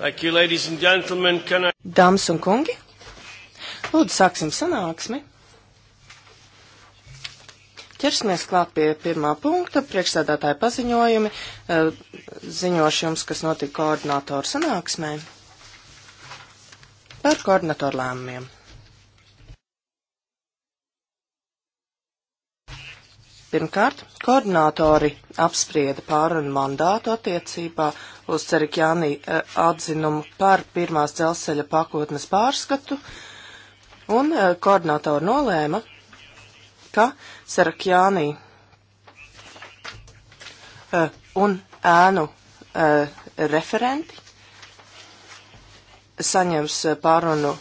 Thank you, ladies and gentlemen. Can I... Dāmas un kungi, lūdzu sāksim sanāksmi. Ķersimies klāt pie pirmā punkta, priekšsēdētāja paziņojumi, eh, ziņošu jums, kas notika koordinātoru sanāksmē par koordinātoru lēmumiem. Pirmkārt, koordinātori apsprieda pārunu mandātu attiecībā uz Cerikjānī eh, atzinumu par pirmās dzelzceļa pakotnes pārskatu, un eh, koordinātori nolēma, ka Cerikjānī eh, un ēnu referenti saņems pārunu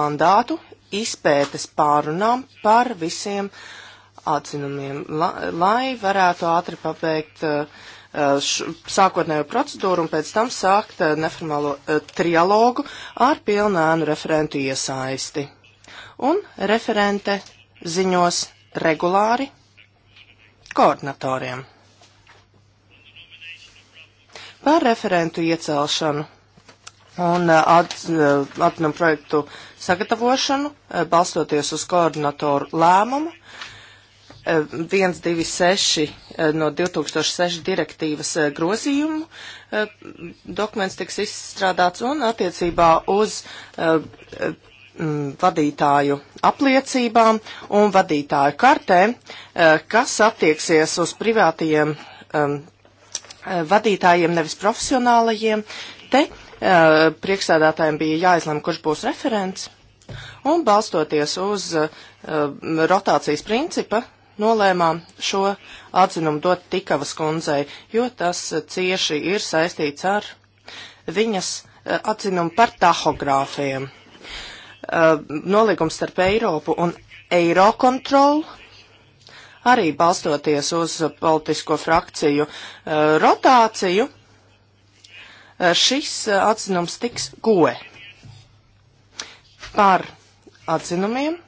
mandātu izpētes pārunām par visiem uh, atzinumiem, la, lai varētu ātri pabeigt uh, uh, š, sākotnējo procedūru un pēc tam sākt uh, neformālo trialogu ar pilnēnu referentu iesaisti. Un referente ziņos regulāri koordinatoriem. Par referentu iecelšanu un at, atnam projektu sagatavošanu, balstoties uz koordinatoru lēmumu, 126 eh, no 2006 direktīvas eh, grozījumu eh, dokuments tiks izstrādāts un attiecībā uz vadītāju apliecībām un vadītāju kartēm, kas attieksies uz privātajiem vadītājiem, nevis profesionālajiem. Te priekšsēdātājiem bija jāizlem, kurš būs referents. Un balstoties uz uh, rotācijas principa, nolēmām šo atzinumu dot Tikavas kundzei, jo tas eh, cieši ir saistīts ar viņas eh, atzinumu par tahogrāfiem. Eh, nolīgums starp Eiropu un Eirokontrolu arī balstoties uz politisko frakciju rotāciju, šis atzinums tiks goe par atzinumiem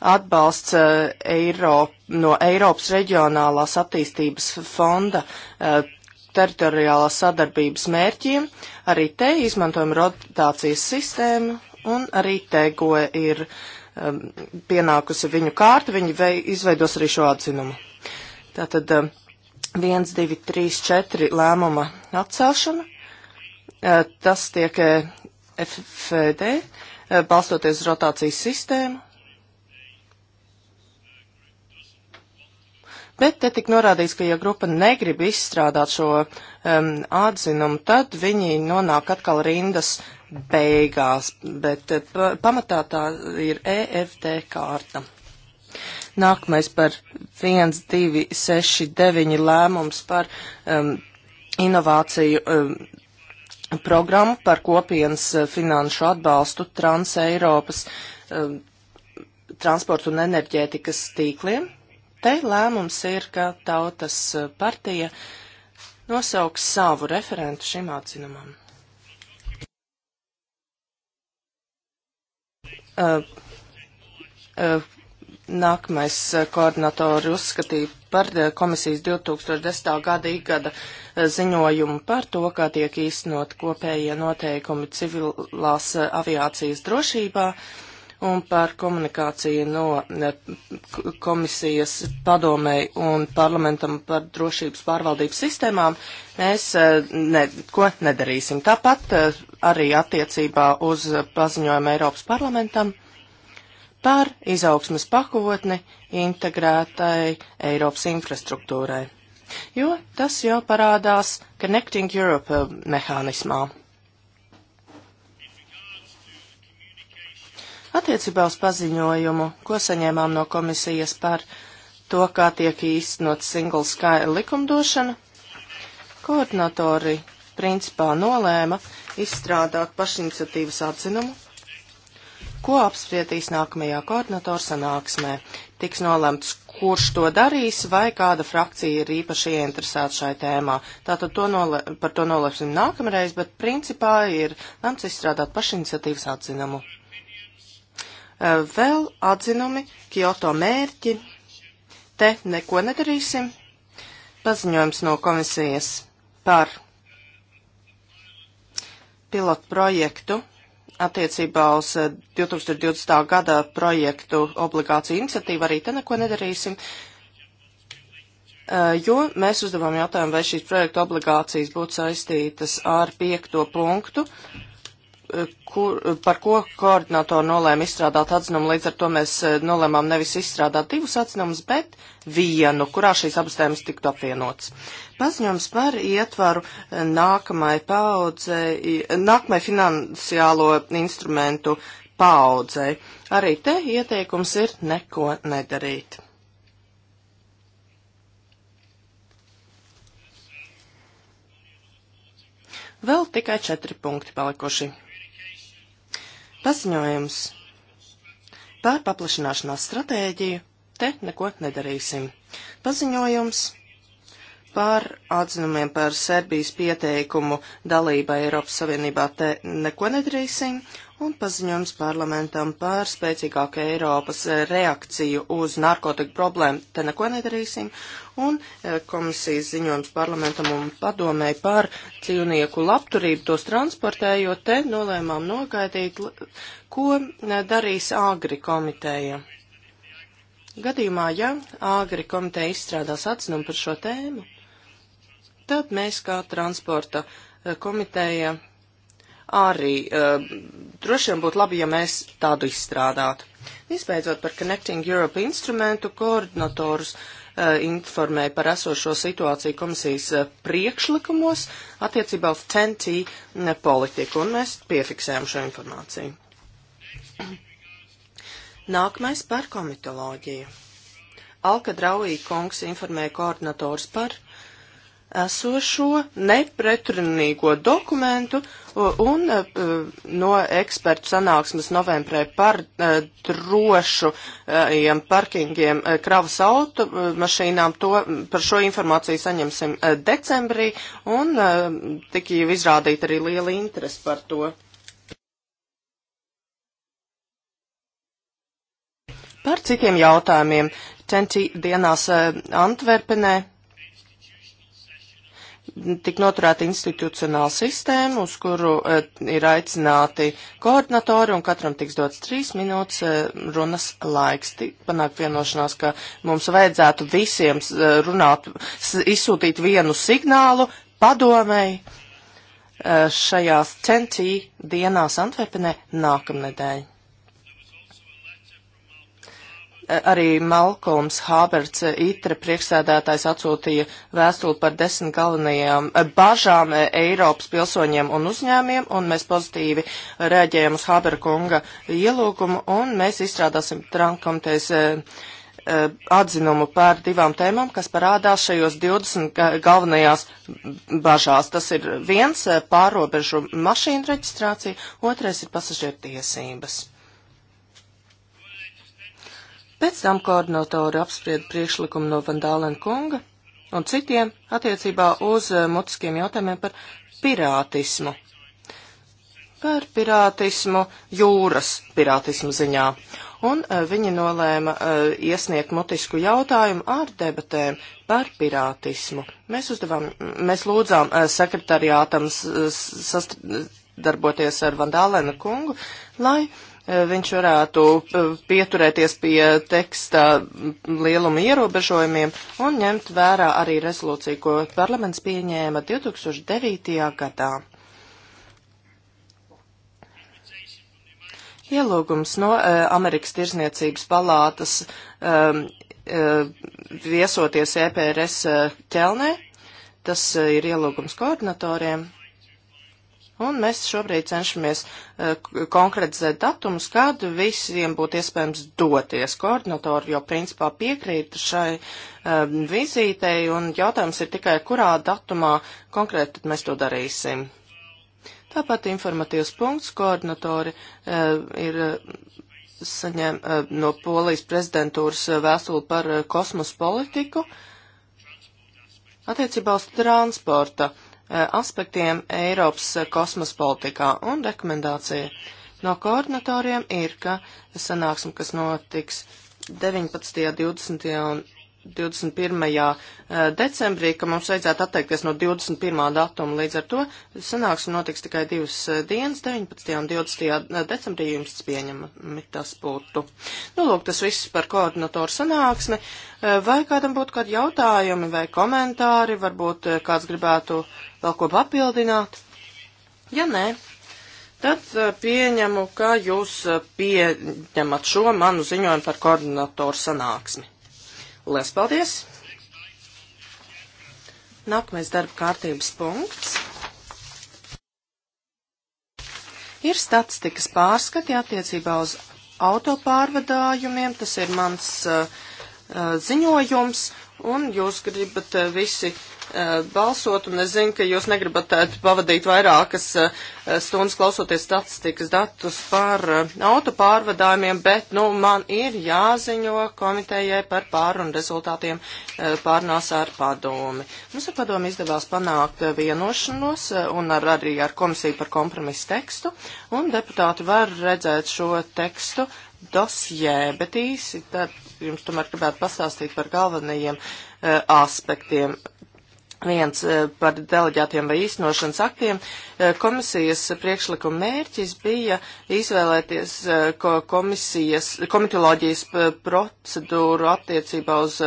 atbalsts eh, Eiro, no Eiropas reģionālās attīstības fonda eh, teritoriālās sadarbības mērķiem. Arī te izmantojam rotācijas sistēmu un arī te, ko ir um, pienākusi viņu kārta, viņi vei, izveidos arī šo atzinumu. Tātad um, 1, 2, 3, 4 lēmuma atcelšana. Uh, tas tiek FFD, uh, balstoties uz rotācijas sistēmu Bet te tik norādīts, ka ja grupa negrib izstrādāt šo um, atzinumu, tad viņi nonāk atkal rindas beigās, bet eh, pa, pamatā tā ir EFT kārta. Nākamais par 1, 2, 6, 9 lēmums par um, inovāciju um, programmu par kopienas uh, finanšu atbalstu Trans-Eiropas um, transportu un enerģētikas tīkliem. Te lēmums ir, ka tautas eh, partija nosauks savu referentu šim atzinumam. Uh, uh, nākamais koordinatori uzskatīja par komisijas 2010. gada ikgada ziņojumu par to, kā tiek īstenot kopējie noteikumi civilās aviācijas drošībā. Uh, un par komunikāciju no komisijas padomei un parlamentam par drošības pārvaldības sistēmām mēs e, neko nedarīsim. Tāpat e, arī attiecībā uz paziņojumu Eiropas parlamentam par izaugsmas pakotni integrētai Eiropas infrastruktūrai. Jo tas jau parādās Connecting Europe e, mehānismā. Attiecībā uz paziņojumu, ko saņēmām no komisijas par to, kā tiek īstenot single sky likumdošana, koordinatori principā nolēma izstrādāt pašiniciatīvas atzinumu, ko apspriedīs nākamajā koordinatoru sanāksmē. Tiks nolemts, kurš to darīs vai kāda frakcija ir īpaši ieinteresēta šai tēmā. Tātad to nole, par to nolemsim nākamreiz, bet principā ir lemts izstrādāt pašiniciatīvas atzinumu. Eh, vēl atzinumi, Kyoto mērķi, te neko nedarīsim. Paziņojums no komisijas par pilotu projektu attiecībā uz 2020. Eh, gada projektu obligāciju iniciatīvu arī te neko nedarīsim, eh, jo mēs uzdevām jautājumu, vai šīs projekta obligācijas būtu saistītas ar piekto punktu, uh, kur, par ko koordinātori nolēma izstrādāt atzinumu, līdz ar to mēs eh, nolēmām nevis izstrādāt divus atzinumus, bet vienu, kurā šīs abas tēmas tiktu apvienotas. Paziņojums par ietvaru eh, nākamai paudzei, nākamai finansiālo instrumentu paudzei. Arī te ieteikums ir neko nedarīt. Vēl tikai četri punkti palikuši. Paziņojums par paplašināšanās stratēģiju te neko nedarīsim. Paziņojums par atzinumiem par Serbijas pieteikumu dalībai Eiropas Savienībā te neko nedarīsim, un paziņojums parlamentam par spēcīgāku Eiropas eh, reakciju uz narkotiku problēmu. Te neko nedarīsim. Un eh, komisijas ziņojums parlamentam un padomēji par dzīvnieku labturību tos transportējot, te nolēmām nogaidīt, ko eh, darīs Agri komiteja. Gadījumā, ja Agri komiteja izstrādās atzinumu par šo tēmu, tad mēs kā transporta komiteja arī uh, droši vien būtu labi, ja mēs tādu izstrādātu. Visbeidzot par Connecting Europe instrumentu koordinatorus uh, eh, informēja par esošo situāciju komisijas uh, priekšlikumos attiecībā uz TNT mm, politiku, un mēs piefiksējam šo informāciju. Nākamais par komitoloģiju. Alka Drauī kungs informēja koordinatorus par esošo nepretrunīgo dokumentu un e, e, no ekspertu sanāksmes novembrē par e, drošajiem parkingiem kravas automašīnām. To, par šo informāciju saņemsim decembrī un tik jau izrādīta arī liela interese par to. Par citiem jautājumiem. Centī dienās Antverpenē tik noturēta institucionāla sistēma, uz kuru e, ir aicināti koordinatori un katram tiks dots trīs minūtes e, runas laiks. Tik panāk vienošanās, ka mums vajadzētu visiem eh, runāt, izsūtīt vienu signālu padomēji e, šajās centī dienās Antverpenē nākamnedēļ arī Malkolms Hāberts eh, Itre priekšsēdētājs atsūtīja vēstuli par desmit galvenajām eh, bažām eh, Eiropas pilsoņiem un uzņēmiem, un mēs pozitīvi reaģējam uz Hābera kunga ielūgumu, un mēs izstrādāsim trankomtais atzinumu par divām tēmām, kas parādās šajos 20 galvenajās bažās. Tas ir viens pārobežu mašīnu reģistrācija, otrais ir pasažieru tiesības. Pēc tam koordinatori apsprieda priekšlikumu no Vandālena kunga un citiem attiecībā uz eh, mutiskiem jautājumiem par pirātismu. Par pirātismu jūras pirātismu ziņā. Un eh, viņi nolēma uh, iesniegt mutisku jautājumu ar debatēm par pirātismu. Mēs uzdevām, mēs lūdzām uh, sekretariātam sadarboties ar Vandālena kungu, lai uh, viņš varētu e, pieturēties pie teksta lieluma ierobežojumiem un ņemt vērā arī rezolūciju, ko parlaments pieņēma 2009. gadā. Ielūgums no uh, Amerikas Tirzniecības palātas um, uh, viesoties EPRS ķelnē, tas ir ielūgums koordinatoriem Un mēs šobrīd cenšamies uh, konkretizēt datumus, kad visiem būtu iespējams doties. Koordinatori jau principā piekrīt šai uh, vizītei, un jautājums ir tikai, kurā datumā konkrēti mēs to darīsim. Tāpat informatīvs punkts koordinatori uh, ir saņem no Polijas prezidentūras vēstuli par kosmosa politiku attiecībā uz transporta uh, Eh, aspektiem Eiropas eh, kosmos politikā un rekomendācija no koordinatoriem ir, ka sanāksme, kas notiks 19., 20. un 21. decembrī, ka mums vajadzētu atteikties no 21. datuma. Līdz ar to sanāksim notiks tikai divas eh, dienas, 19. un 20. Eh, decembrī jums pieņemami tas būtu. Nu, lūk, tas viss par koordinatoru sanāksmi. Eh, vai kādam būtu kādi jautājumi vai komentāri, varbūt kāds gribētu vēl ko papildināt? Ja nē, tad pieņemu, ka jūs pieņemat šo manu ziņojumu par koordinatoru sanāksmi. Lielas paldies! Nākamais darba kārtības punkts ir statistikas pārskati attiecībā uz autopārvadājumiem. Tas ir mans uh, uh ziņojums, un jūs gribat eh, visi uh, balsot, un es zinu, ka jūs negribat uh, pavadīt vairākas uh, stundas klausoties statistikas datus par autopārvadājumiem, bet, nu, man ir jāziņo komitējai par pārunu rezultātiem pārnās ar padomi. Mums ar padomi izdevās panākt vienošanos un ar, arī ar komisiju par kompromisu tekstu, un deputāti var redzēt šo tekstu dosjē, bet īsi tad jums tomēr gribētu pastāstīt par galvenajiem uh, aspektiem. Viens uh, par deleģētiem vai īstenošanas aktiem. Uh, komisijas priekšlikuma mērķis bija izvēlēties ko komisijas, komitoloģijas procedūru attiecībā uz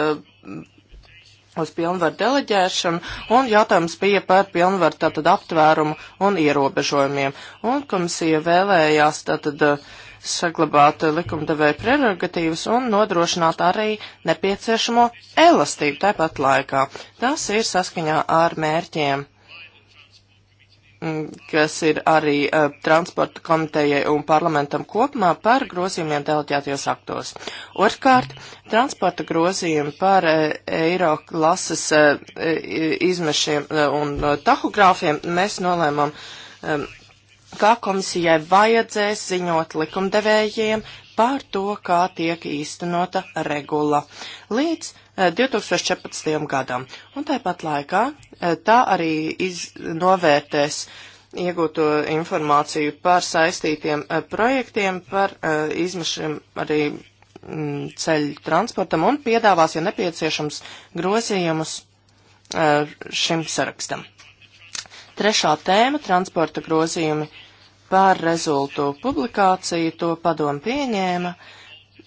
uz pilnvaru deleģēšanu, un jautājums bija par pilnvaru tātad aptvērumu un ierobežojumiem. Un komisija vēlējās tātad uh, saglabāt eh, likumdevēja prerogatīvas un nodrošināt arī nepieciešamo elastību tāpat laikā. Tas ir saskaņā ar mērķiem mm, kas ir arī uh, transporta komitejai un parlamentam kopumā par grozījumiem deleģētajos aktos. Otrkārt, transporta grozījumi par uh, eiro klases uh, izmešiem uh, un uh, tahogrāfiem mēs nolēmām um, kā komisijai vajadzēs ziņot likumdevējiem par to, kā tiek īstenota regula līdz 2014. Eh, gadam. Un tāpat laikā eh, tā arī iz, novērtēs iegūto informāciju par saistītiem eh, projektiem, par izmešiem arī mm, ceļu transportam un piedāvās, ja nepieciešams, grozījumus šim sarakstam. Trešā tēma - transporta grozījumi par rezultu publikāciju, to padomu pieņēma.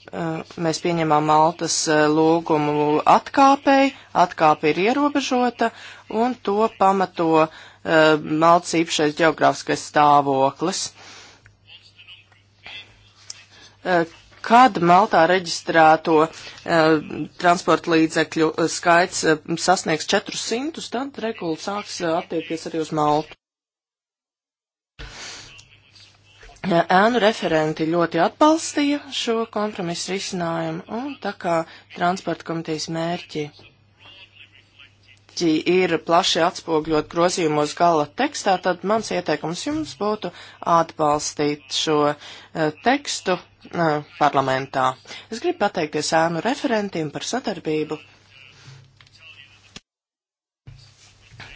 Eh, mēs pieņemam Maltas eh, lūgumu atkāpēji, atkāpe ir ierobežota un to pamato eh, Maltas īpašais geogrāfiskais stāvoklis. Kad Maltā reģistrēto uh, transporta līdzekļu skaits uh, sasniegs 400, tad regula sāks uh, attiekties arī uz Maltu. Ēnu referenti ļoti atbalstīja šo kompromisu risinājumu, un tā kā transporta komitejas mērķi ir plaši atspogļot grozījumos gala tekstā, tad mans ieteikums jums būtu atbalstīt šo uh, tekstu uh, parlamentā. Es gribu pateikties ēnu referentiem par sadarbību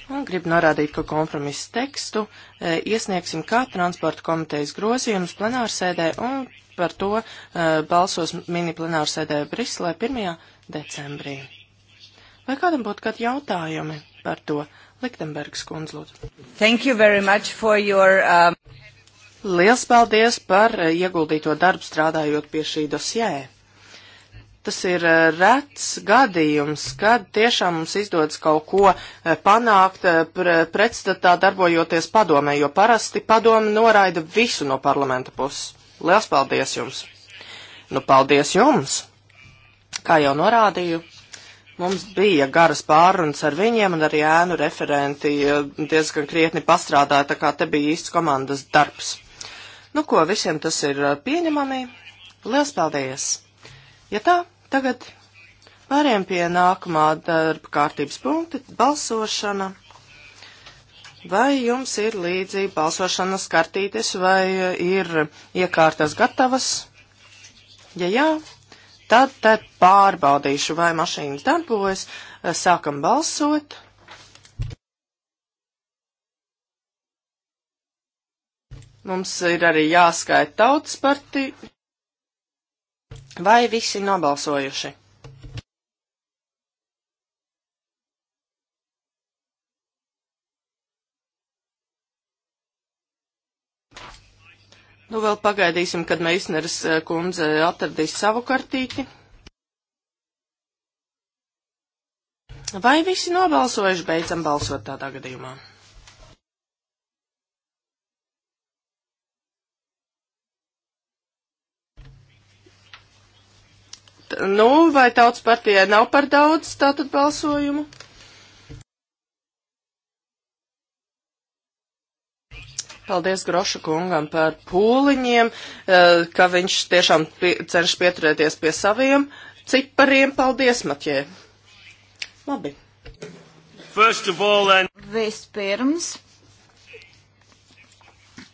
Gribu norādīt, ka kompromisu tekstu e, iesniegsim kā transporta komitejas grozījumus plenārsēdē un par to e, balsos mini plenārsēdē Briselē 1. decembrī. Vai kādam būtu kādi jautājumi par to? Liktenbergs kundz, lūdzu. Thank you very much for your. Um... Liels paldies par e, ieguldīto darbu strādājot pie šī dosjē tas ir eh, rets gadījums, kad tiešām mums izdodas kaut ko eh, panākt eh, pre, pretstatā darbojoties padomē, jo parasti padome noraida visu no parlamenta puses. Liels paldies jums! Nu, paldies jums! Kā jau norādīju, mums bija garas pārunas ar viņiem un arī ēnu referenti diezgan krietni pastrādāja, tā kā te bija īsts komandas darbs. Nu, ko, visiem tas ir pieņemami. Liels paldies! Ja tā, tagad pāriem pie nākamā darba kārtības punkta - balsošana. Vai jums ir līdzīgi balsošanas kartītes, vai ir iekārtas gatavas? Ja jā, tad, tad pārbaudīšu, vai mašīnas darbojas. Sākam balsot. Mums ir arī jāskaita tautas partija. Vai visi nobalsojuši? Nu, vēl pagaidīsim, kad Meisneres eh, kundze atradīs savu kartīti. Vai visi nobalsojuši? Beidzam balsot tādā gadījumā. Nu, vai tautas partijai nav par daudz tātad balsojumu? Paldies Groša kungam par pūliņiem, eh, ka viņš tiešām cenšas pieturēties pie saviem cipariem. Paldies, Maķē! Labi. All, and... Vispirms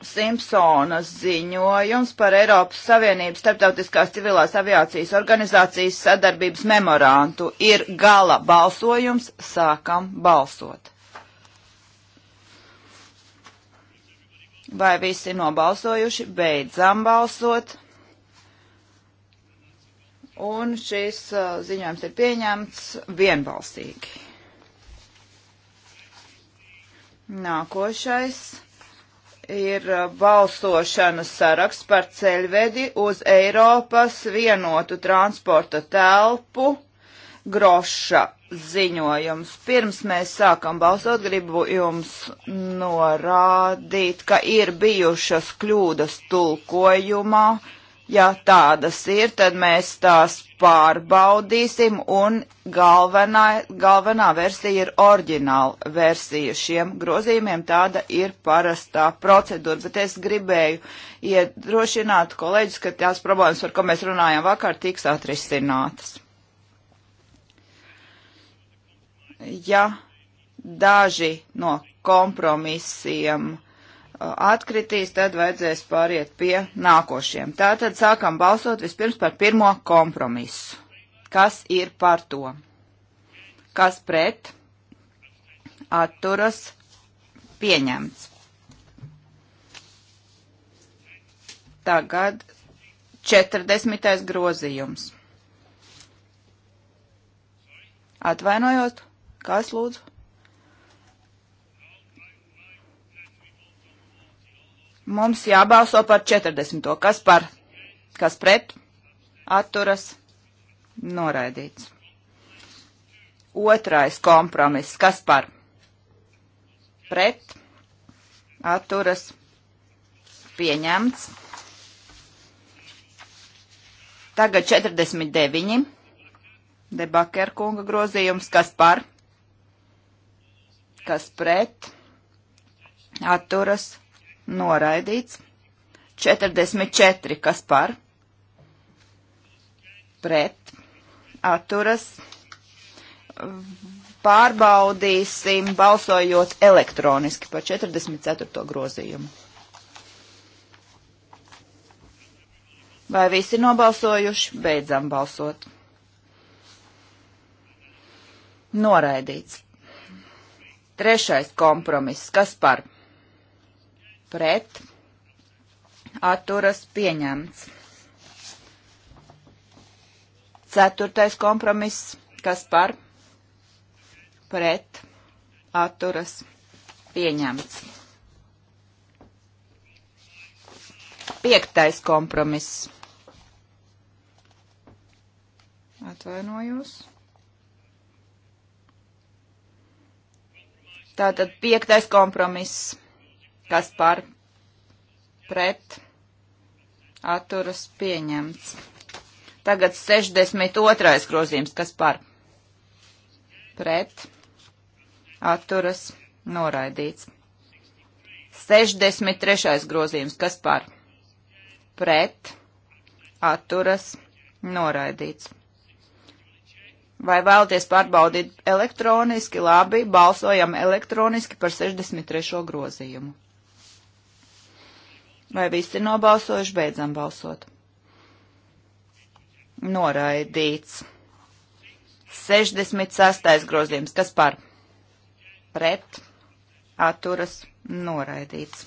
Simpsonas ziņojums par Eiropas Savienības starptautiskās civilās aviācijas organizācijas sadarbības memorantu. Ir gala balsojums, sākam balsot. Vai visi nobalsojuši? Beidzam balsot. Un šis uh, ziņojums ir pieņemts vienbalsīgi. Nākošais ir uh, balsošanas saraksts par ceļvedi uz Eiropas vienotu transporta telpu groša ziņojums. Pirms mēs sākam balsot, gribu jums norādīt, ka ir bijušas kļūdas tulkojumā. Uh, Ja tādas ir, tad mēs tās pārbaudīsim, un galvenā, galvenā versija ir oriģināla versija šiem grozījumiem. Tāda ir parastā procedūra, bet es gribēju iedrošināt kolēģis, ka tās problēmas, par ko mēs runājām vakar, tiks atrisinātas. Ja daži no kompromisiem uh, Uh, atkritīs, tad vajadzēs pāriet pie nākošiem. Tātad sākam balsot vispirms par pirmo kompromisu. Kas ir par to? Kas pret? Atturas pieņemts. Tagad 40. grozījums. Atvainojot, kas lūdzu? Mums jābalso par 40. Kas par? Kas pret? Atturas? Noraidīts. Otrais kompromiss. Kas par? Pret? Atturas? Pieņemts. Tagad 49. Debaker kunga grozījums. Kas par? Kas pret? Atturas? noraidīts. 44, kas par, pret, atturas, pārbaudīsim balsojot elektroniski par 44. grozījumu. Vai visi nobalsojuši? Beidzam balsot. Noraidīts. Trešais kompromiss. Kas par? pret atturas pieņemts. Ceturtais kompromiss, kas par pret atturas pieņemts. Piektais kompromiss. Atvainojos. Tātad piektais kompromiss kas par pret atturas pieņemts. Tagad 62. grozījums, kas par pret atturas noraidīts. 63. grozījums, kas par pret atturas noraidīts. Vai vēlaties pārbaudīt elektroniski? Labi, balsojam elektroniski par 63. grozījumu. Vai visi ir nobalsojuši? Beidzam balsot. Noraidīts. 66. grozījums. Kas par? Pret. Atturas. Noraidīts.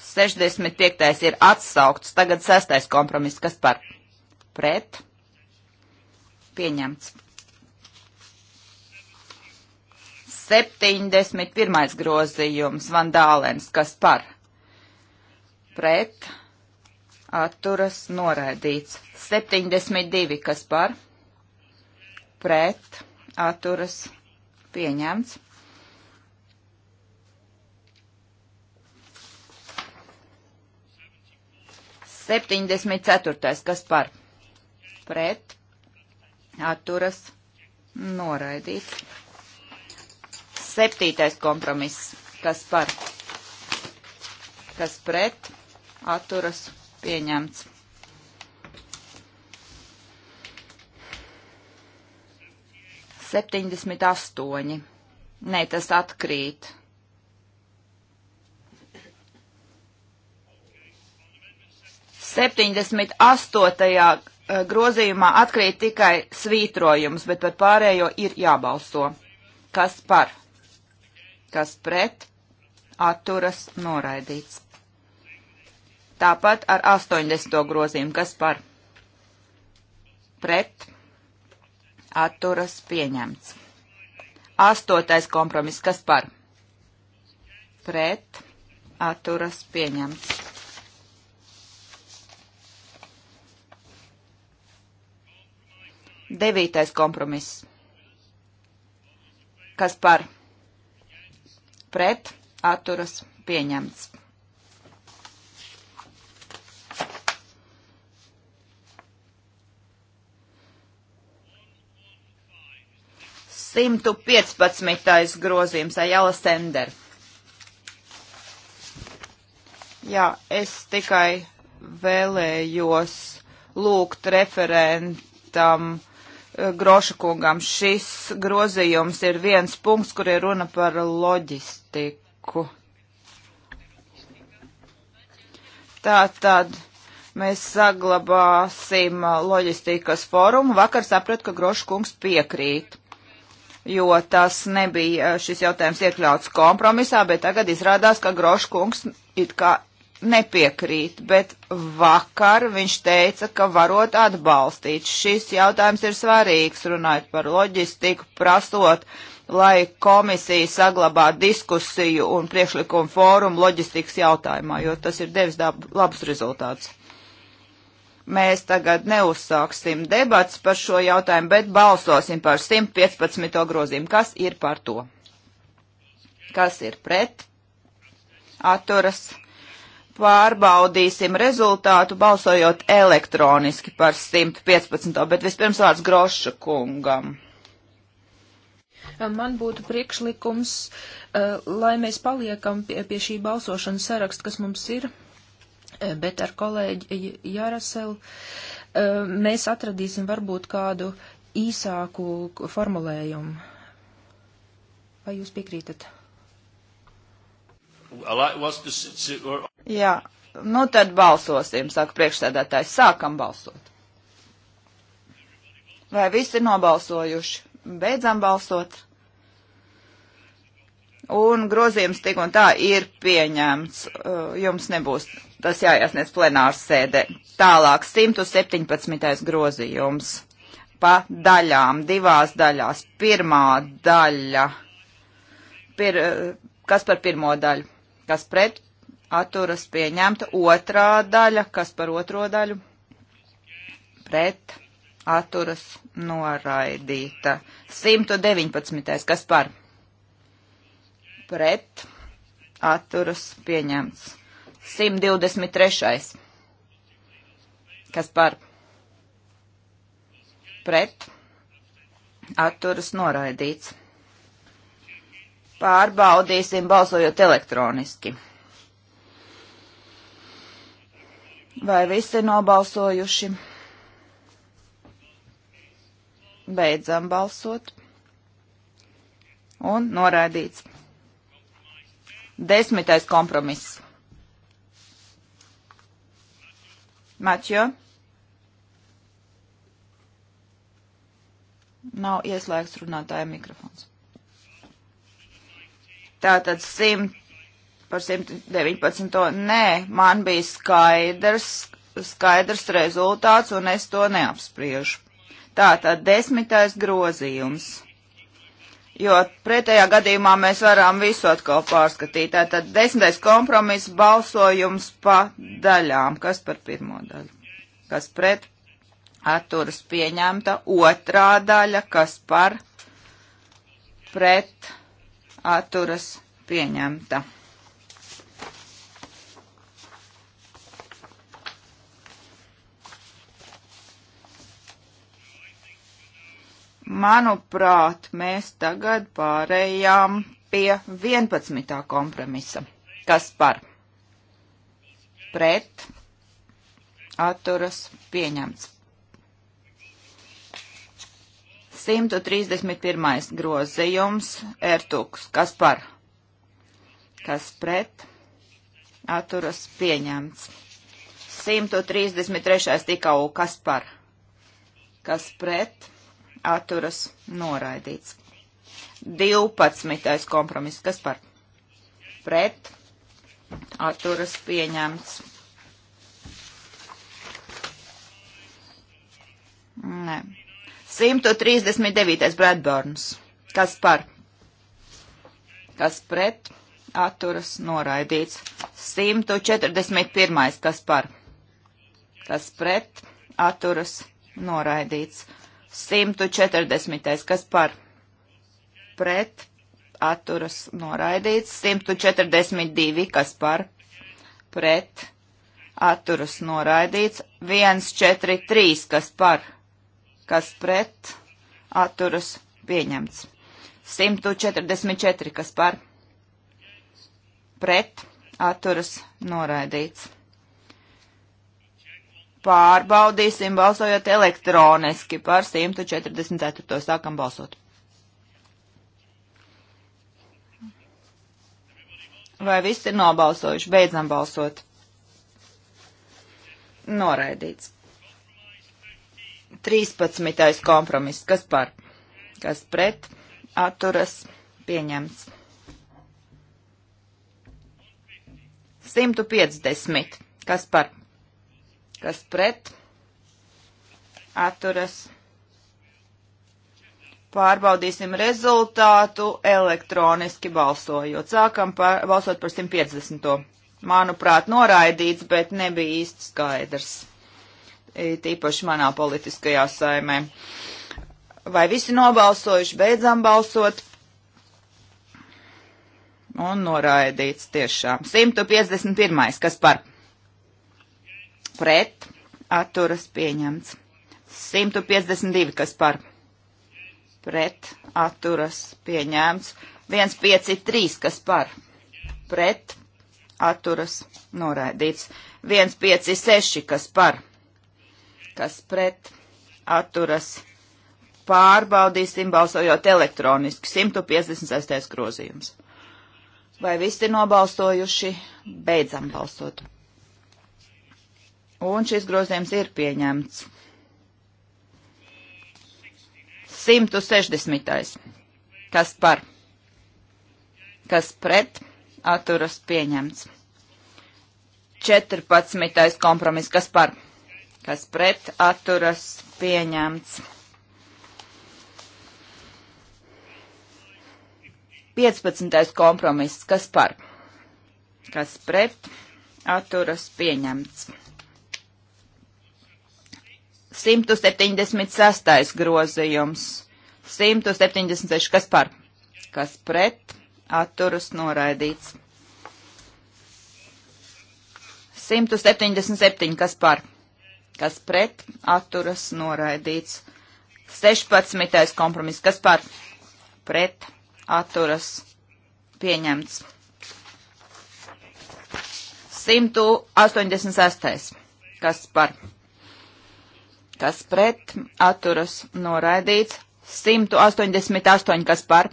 65. ir atsaukts. Tagad 6. kompromiss. Kas par? Pret. Pieņemts. 71. grozījums. Vandālens. Kas par? pret atturas noraidīts. 72, kas par pret atturas pieņemts. Septiņdesmit ceturtais, kas par pret atturas noraidīts. Septītais kompromiss, kas par, kas pret atturas pieņemts. Septiņdesmit astoņi. Nē, tas atkrīt. Septiņdesmit astotajā eh, grozījumā atkrīt tikai svītrojums, bet par pārējo ir jābalso. Kas par? Kas pret? Atturas noraidīts. Tāpat ar 80. grozījumu, kas par pret atturas pieņemts. Astotais kompromiss, kas par pret atturas pieņemts. Devītais kompromiss, kas par pret atturas pieņemts. 115. grozījums Ajala Sender. Jā, es tikai vēlējos lūgt referentam eh, Groša kungam. Šis grozījums ir viens punkts, kur ir runa par loģistiku. Tātad mēs saglabāsim loģistikas fórumu. Vakar sapratu, ka Groša kungs piekrīt jo tas nebija eh, šis jautājums iekļauts kompromisā, bet tagad izrādās, ka Groškungs it kā nepiekrīt, bet vakar viņš teica, ka varot atbalstīt. Šis jautājums ir svarīgs, runājot par loģistiku, prasot, lai komisija saglabā diskusiju un priekšlikumu fórumu loģistikas jautājumā, jo tas ir devis labus rezultātus. Mēs tagad neuzsāksim debats par šo jautājumu, bet balsosim par 115. grozījumu. Kas ir par to? Kas ir pret? Atturas. Pārbaudīsim rezultātu balsojot elektroniski par 115. Bet vispirms vārds Groša kungam man būtu priekšlikums, eh, lai mēs paliekam pie, pie šī balsošanas saraksta, kas mums ir. Eh, bet ar kolēģi Jaraselu eh, mēs atradīsim varbūt kādu īsāku formulējumu. Vai jūs piekrītat? Jā, nu tad balsosim, saka priekšsēdētājs. Sākam balsot. Vai visi ir nobalsojuši? Beidzam balsot un grozījums tik un tā ir pieņemts. Uh, jums nebūs tas jāiesniedz plenārs sēdē. Tālāk 117. grozījums pa daļām, divās daļās. Pirmā daļa, pir, uh, kas par pirmo daļu, kas pret atturas pieņemta, otrā daļa, kas par otro daļu, pret atturas noraidīta. 119. kas par? pret atturas pieņemts. 123. Kas par pret atturas noraidīts. Pārbaudīsim balsojot elektroniski. Vai visi nobalsojuši? Beidzam balsot. Un noraidīts. Desmitais kompromiss. Mačjo. Nav ieslēgts runātāja mikrofons. Tātad 100 par 119. Nē, man bija skaidrs, skaidrs rezultāts un es to neapspriežu. Tātad desmitais grozījums jo pretējā gadījumā mēs varam visu atkal pārskatīt. Tātad desmitais kompromiss balsojums pa daļām. Kas par pirmo daļu? Kas pret? Atturas pieņemta. Otrā daļa. Kas par? Pret? Atturas pieņemta. Manuprāt, mēs tagad pārējām pie 11. kompromisa. Kas par? Pret atturas pieņemts. 131. grozījums Ertuks. Kas par? Kas pret? Atturas pieņemts. 133. tikau. Kas par? Kas pret? atturas noraidīts. 12. kompromiss, kas par pret atturas pieņemts. Nē. 139. Bradburns. Kas par? Kas pret? Atturas noraidīts. 141. Kas par? Kas pret? Atturas noraidīts. 140. kas par pret atturas noraidīts, 142. kas par pret atturas noraidīts, 143. kas par kas pret atturas pieņemts, 144. kas par pret atturas noraidīts pārbaudīsim balsojot elektroniski par 144. sākam balsot. Vai viss ir nobalsojuši? Beidzam balsot. Noraidīts. 13. kompromiss. Kas par? Kas pret? Atturas. Pieņemts. 150. Kas par? kas pret atturas. Pārbaudīsim rezultātu elektroniski balsojot. Sākam par, balsot par 150. Manuprāt, noraidīts, bet nebija īsti skaidrs. E, tīpaši manā politiskajā saimē. Vai visi nobalsojuši, beidzām balsot? Un noraidīts tiešām. 151. Kas par? pret atturas pieņemts. 152, kas par pret atturas pieņemts. 153, kas par pret atturas noraidīts. 156, kas par kas pret atturas pārbaudīsim balsojot elektroniski. 156. grozījums. Vai visi ir nobalstojuši? Beidzam balsot. Un šis grozījums ir pieņemts. 160. Kas par? Kas pret? Atturas pieņemts. 14. kompromiss. Kas par? Kas pret? Atturas pieņemts. 15. kompromiss. Kas par? Kas pret? Atturas pieņemts. 176. grozījums. 176. Kas par? Kas pret? Atturas noraidīts. 177. Kas par? Kas pret? Atturas noraidīts. 16. kompromiss. Kas par? Pret? Atturas pieņemts. 186. Kas par? kas pret, atturas noraidīts, 188, kas par,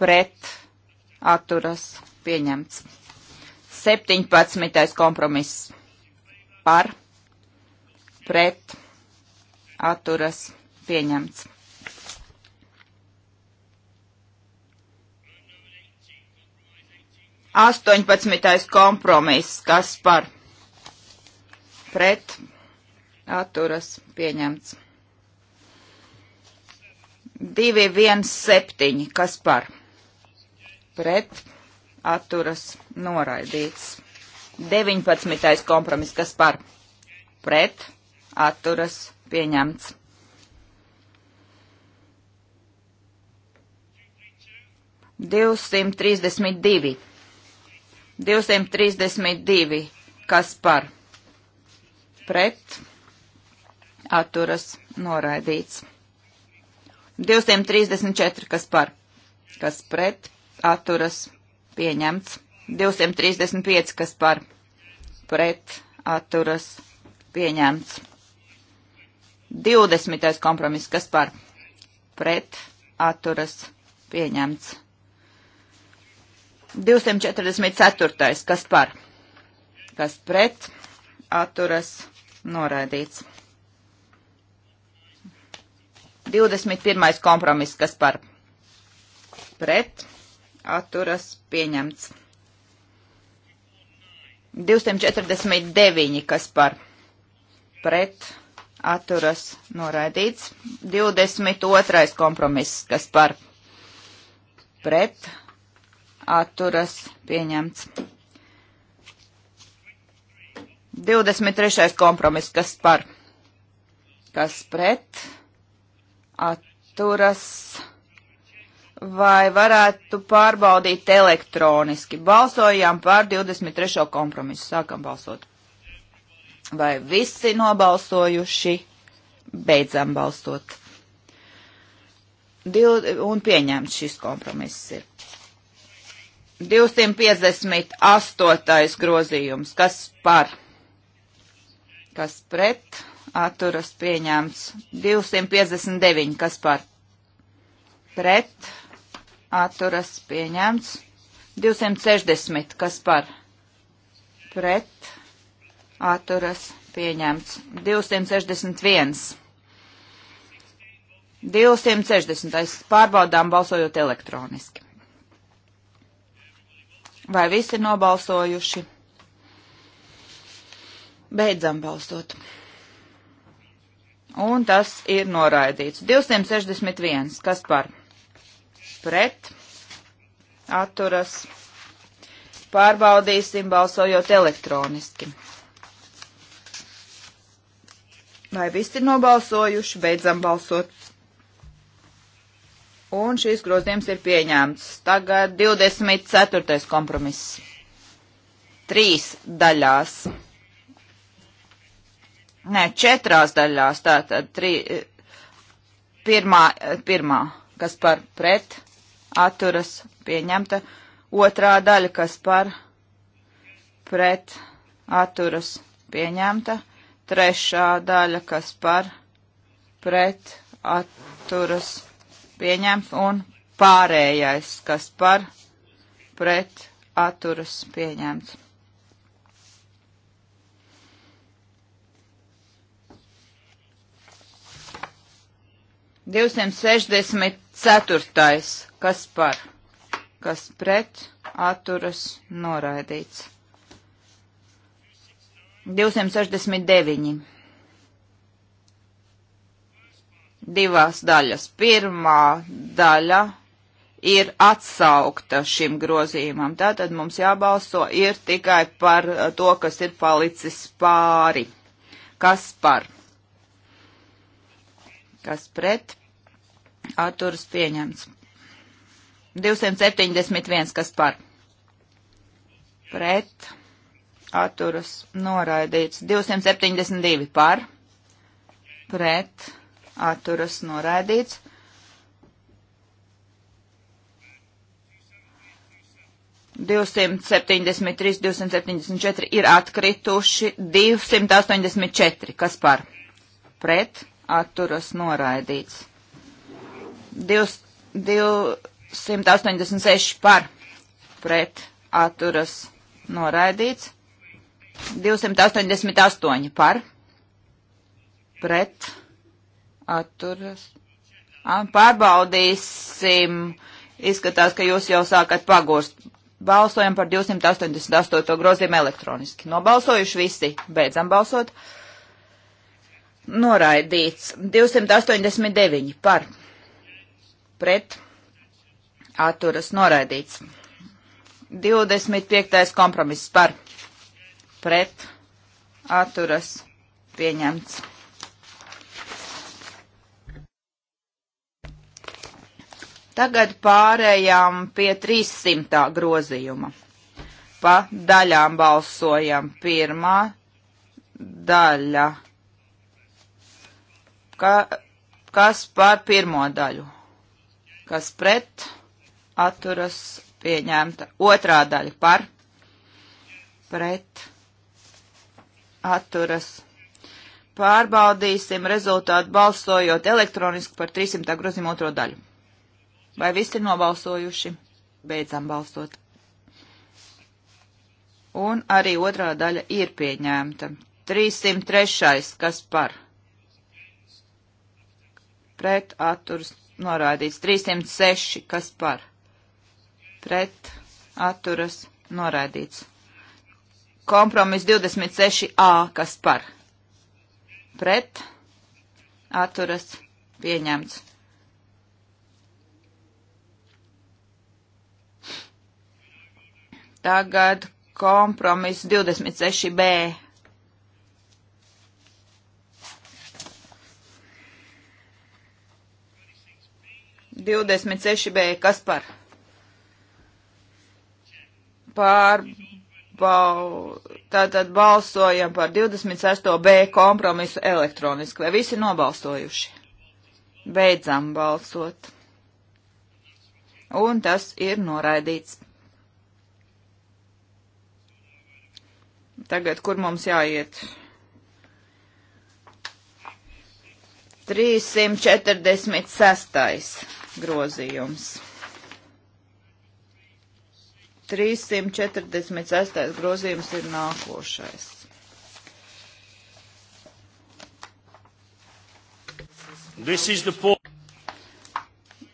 pret, atturas pieņemts. 17. kompromiss par, pret, atturas pieņemts. Astoņpadsmitais kompromiss, kas par pret atturas pieņemts. 217, kas par pret atturas noraidīts. 19. kompromiss, kas par pret atturas pieņemts. 232. 232, kas par pret atturas noraidīts. 234, kas par, kas pret, atturas pieņemts. 235, kas par, pret, atturas pieņemts. 20. kompromiss, kas par, pret, atturas pieņemts. 244. kas par, kas pret, atturas noraidīts. 21. kompromiss, kas par pret atturas pieņemts. 249, kas par pret atturas noraidīts. 22. kompromiss, kas par pret atturas pieņemts. 23. kompromiss, kas par kas pret atturas. Vai varētu pārbaudīt elektroniski? Balsojām par 23. kompromisu. Sākam balsot. Vai visi nobalsojuši? Beidzam balsot. Div, un pieņemts šis kompromiss ir. 258. grozījums. Kas par? Kas pret? atturas pieņemts. 259, kas par pret atturas pieņemts. 260, kas par pret atturas pieņemts. 261. 260. pārbaudām balsojot elektroniski. Vai visi nobalsojuši? Beidzam balsot. Un tas ir noraidīts. 261. Kas par? Pret. Atturas. Pārbaudīsim balsojot elektroniski. Vai visi ir nobalsojuši? Beidzam balsot. Un šīs grozījums ir pieņēmts. Tagad 24. kompromiss. Trīs daļās. Nē, četrās daļās, tātad tri, pirmā, pirmā, kas par pret atturas pieņemta, otrā daļa, kas par pret atturas pieņemta, trešā daļa, kas par pret atturas pieņemta un pārējais, kas par pret atturas pieņemta. 264. Kas par? Kas pret? Atturas noraidīts. 269. Divās daļas. Pirmā daļa ir atsaukta šim grozījumam. Tātad mums jābalso ir tikai par to, kas ir palicis pāri. Kas par? kas pret atturas pieņemts. 271, kas par pret atturas noraidīts. 272 par pret atturas noraidīts. 273, 274 ir atkrituši, 284, kas par pret atturas noraidīts. 286 par pret atturas noraidīts. 288 par pret atturas. Pārbaudīsim. Izskatās, ka jūs jau sākat pagūst. Balsojam par 288. grozījumu elektroniski. Nobalsojuši visi. Beidzam balsot. Noraidīts 289 par pret atturas noraidīts. 25. kompromiss par pret atturas pieņemts. Tagad pārējām pie 300. grozījuma. Pa daļām balsojam pirmā daļa Ka, kas par pirmo daļu? Kas pret? Atturas pieņemta. Otrā daļa par? Pret? Atturas. Pārbaudīsim rezultātu balsojot elektroniski par 300 grozījumu otro daļu. Vai visi ir nobalsojuši? Beidzam balsot. Un arī otrā daļa ir pieņēmta. 303. kas par? pret atturs noraidīts. 306, kas par pret atturas noraidīts. Kompromis 26a, kas par pret atturas pieņemts. Tagad kompromis 26b 26b, kas par? Pārbau, tātad balsojam par 26b kompromisu elektroniski. Vai visi nobalsojuši? Beidzam balsot. Un tas ir noraidīts. Tagad, kur mums jāiet? 346 grozījums. 346. grozījums ir nākošais.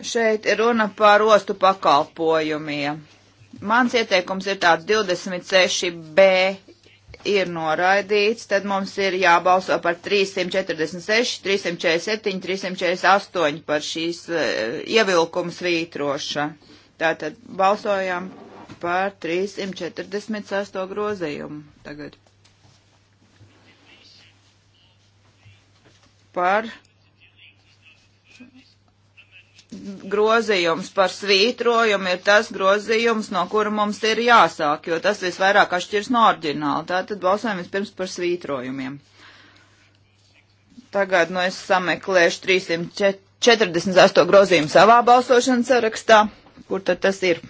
Šeit ir runa par ostu pakalpojumiem. Mans ieteikums ir tāds 26b ir noraidīts, tad mums ir jābalso par 346, 347, 348 par šīs eh, ievilkums vītroša. Tātad balsojam par 348 grozījumu tagad. Par grozījums par svītrojumu ir tas grozījums, no kura mums ir jāsāk, jo tas visvairāk atšķirs no orģināla. Tātad balsojam vispirms par svītrojumiem. Tagad, nu, es sameklēšu 348 grozījumu savā balsošanas sarakstā. Kur tad tas ir?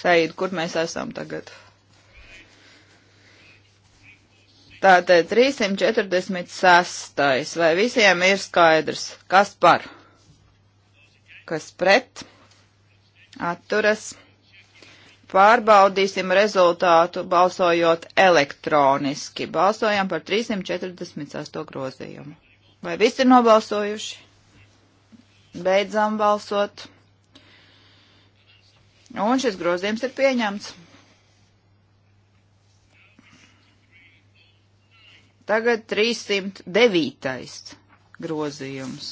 Said, kur mēs esam tagad? Tātad 346. Vai visiem ir skaidrs, kas par, kas pret, atturas. Pārbaudīsim rezultātu balsojot elektroniski. Balsojam par 348 grozījumu. Vai visi ir nobalsojuši? Beidzam balsot. Un šis grozījums ir pieņemts. Tagad 309. grozījums.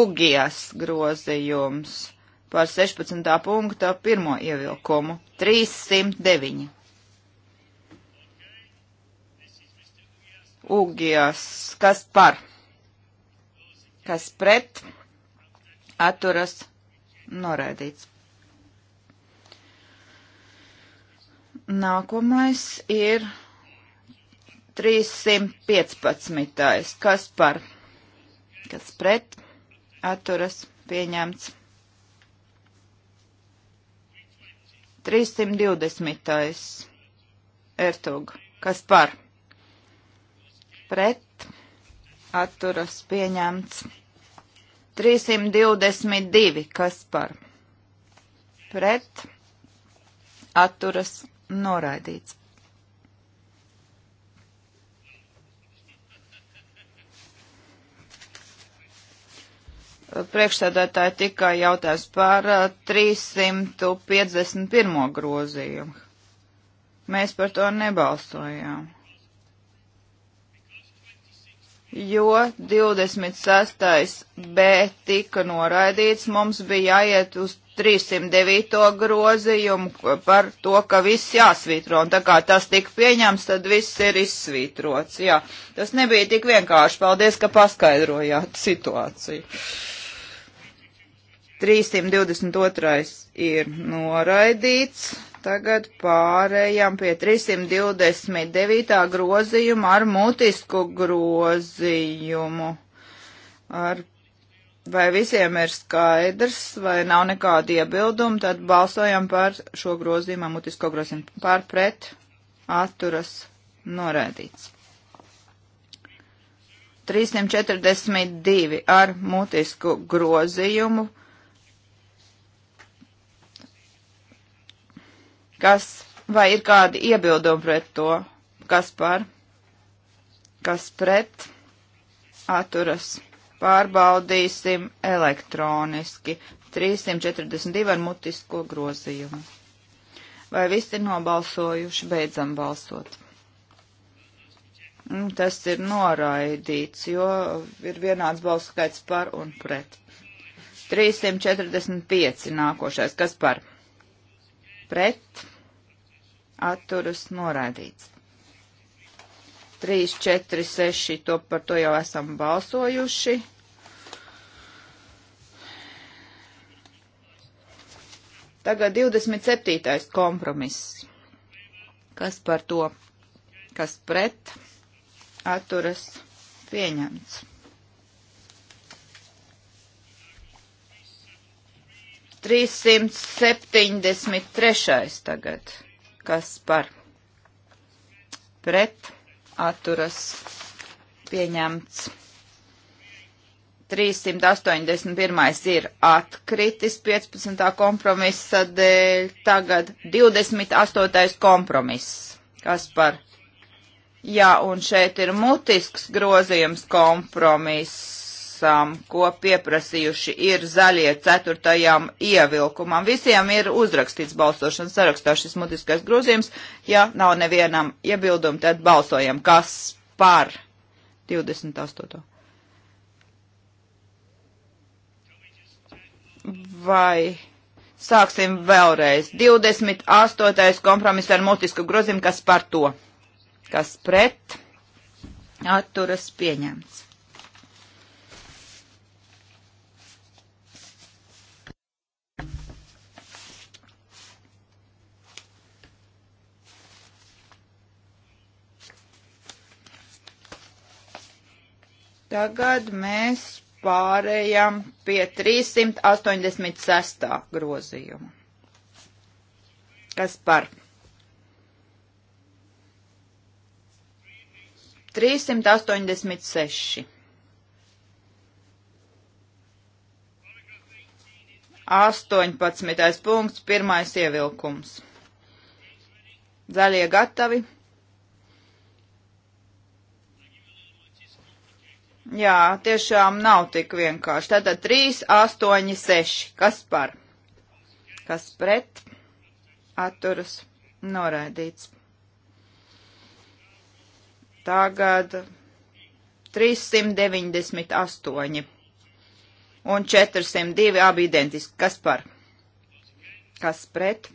Ugijas grozījums par 16. punkta pirmo ievilkumu 309. Ugijas, kas par, kas pret, atturas, noraidīts. Nākamais ir 315. Kas par? Kas pret? Atturas pieņemts. 320. Ertug. Kas par? Pret? Atturas pieņemts. 322. Kas par? Pret? Atturas noraidīts. priekšsēdētāji tikai jautās par 351. Eh, grozījumu. Mēs par to nebalsojām. Jo 26. B tika noraidīts, mums bija jāiet uz 309. grozījumu par to, ka viss jāsvītro, un tā kā tas tika pieņemts, tad viss ir izsvītrots. Jā, tas nebija tik vienkārši. Paldies, ka paskaidrojāt situāciju. Uh, 322 ir noraidīts. Tagad pārējām pie 329. grozījuma ar mutisku grozījumu. Ar vai visiem ir skaidrs, vai nav nekāda iebilduma, tad balsojam par šo grozījumu, mutisko grozījumu. Pār pret atturas noraidīts. 342 ar mutisku grozījumu Kas vai ir kādi iebildumi pret to? Kas par? Kas pret? Atturas. Pārbaudīsim elektroniski. 342 ar mutisko grozījumu. Vai visi ir nobalsojuši? Beidzam balsot. Mm, tas ir noraidīts, jo ir vienāds balsu skaits par un pret. 345 nākošais. Kas par? pret, atturas noraidīts. 3, 4, 6, to par to jau esam balsojuši. Tagad 27. kompromiss. Kas par to, kas pret, atturas pieņemts. 373. tagad. Kas par? Pret atturas pieņemts. 381 ir atkritis 15. kompromisa dēļ, tagad 28. kompromiss. Kas par? Jā, un šeit ir mutisks grozījums kompromiss prasām, ko pieprasījuši ir zaļie ceturtajam ievilkumam. Visiem ir uzrakstīts balsošanas sarakstā šis mutiskais grozījums. Ja nav nevienam iebildumu, tad balsojam. Kas par 28. Vai sāksim vēlreiz. 28. kompromiss ar mutisku grozījumu, kas par to, kas pret atturas pieņemts. Tagad mēs pārējām pie 386. grozījuma. Kas par? 386. 18. punkts, pirmais ievilkums. Zaļie gatavi. Jā, tiešām nav tik vienkārši. Tātad 3, 8, 6. Kas par? Kas pret? Atturas noraidīts. Tagad 398 un 402 abi identiski. Kas par? Kas pret?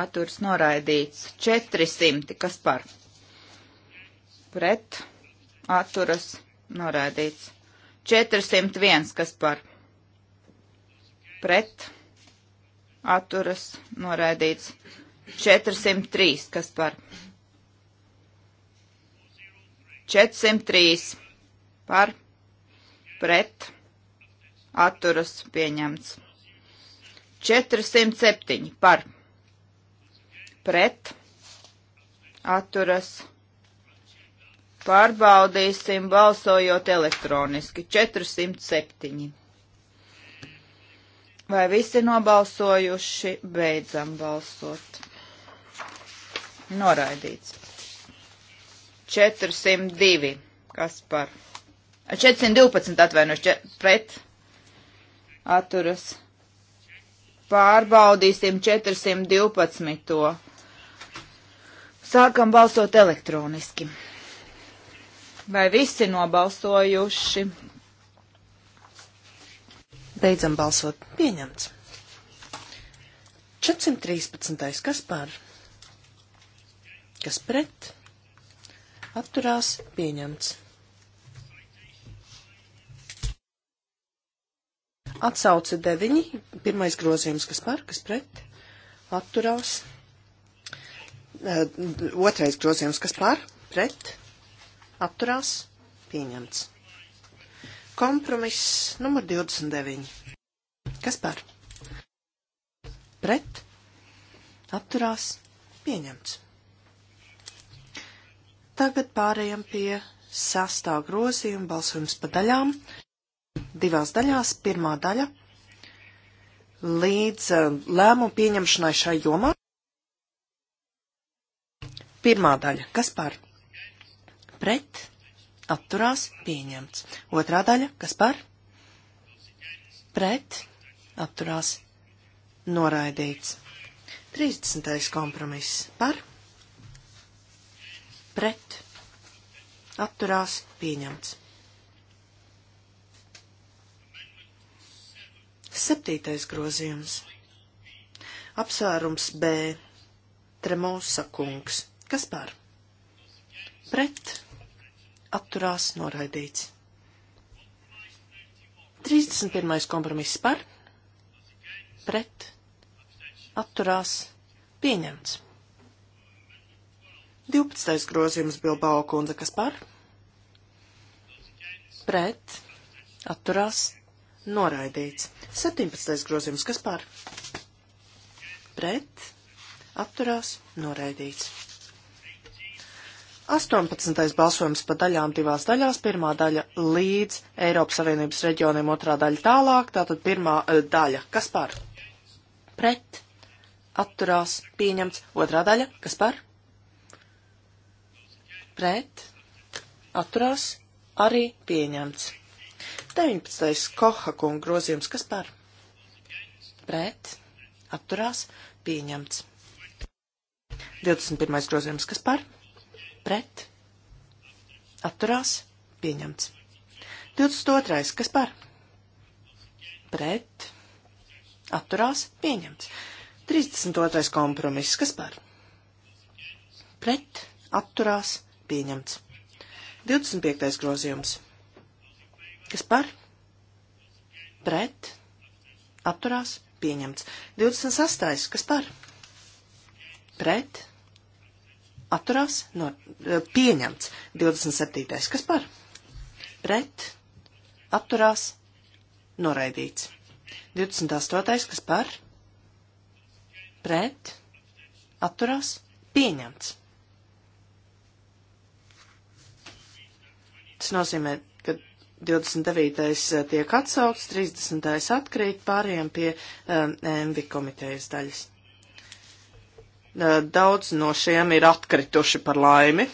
Atturs noraidīts. 400. Kas par? Pret? Atturas noraidīts norādīts. 401, kas par pret atturas norādīts. 403, kas par 403 par pret atturas pieņemts. 407 par pret atturas pieņemts Pārbaudīsim balsojot elektroniski. 407. Vai visi nobalsojuši? Beidzam balsot. Noraidīts. 402. Kas par? 412 atvainojuši pret. Atturas. Pārbaudīsim 412. Sākam balsot elektroniski. Vai visi nobalsojuši? Beidzam balsot. Pieņemts. 413. Kas par? Kas pret? Atturās. Pieņemts. Atsauce 9. Pirmais grozījums. Kas par? Kas pret? Atturās. Eh, otrais grozījums. Kas par? Pret? atturās pieņemts. Kompromiss numur 29. Kas par? Pret atturās pieņemts. Tagad pārējām pie sastā grozījuma balsojums pa daļām. Divās daļās. Pirmā daļa līdz eh, lēmumu pieņemšanai šai jomā. Pirmā daļa. Kas par? pret, atturās, pieņemts. Otrā daļa, kas par, pret, atturās, noraidīts. 30. kompromiss par, pret, atturās, pieņemts. 7. grozījums. Apsvērums B. Tremousa kungs. Kas par? Pret atturās noraidīts. 31. kompromiss par, pret, atturās, pieņemts. 12. grozījums Bilbao kundze, kas par, pret, atturās, noraidīts. 17. grozījums, kas par, pret, atturās, noraidīts. 18. balsojums pa daļām divās daļās, pirmā daļa līdz Eiropas Savienības reģioniem, otrā daļa tālāk, tātad pirmā eh, daļa, kas par? Pret, atturās, pieņemts, otrā daļa, kas par? Pret, atturās, arī pieņemts. 19. Koha kunga grozījums, kas par? Pret, atturās, pieņemts. 21. grozījums, kas par? pret, atturās, pieņemts. 22. kas par, pret, atturās, pieņemts. 32. kompromiss, kas par, pret, atturās, pieņemts. 25. grozījums, kas par, pret, atturās, pieņemts. 26. kas par, pret, atturās no, eh, pieņemts 27. kas par pret atturās noraidīts. 28. kas par pret atturās pieņemts. Tas nozīmē, ka 29. Eh, tiek atsaukts, 30. atkrīt pārējiem pie um, eh, MV komitejas daļas daudz no šiem ir atkrituši par laimi.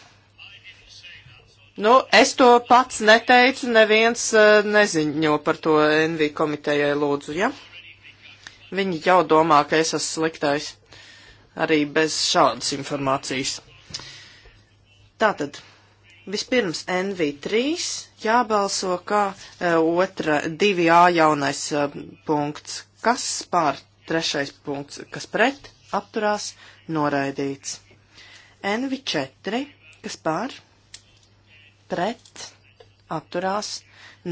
Nu, es to pats neteicu, neviens neziņo par to NV komitejai lūdzu, ja? Viņi jau domā, ka es esmu sliktais, arī bez šādas informācijas. Tātad, vispirms NV3 jābalso kā otra 2A jaunais punkts. Kas pār trešais punkts, kas pret, apturās, noraidīts. NV4, kas par, pret, atturās,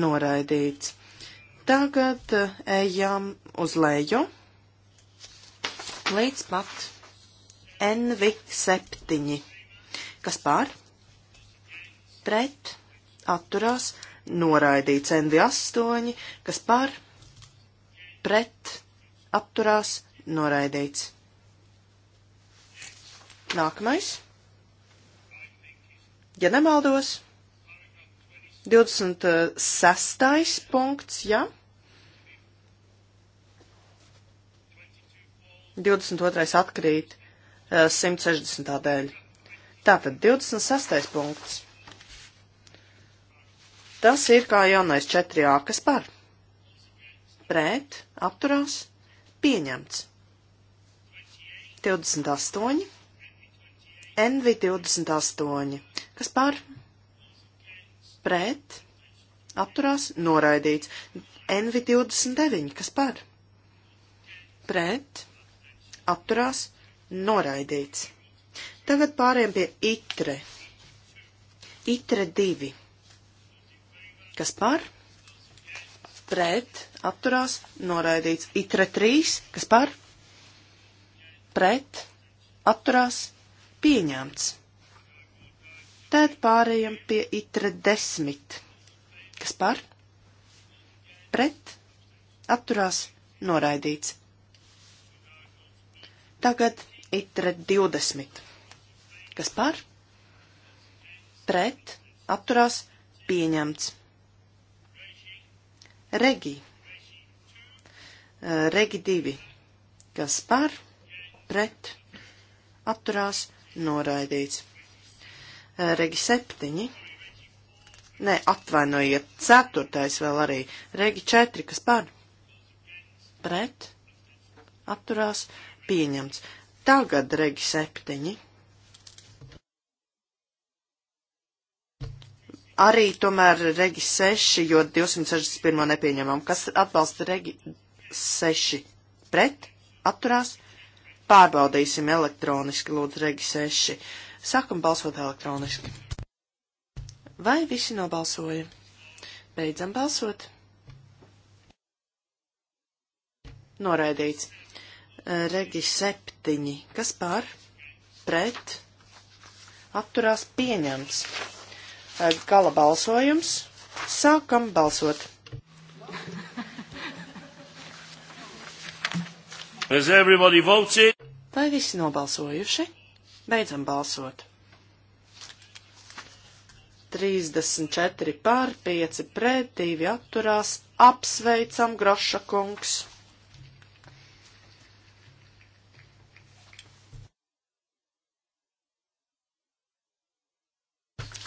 noraidīts. Tagad eh, ejam uz leju līdz pat NV7, kas par, pret, atturās, noraidīts. NV8, kas par, pret, atturās, noraidīts. Nākamais. Ja nemaldos, 26. punkts, jā. Ja? 22. atkrīt 160. Eh, dēļ. Tātad 26. punkts. Tas ir kā jaunais 4a, kas par. Pret, apturās, pieņemts. 28. NV28. Kas par? Pret. Atturās. Noraidīts. NV29. Kas par? Pret. Atturās. Noraidīts. Tagad pāriem pie itre. Itre divi. Kas par? Pret. Atturās. Noraidīts. Itre trīs. Kas par? Pret. Atturās pieņemts. Tad pārējam pie itra desmit. Kas par? Pret, atturās, noraidīts. Tagad itra divdesmit. Kas par? Pret, atturās, pieņemts. Regi. Regi divi. Kas par? Pret, atturās, pieņemts noraidīts. Eh, regi septiņi. Nē, atvainojiet, ceturtais vēl arī. Regi četri, kas par? Pret. Atturās. Pieņemts. Tagad regi septiņi. Arī tomēr regi seši, jo 261 nepieņemam. Kas atbalsta regi seši? Pret. Atturās. Pārbaudīsim elektroniski, lūdzu, regi 6. Sākam balsot elektroniski. Vai visi nobalsoja? Beidzam balsot. Noraidīts. Regi 7. Kas par? Pret. Atturās pieņemts. Gala balsojums. Sākam balsot. Has everybody voted? Vai visi nobalsojuši? Beidzam balsot. 34 pār, 5 pret, 2 atturās. Apsveicam, Groša kungs!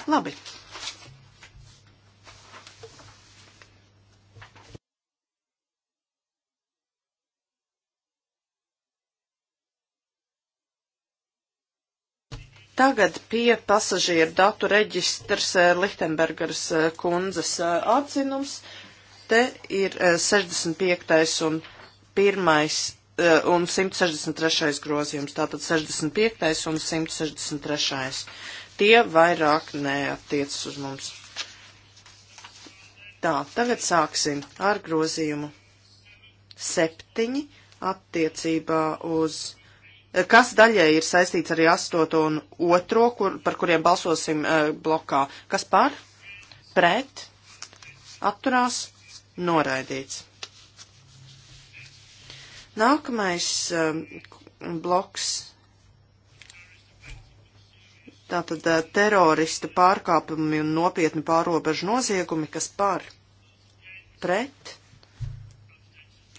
Labi, Tagad pie pasažieru datu reģistrs eh, Lichtenbergers eh, kundzes eh, atzinums. Te ir 65. un 1. un 163. grozījums, tātad 65. un 163. Tie vairāk neatiecas uz mums. Tā, tagad sāksim ar grozījumu 7 attiecībā uz kas daļai ir saistīts arī 8 un 2, kur, par kuriem balsosim uh, blokā. Kas par? Pret? Atturās? Noraidīts. Nākamais uh, bloks. Tātad uh, eh, terorista pārkāpumi un nopietni pārobežu noziegumi, kas par? Pret?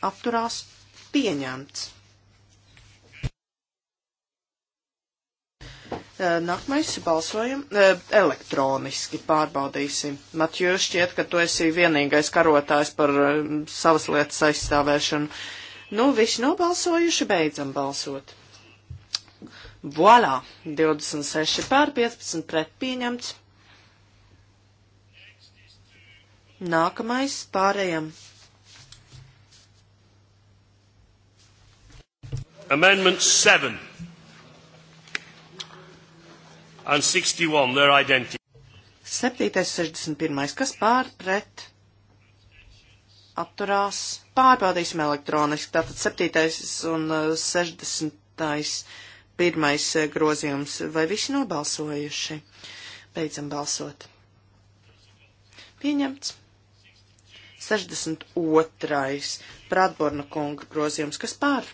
Atturās? Pieņemts. Nākamais balsojam elektroniski pārbaudīsim. Matjū, šķiet, ka tu esi vienīgais karotājs par savas lietas aizstāvēšanu. Nu, visi nobalsojuši, beidzam balsot. Voilā, 26 pār 15 pret pieņemts. Nākamais pārējam. Amendment 7 and 61, they're identical. 7. 61. Kas pār pret? Apturās. Pārbaudīsim elektroniski. Tātad 7. un 60. Uh, pirmais uh, grozījums. Vai visi nobalsojuši? Beidzam balsot. Pieņemts. 62. Pratborna kunga grozījums. Kas pār?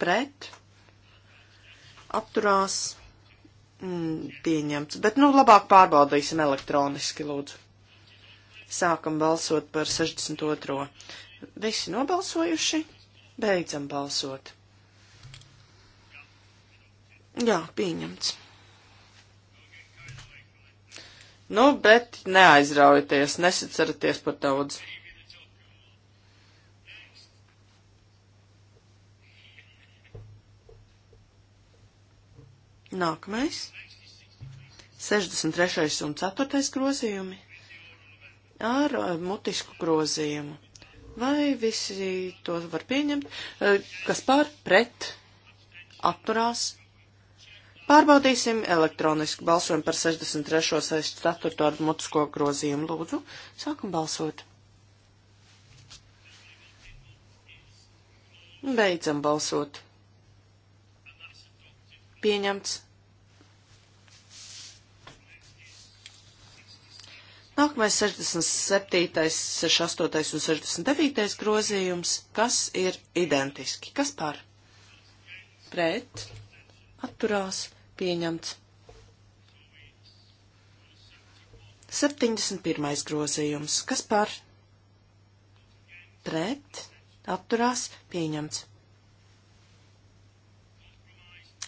Pret? Apturās mm, pieņemts, bet nu labāk pārbaudīsim elektroniski, lūdzu. Sākam balsot par 62. Visi nobalsojuši, beidzam balsot. Jā, pieņemts. Nu, bet neaizraujieties, nesaceraties par daudz. Nākamais. 63. un 4. grozījumi ar eh, mutisku grozījumu. Vai visi to var pieņemt? Eh, kas pār pret atturās? Pārbaudīsim elektroniski balsojumu par 63. 64. ar mutisko grozījumu lūdzu. Sākam balsot. Beidzam balsot pieņemts. Nākamais 67., 68. un 69. grozījums, kas ir identiski. Kas par? Pret, atturās, pieņemts. 71. grozījums, kas par? Pret, atturās, pieņemts.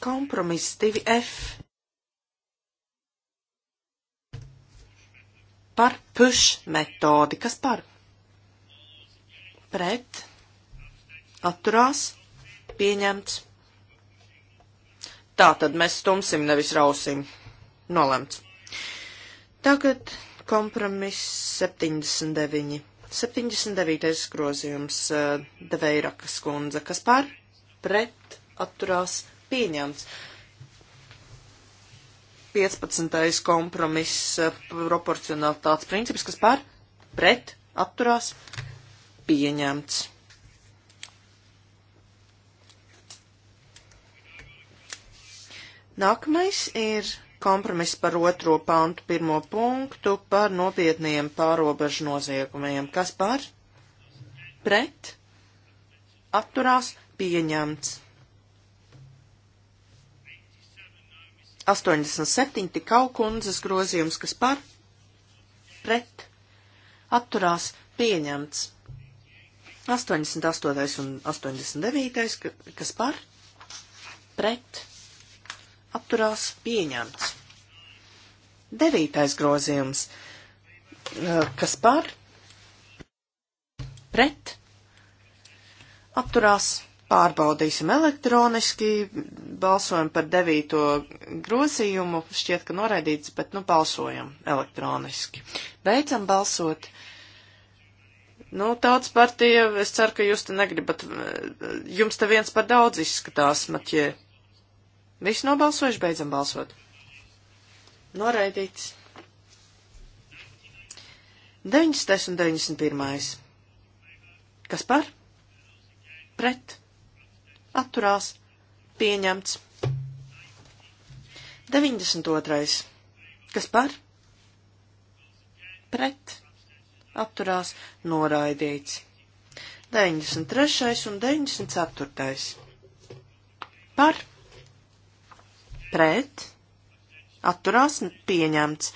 Kompromiss 2F par push metodi, kas par pret atturās pieņemts. Tā tad mēs stumsim, nevis rausim. Nolemts. Tagad kompromiss 79. 79. grozījums eh, Deveirakas kundze, kas par pret atturās pieņemts. 15. kompromiss eh, proporcionalitātes princips, kas par pret atturās pieņemts. Nākamais ir kompromiss par otro pantu pirmo punktu par nopietniem pārobežu noziegumiem. Kas par? Pret? Atturās pieņemts. 87 tikau kundzes grozījums, kas par pret atturās pieņemts. 88 un 89, kas par pret atturās pieņemts. 9. grozījums, kas par pret atturās Pārbaudīsim elektroniski, balsojam par devīto grozījumu, šķiet, ka noraidīts, bet nu balsojam elektroniski. Beidzam balsot. Nu, tautas partija, es ceru, ka jūs te negribat, jums te viens par daudz izskatās, Maķie. Viss nobalsojuši, beidzam balsot. Noraidīts. 90 un 91. Kas par? Pret atturās, pieņemts. 92. Kas par? Pret, atturās, noraidīts. 93. un 94. Par? Pret, atturās, pieņemts.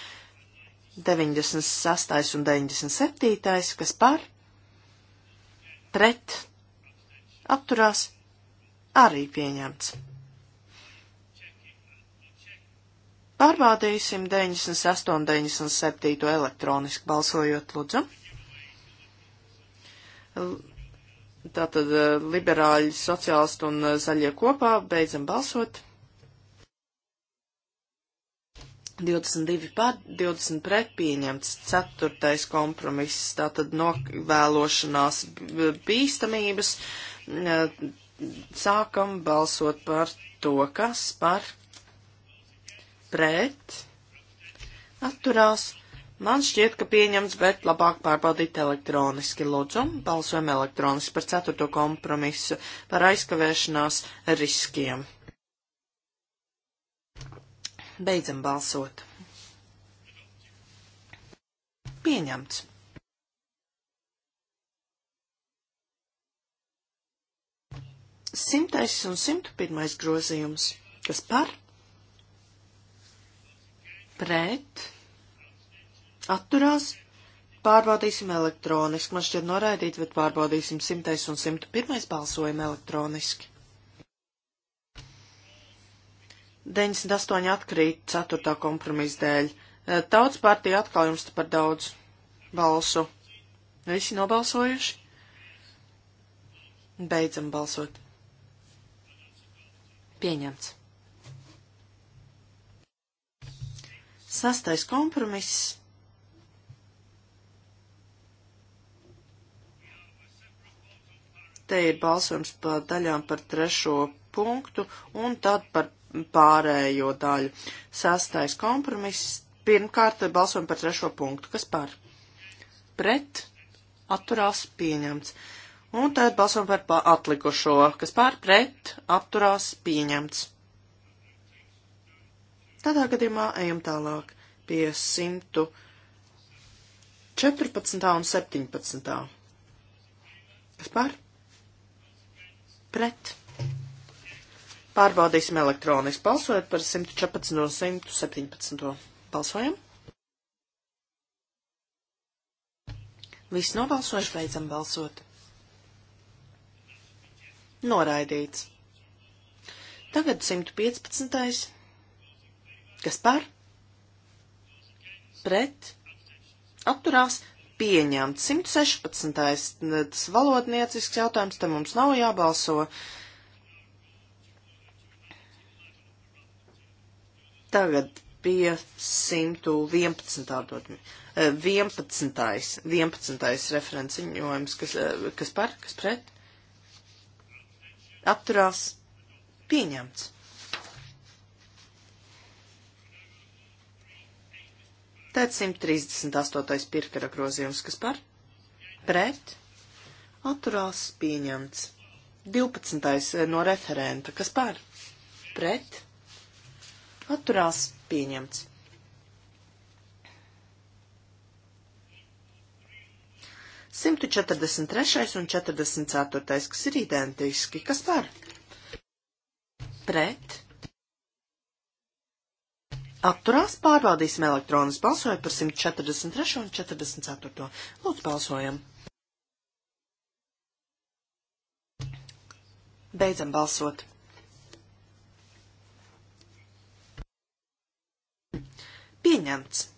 96. un 97. kas par? Pret, atturās, arī pieņemts. Pārbaudīsim 98 un 97 elektroniski balsojot, lūdzu. Tātad eh, liberāļi, sociālisti un eh, zaļie kopā beidzam balsot. 22 pār, 20 pret pieņemts, 4. kompromiss, tātad novēlošanās bīstamības, eh, Sākam balsot par to, kas par pret atturās. Man šķiet, ka pieņemts, bet labāk pārbaudīt elektroniski. Lūdzu, balsojam elektroniski par ceturto kompromisu par aizkavēšanās riskiem. Beidzam balsot. Pieņemts. Simtais un simtu pirmais grozījums, kas par, pret, atturās, pārbaudīsim elektroniski. Man šķiet noraidīt, bet pārbaudīsim simtais un simtu pirmais balsojumu elektroniski. 98 atkrīt 4. kompromisa dēļ. Eh, tautas partija atkal jums par daudz balsu. Visi nobalsojuši? Beidzam balsot. Pieņemts. Sastais kompromiss. Te ir balsojums par daļām par trešo punktu un tad par pārējo daļu. Sastais kompromiss. Pirmkārt balsojam par trešo punktu. Kas par? Pret. Atturās pieņemts. Un tad balsam par atlikušo, kas pār pret apturās pieņemts. Tādā gadījumā ejam tālāk pie 114. un 17. Kas pār? Pret. Pārbaudīsim elektroniski. Balsojot par 114 un 117. Balsojam. Viss nobalsojuši, beidzam balsot. Noraidīts. Tagad 115. Kas par? Pret. Atturās. Pieņemts. 116. Tas valodniecisks jautājums, te mums nav jābalso. Tagad pie 111. Dot, 11. 11. referenciņojums, kas, eh, kas par, kas pret, apturās pieņemts. Tad 138. pirkara grozījums, kas par pret atturās pieņemts. 12. Eh, no referenta, kas par pret atturās pieņemts. 143. un 44. kas ir identiski. Kas par? Pret. Atturās pārbaudīsim elektronas balsoju par 143. un 44. Lūdzu, balsojam. Beidzam balsot. Pieņemts.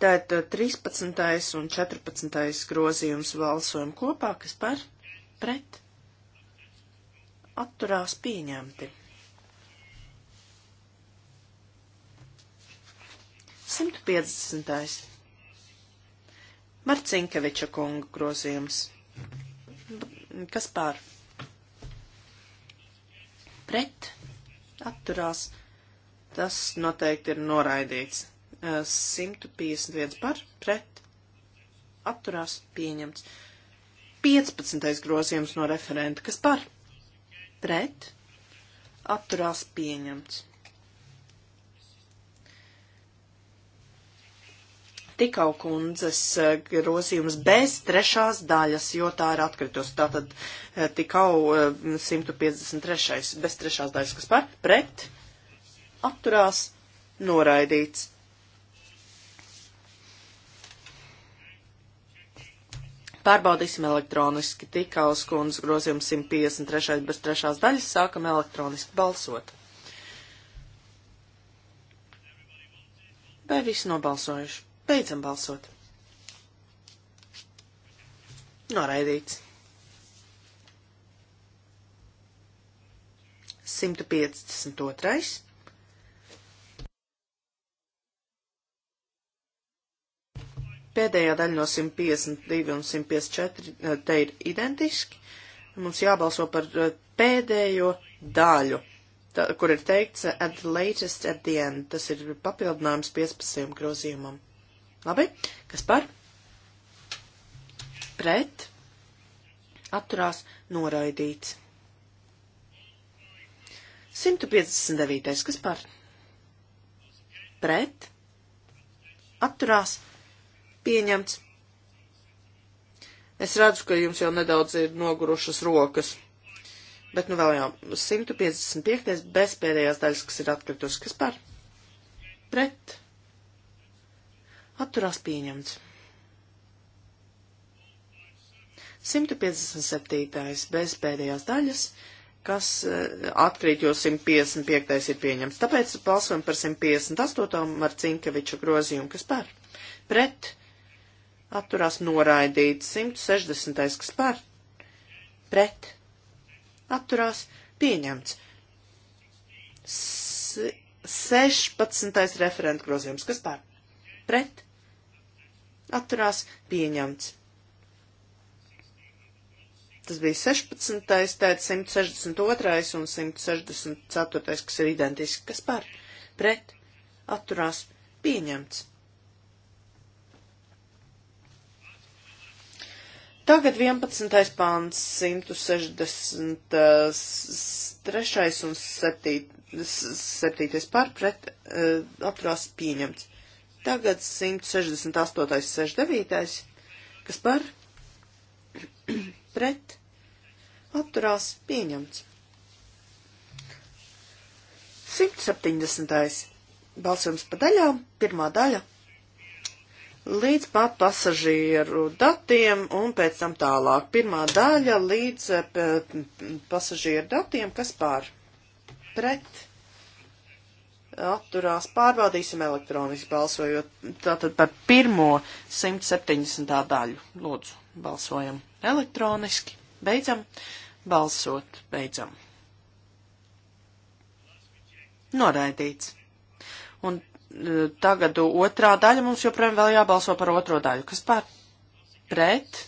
Tātad 13. un 14. grozījums valsojam kopā, kas par pret atturās pieņemti. 150. Marcinkeviča kunga grozījums. Kas pār? Pret atturās. Tas noteikti ir noraidīts. 151 par pret atturās pieņemts. 15. grozījums no referenta, kas par pret atturās pieņemts. Tikau kundzes grozījums bez trešās daļas, jo tā ir atkritos. Tātad tikau 153. bez trešās daļas, kas par pret atturās noraidīts. Pārbaudīsim elektroniski. Tikāls kundz grozījums 153. bez trešās daļas. Sākam elektroniski balsot. Vai visi nobalsojuši? Beidzam balsot. Noraidīts. 152. Pēdējā daļa no 152 un 154 eh, te ir identiski. Mums jābalso par eh, pēdējo daļu, tā, kur ir teikts eh, at the latest at the end. Tas ir papildinājums 15 grozījumam. Labi, kas par? Pret. Atturās noraidīts. 159. kas par? Pret. Atturās noraidīts pieņemts. Es redzu, ka jums jau nedaudz ir nogurušas rokas. Bet nu vēl jau 155. bez pēdējās daļas, kas ir atkritusi. Kas par? Pret. Atturās pieņemts. 157. bez pēdējās daļas, kas eh, atkrīt, jo 155. ir pieņemts. Tāpēc balsojam par 158. Marcinkeviča grozījumu, kas par. Pret atturās noraidīts 160. kas par, pret, atturās pieņemts. S 16. referenta grozījums, kas par, pret, atturās pieņemts. Tas bija 16. tātad 162. un 164. kas ir identiski, kas par, pret, atturās pieņemts. Tagad 11. pāns, 163. un 7. 7. pār pret uh, eh, apturās pieņemts. Tagad 168. 69. kas par pret apturās pieņemts. 170. balsojums pa daļām, pirmā daļa līdz pat pasažieru datiem un pēc tam tālāk. Pirmā daļa līdz eh, pasažieru datiem, kas pār pret atturās, pārbaudīsim elektroniski balsojot. Tātad par pirmo 170. daļu. Lūdzu, balsojam elektroniski. Beidzam. Balsot. Beidzam. Noraidīts. Un tagad otrā daļa mums joprojām vēl jābalso par otro daļu. Kas par pret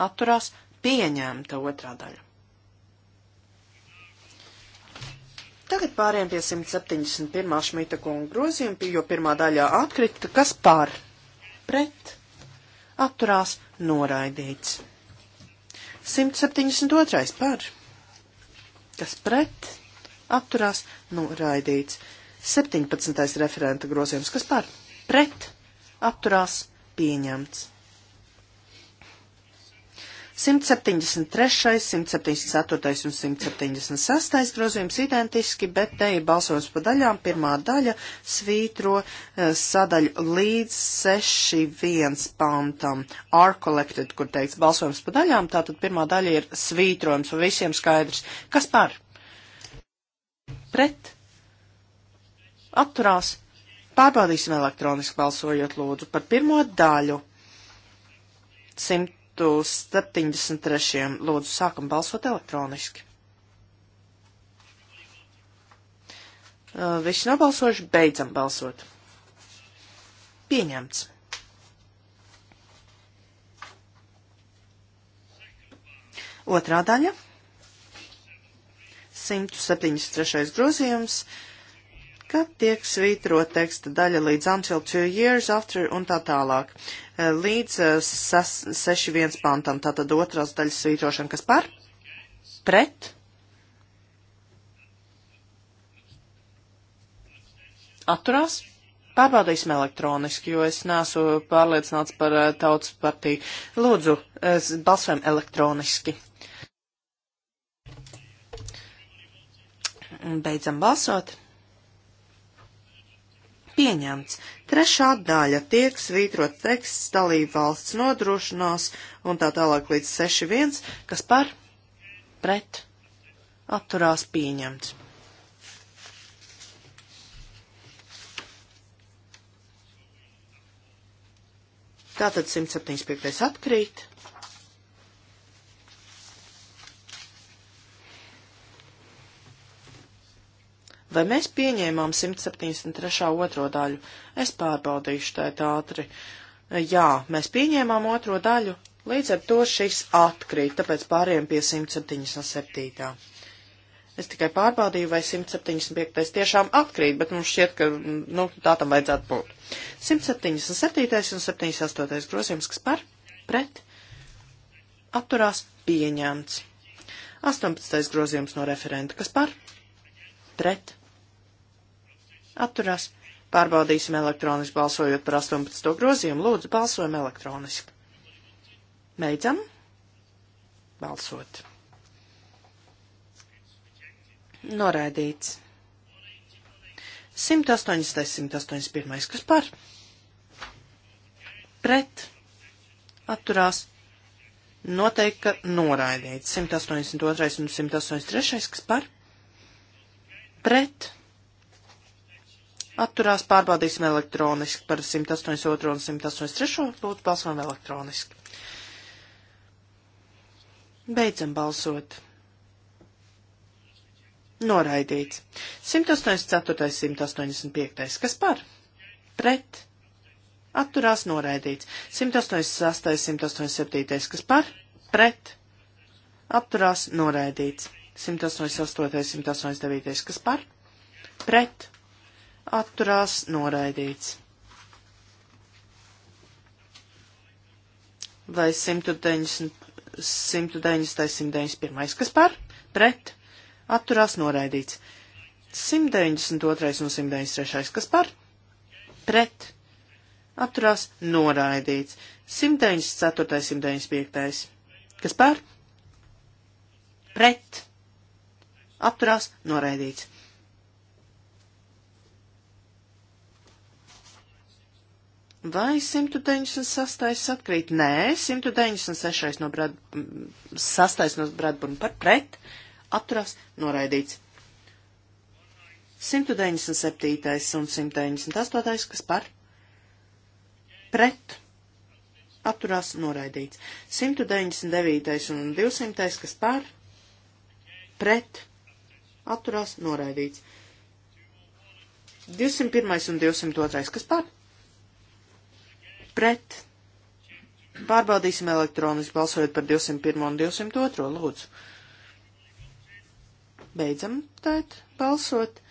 atturās pieņemta otrā daļa. Tagad pāriem pie 171. šmita kunga grozījuma, jo pirmā daļā atkrita, kas par pret atturās noraidīts. 172. par kas pret atturās noraidīts. 17. referenta grozījums, kas par pret apturās pieņemts. 173, 174 un 176 grozījums identiski, bet te ir balsojums pa daļām. Pirmā daļa svītro eh, sadaļu līdz 6.1 pantam. Are collected, kur teiks balsojums pa daļām, tātad pirmā daļa ir svītrojums un visiem skaidrs. Kas par? Pret? Atturās. Pārbaudīsim elektroniski balsojot lūdzu par pirmo daļu. 173. Lūdzu, sākam balsot elektroniski. Visi nobalsojuši, beidzam balsot. Pieņemts. Otrā daļa. 173. grozījums. Uh, kad tiek svītrot teksta daļa līdz until two years after un tā tālāk, eh, līdz 6.1 eh, pantam, tātad otrās daļas svītrošana, kas par, pret, atturās, pārbaudīsim elektroniski, jo es nesu pārliecināts par eh, tautas partiju. Lūdzu, balsojam elektroniski. Beidzam balsot. Pieņemts. Trešā daļa tiek svītrot teksts dalību valsts nodrošinās un tā tālāk līdz 6.1, kas par pret atturās pieņemts. Tātad 175. atkrīt. Vai mēs pieņēmām 173. otro daļu? Es pārbaudīšu tēt ātri. Jā, mēs pieņēmām otro daļu, līdz ar to šis atkrīt, tāpēc pāriem pie 177. Es tikai pārbaudīju, vai 175. tiešām atkrīt, bet mums šķiet, ka nu, tā tam vajadzētu būt. 177. un 78. grozījums, kas par pret atturās pieņemts. 18. grozījums no referenta, kas par pret atturās. Pārbaudīsim elektroniski balsojot par 18. grozījumu. Lūdzu, balsojam elektroniski. Beidzam balsot. Noraidīts. 180, 181, kas par? Pret. Atturās. Noteikti, ka noraidīts. 182 un 183, kas par? Pret atturās pārbaudīsim elektroniski par 182 un 183. Lūdzu, balsojam elektroniski. Beidzam balsot. Noraidīts. 184. 185. Kas par? Pret. Atturās noraidīts. 186. 187. Kas par? Pret. Atturās noraidīts. 188. 189. Kas par? Pret atturās noraidīts. Vai 190, 190, 191, kas par, pret, atturās noraidīts. 192 un 193, kas par, pret, atturās noraidīts. 194, 195, kas par, pret, atturās noraidīts. Vai 196. atkrīt? Nē, 196. no Brad... sastais no Bradburna par pret, atturās, noraidīts. 197. un 198. kas par pret, atturās, noraidīts. 199. un 200. kas par pret, atturās, noraidīts. 201. un 202. kas par pret pret. Pārbaudīsim elektroniski balsojot par 201 un 202, lūdzu. Beidzam tēt balsot.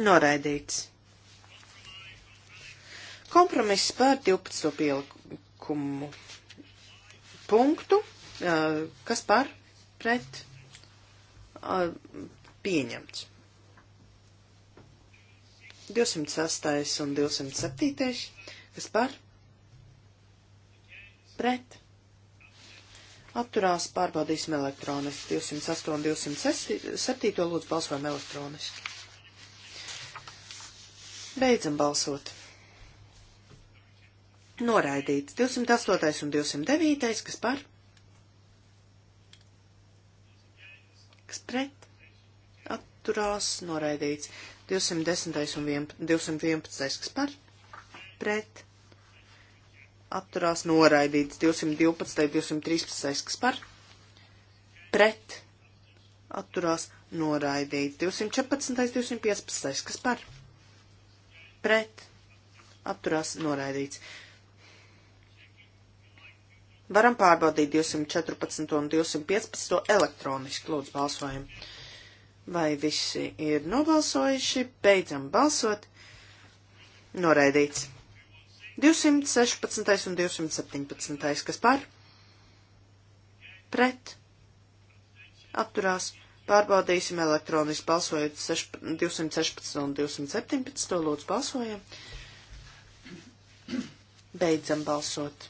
Noraidīts. Kompromiss par 12. pielikumu punktu, kas par pret pieņemts. 206. un 207. kas par pret atturās pārbaudīsim elektroniski. 208 un 207. lūdzu balsojam elektroniski. Beidzam balsot. Noraidīts 208 un 209. kas par kas pret atturās noraidīts. 210. un 211. kas par pret atturās noraidīts 212. 213. kas par pret atturās noraidīts 214. 215. kas par pret atturās noraidīts. Varam pārbaudīt 214 un 215 elektroniski, lūdzu, balsojumu. Vai visi ir nobalsojuši? Beidzam balsot. Noraidīts. 216. un 217. kas par? Pret. Atturās. Pārbaudīsim elektroniski balsojot 216 un 217. Lūdzu, balsojam. Beidzam balsot.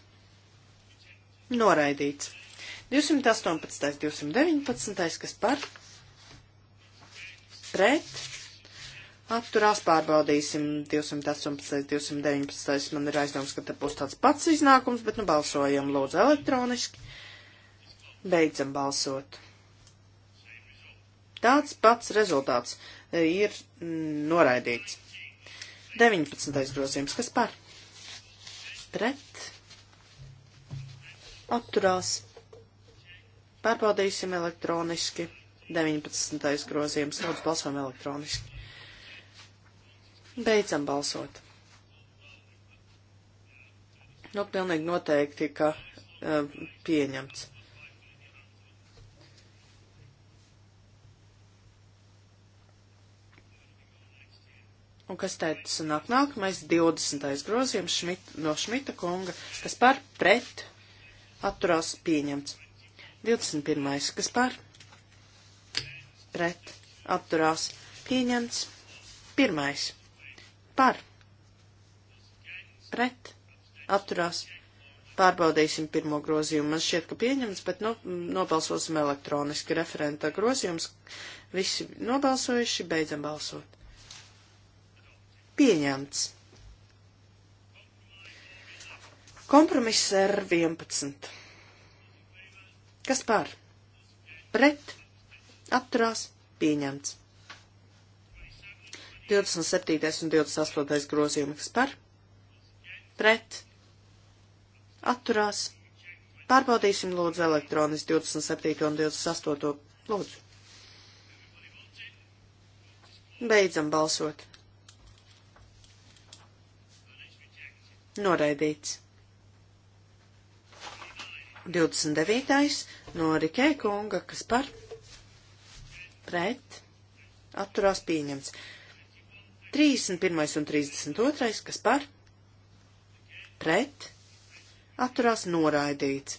Noraidīts. 218. 219. kas par? pret. Atturās pārbaudīsim 218, 219. Man ir aizdoms, ka te būs tāds pats iznākums, bet nu balsojam lūdzu elektroniski. Beidzam balsot. Tāds pats rezultāts e, ir mm, noraidīts. 19. grozījums, kas par? Pret. Atturās. Pārbaudīsim elektroniski. 19. grozījums. Lūdzu, balsojam elektroniski. Beidzam balsot. Nu, pilnīgi noteikti, ka uh, pieņemts. Un kas teica, sanāk nākamais 20. grozījums šmit, no Šmita kunga, kas par pret atturās pieņemts. 21. kas par pret pret atturās pieņemts. Pirmais par pret atturās. Pārbaudīsim pirmo grozījumu. Man šķiet, ka pieņemts, bet no, nobalsosim elektroniski. Referenta grozījums. Visi nobalsojuši, beidzam balsot. Pieņemts. Kompromiss ar 11. Kas par? Pret atturās pieņemts. 27. un 28. grozījums par, pret, atturās. Pārbaudīsim lūdzu elektronis 27. un 28. lūdzu. Beidzam balsot. Noraidīts. 29. no Rikē kunga, kas par pret, atturās pieņemts. 31. un 32. kas par, pret, atturās noraidīts.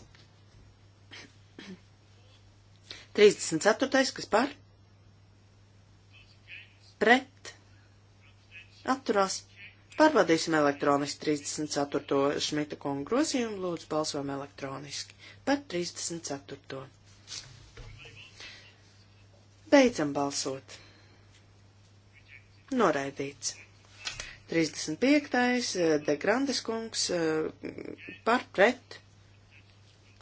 34. kas par, pret, atturās. Pārbaudīsim elektroniski 34. Šmita kunga grozījumu, lūdzu balsojam elektroniski par 34. Beidzam balsot. Noraidīts. 35. Eh, De Grandes kungs eh, par pret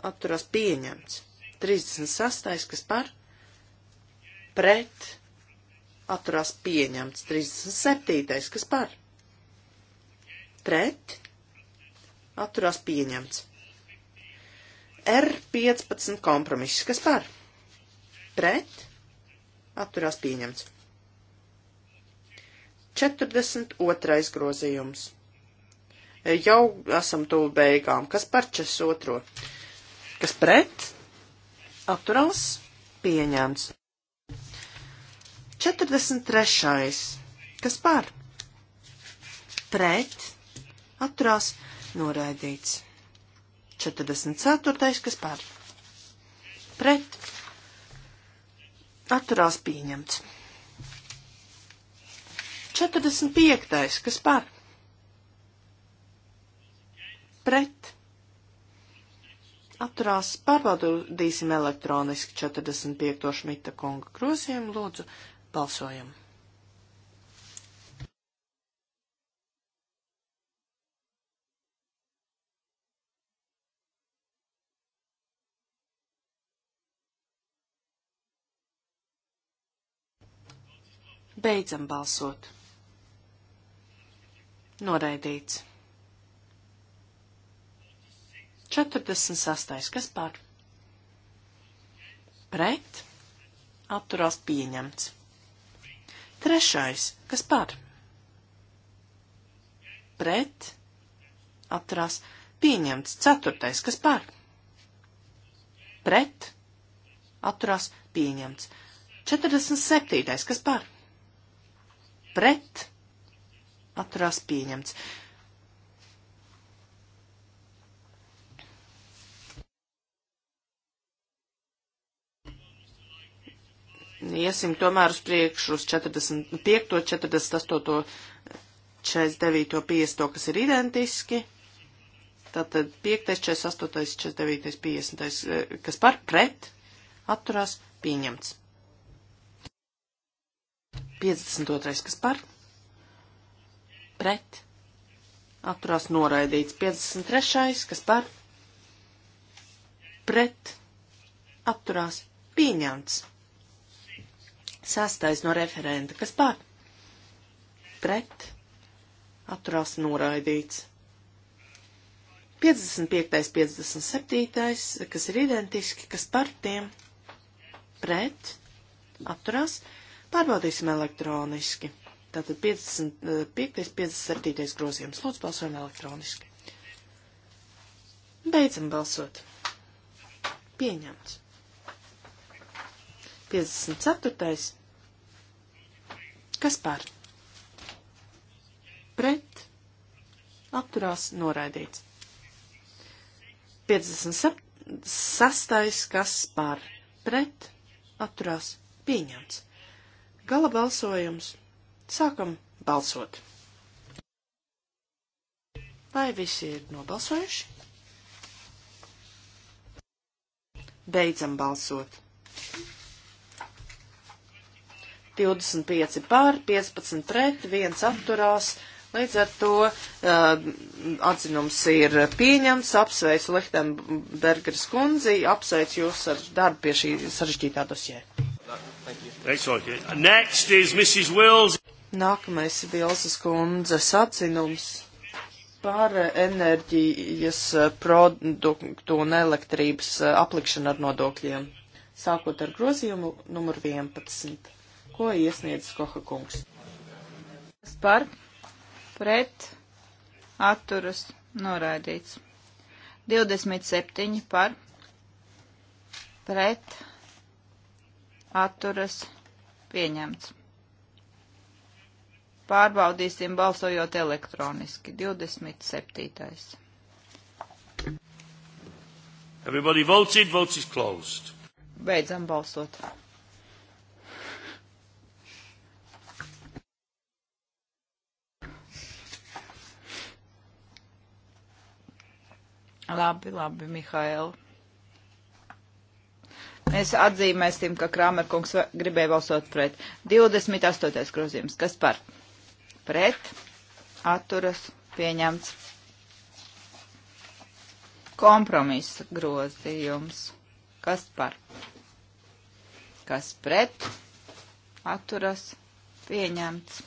atturās pieņemts. 36. kas par pret atturās pieņemts. 37. kas par pret atturās pieņemts. R15 kompromiss kas par pret atturās pieņemts. 42. grozījums. E, jau esam tuvu beigām. Kas par 42? Kas pret? Atturās pieņemts. 43. Kas par? Pret. Atturās noraidīts. 44. Kas par? Pret atturās pieņemts. 45. kas par? Pret. Atturās pārbaudīsim elektroniski 45. šmita konga grozījumu. Lūdzu, balsojam! Beidzam balsot. Noraidīts. 46. Kas par? Pret. Atturās pieņemts. Trešais. Kas par? Pret. Atturās pieņemts. Ceturtais. Kas par? Pret. Atturās pieņemts. 47. Kas par? pret atturās pieņemts. Iesim tomēr uz priekšu uz 45, 48, 49, 50, kas ir identiski. Tātad 5, 48, 49, 50, kas par pret atturās pieņemts. 52. kas par? Pret. Atturās noraidīts. 53. kas par? Pret. Atturās pieņemts. Sastais no referenta. Kas par? Pret. Atturās noraidīts. 55. 57. kas ir identiski, kas par tiem pret atturās noraidīts Pārbaudīsim elektroniski. Tātad 55. 57. Eh, grozījums. Lūdzu, balsojam elektroniski. Beidzam balsot. Pieņemts. 54. Kas par? Pret. Apturās noraidīts. 56. Kas par? Pret. Apturās pieņemts. Gala balsojums. Sākam balsot. Vai visi ir nobalsojuši? Beidzam balsot. 25 pār, 15 pret, 1 atturās. Līdz ar to uh, atzinums ir pieņemts, apsveicu Lehtenbergers kundzi, apsveicu jūs ar darbu pie šī sarežģītā dosjē. Excellent. Next is Mrs. Wills. Nākamais ir Vilsas kundze sacinums par enerģijas eh, produktu un elektrības eh, aplikšanu ar nodokļiem, sākot ar grozījumu numur 11, ko iesniedz Koha kungs. Par pret atturas noraidīts. 27 par pret atturas pieņemts. Pārbaudīsim balsojot elektroniski. 27. Everybody voted, votes is closed. Beidzam balsot. Labi, labi, Mihail. Mēs atzīmēsim, ka Krāmerkungs gribēja balsot pret 28. grozījums. Kas par? Pret, atturas, pieņemts. Kompromisa grozījums. Kas par? Kas pret, atturas, pieņemts.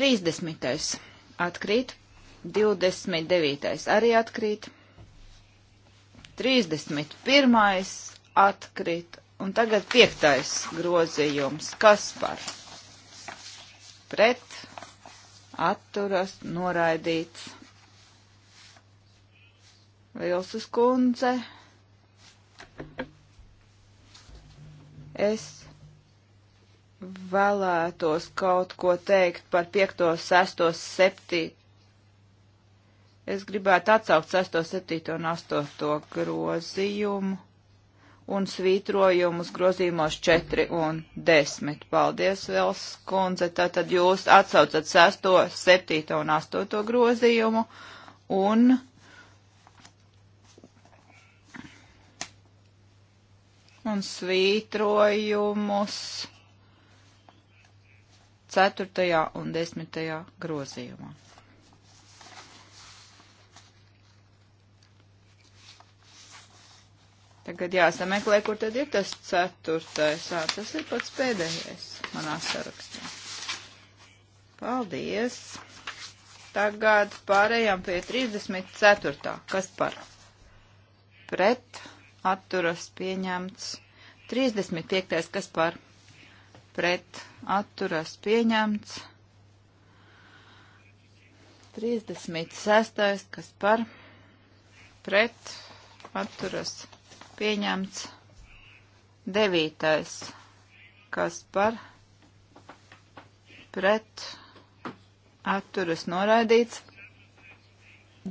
30. atkrīt, 29. arī atkrīt. 31. atkrit, un tagad piektais grozījums, kas par pret, atturas, noraidīts. Vilsas kundze, es vēlētos kaut ko teikt par 5, 6, 7, Es gribētu atsaukt 6, 7 un 8 grozījumu un svītrojumus grozījumos 4 un 10. Paldies, Vels kundze. Tātad jūs atsaucat 6, 7 un 8 grozījumu un. Un svītrojumus 4. un 10. grozījumā. Tagad jāsameklē, kur tad ir tas ceturtais. Jā, tas ir pats pēdējais manā sarakstā. Paldies! Tagad pārējām pie 34. Kas par? Pret atturas pieņemts. 35. Kas par? Pret atturas pieņemts. 36. Kas par? Pret atturas pieņemts pieņemts. Devītais, kas par pret atturas noraidīts.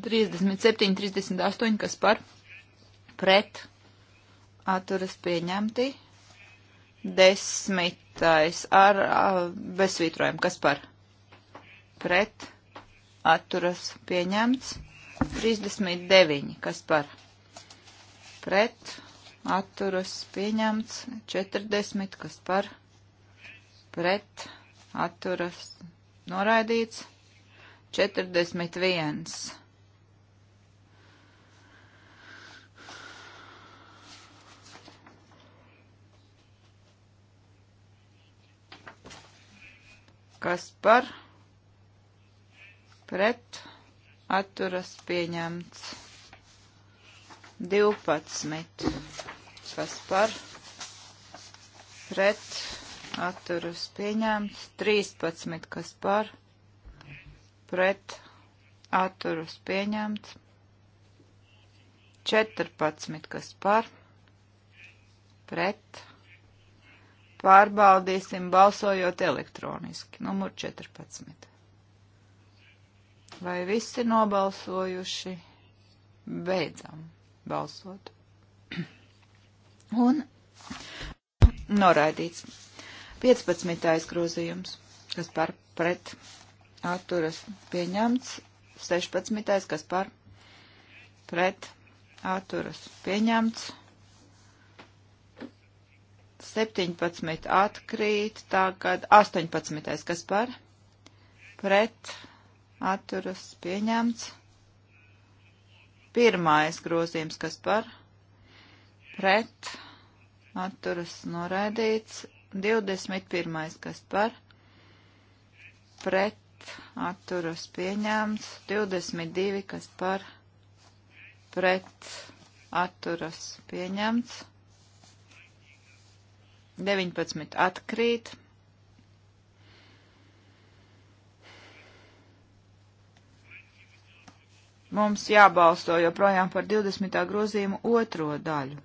37, 38, kas par pret atturas pieņemti. Desmitais ar, ar besvītrojumu, kas par pret atturas pieņemts. 39, kas par pret pret atturas pieņemts 40, kas par pret atturas noraidīts 41. Kas par pret atturas pieņemts 12. Kas par pret atturas pieņemts. 13. Kas par pret atturas pieņemts. 14. Kas par pret. Pārbaudīsim balsojot elektroniski. Numur 14. Vai visi nobalsojuši? Beidzam balsot. Un noraidīts. 15. grozījums, kas par pret atturas pieņemts. 16. kas par pret atturas pieņemts. 17 atkrīt, tagad 18. kas par pret atturas pieņemts. Pirmais grozījums, kas par pret atturas noraidīts. 21. kas par pret atturas pieņēmts. 22. kas par pret atturas pieņemts. 19 atkrīt. Mums jābalsto joprojām par 20. grozījumu otro daļu.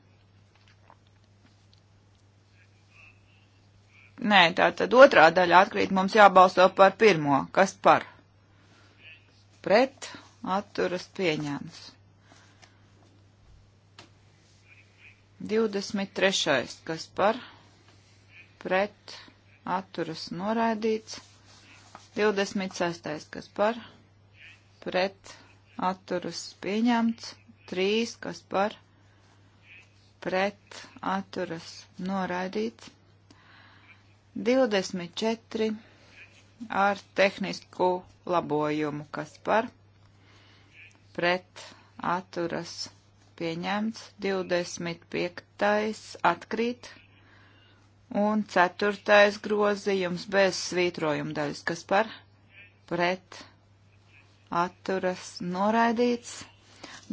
Nē, tā tad otrā daļa atkrīt, mums jābalsto par pirmo. Kas par? Pret atturas pieņēmas. 23. kas par? Pret atturas noraidīts. 26. kas par? Pret atturas pieņemts, 3, kas par pret atturas noraidīts, 24 ar tehnisku labojumu, kas par pret atturas pieņemts, 25 atkrīt, un 4 grozījums bez svītrojuma daļas, kas par pret atturas atturas noraidīts.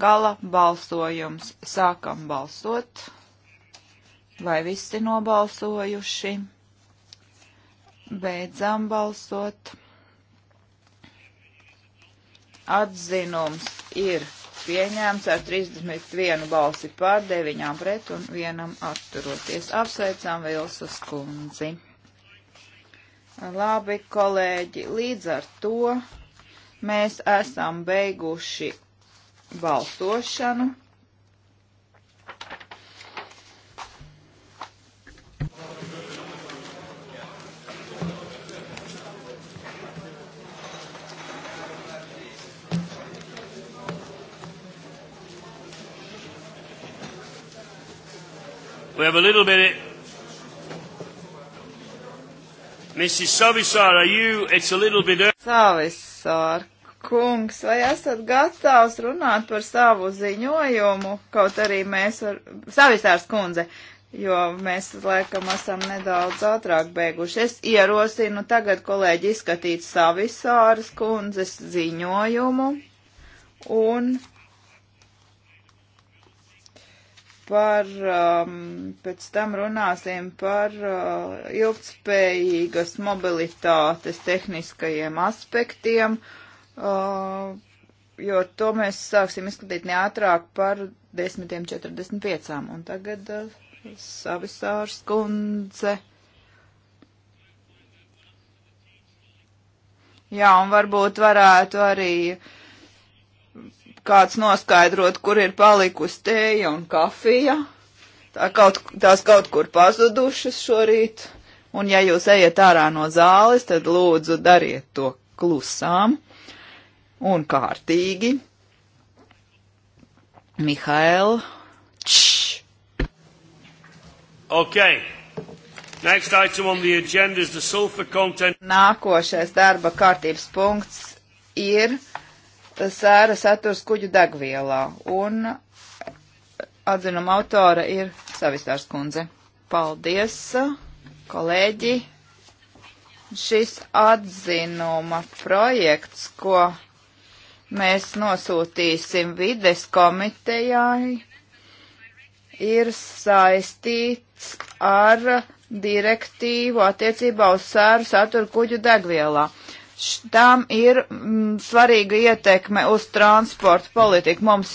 Gala balsojums. Sākam balsot. Vai visi nobalsojuši? Beidzam balsot. Atzinums ir pieņēmts ar 31 balsi pār, 9 pret un 1 atturoties. Apsveicam Vilsas kundzi. Labi, kolēģi, līdz ar to. Mēs esam beiguši balsošanu. We have a little bit. Of... Mrs. Savisar, are you? It's a little bit. Savisar, kungs, vai esat gatavs runāt par savu ziņojumu, kaut arī mēs var, savisārs kundze, jo mēs laikam esam nedaudz ātrāk beiguši. Es ierosinu tagad kolēģi izskatīt savisārs kundzes ziņojumu un par, um, pēc tam runāsim par uh, ilgtspējīgas mobilitātes tehniskajiem aspektiem Uh, jo to mēs sāksim izskatīt neatrāk par 10.45. Un tagad uh, savisārs kundze. Jā, un varbūt varētu arī kāds noskaidrot, kur ir palikusi tēja un kafija. Tā kaut, tās kaut kur pazudušas šorīt. Un ja jūs ejat ārā no zāles, tad lūdzu dariet to klusām un kārtīgi. Mihail. Čš. Ok. Next item on the agenda is the sulfur content. Nākošais darba kārtības punkts ir sēra saturs kuģu degvielā. Un atzinuma autora ir Savistārs kundze. Paldies, kolēģi! Šis atzinuma projekts, ko mēs nosūtīsim vides komitejai, ir saistīts ar direktīvu attiecībā uz sēru saturu kuģu degvielā. Tām ir mm, svarīga ietekme uz transportu politiku. Mums,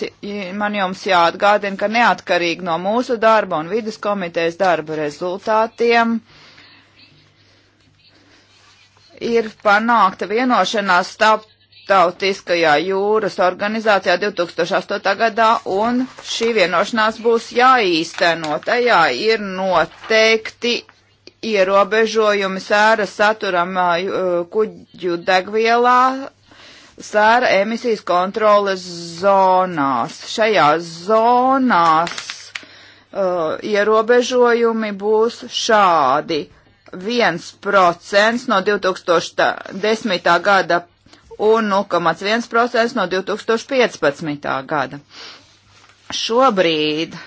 man jums jāatgādina, ka neatkarīgi no mūsu darba un vidas komitejas darba rezultātiem ir panākta vienošanās starp Tautiskajā jūras organizācijā 2008. gadā, un šī vienošanās būs jāīsteno. Tajā ir noteikti ierobežojumi sēra saturam kuģu degvielā, sēra emisijas kontroles zonās. Šajās zonās uh, ierobežojumi būs šādi. 1% no 2010. gada un 0,1% no 2015. gada. Šobrīd uh,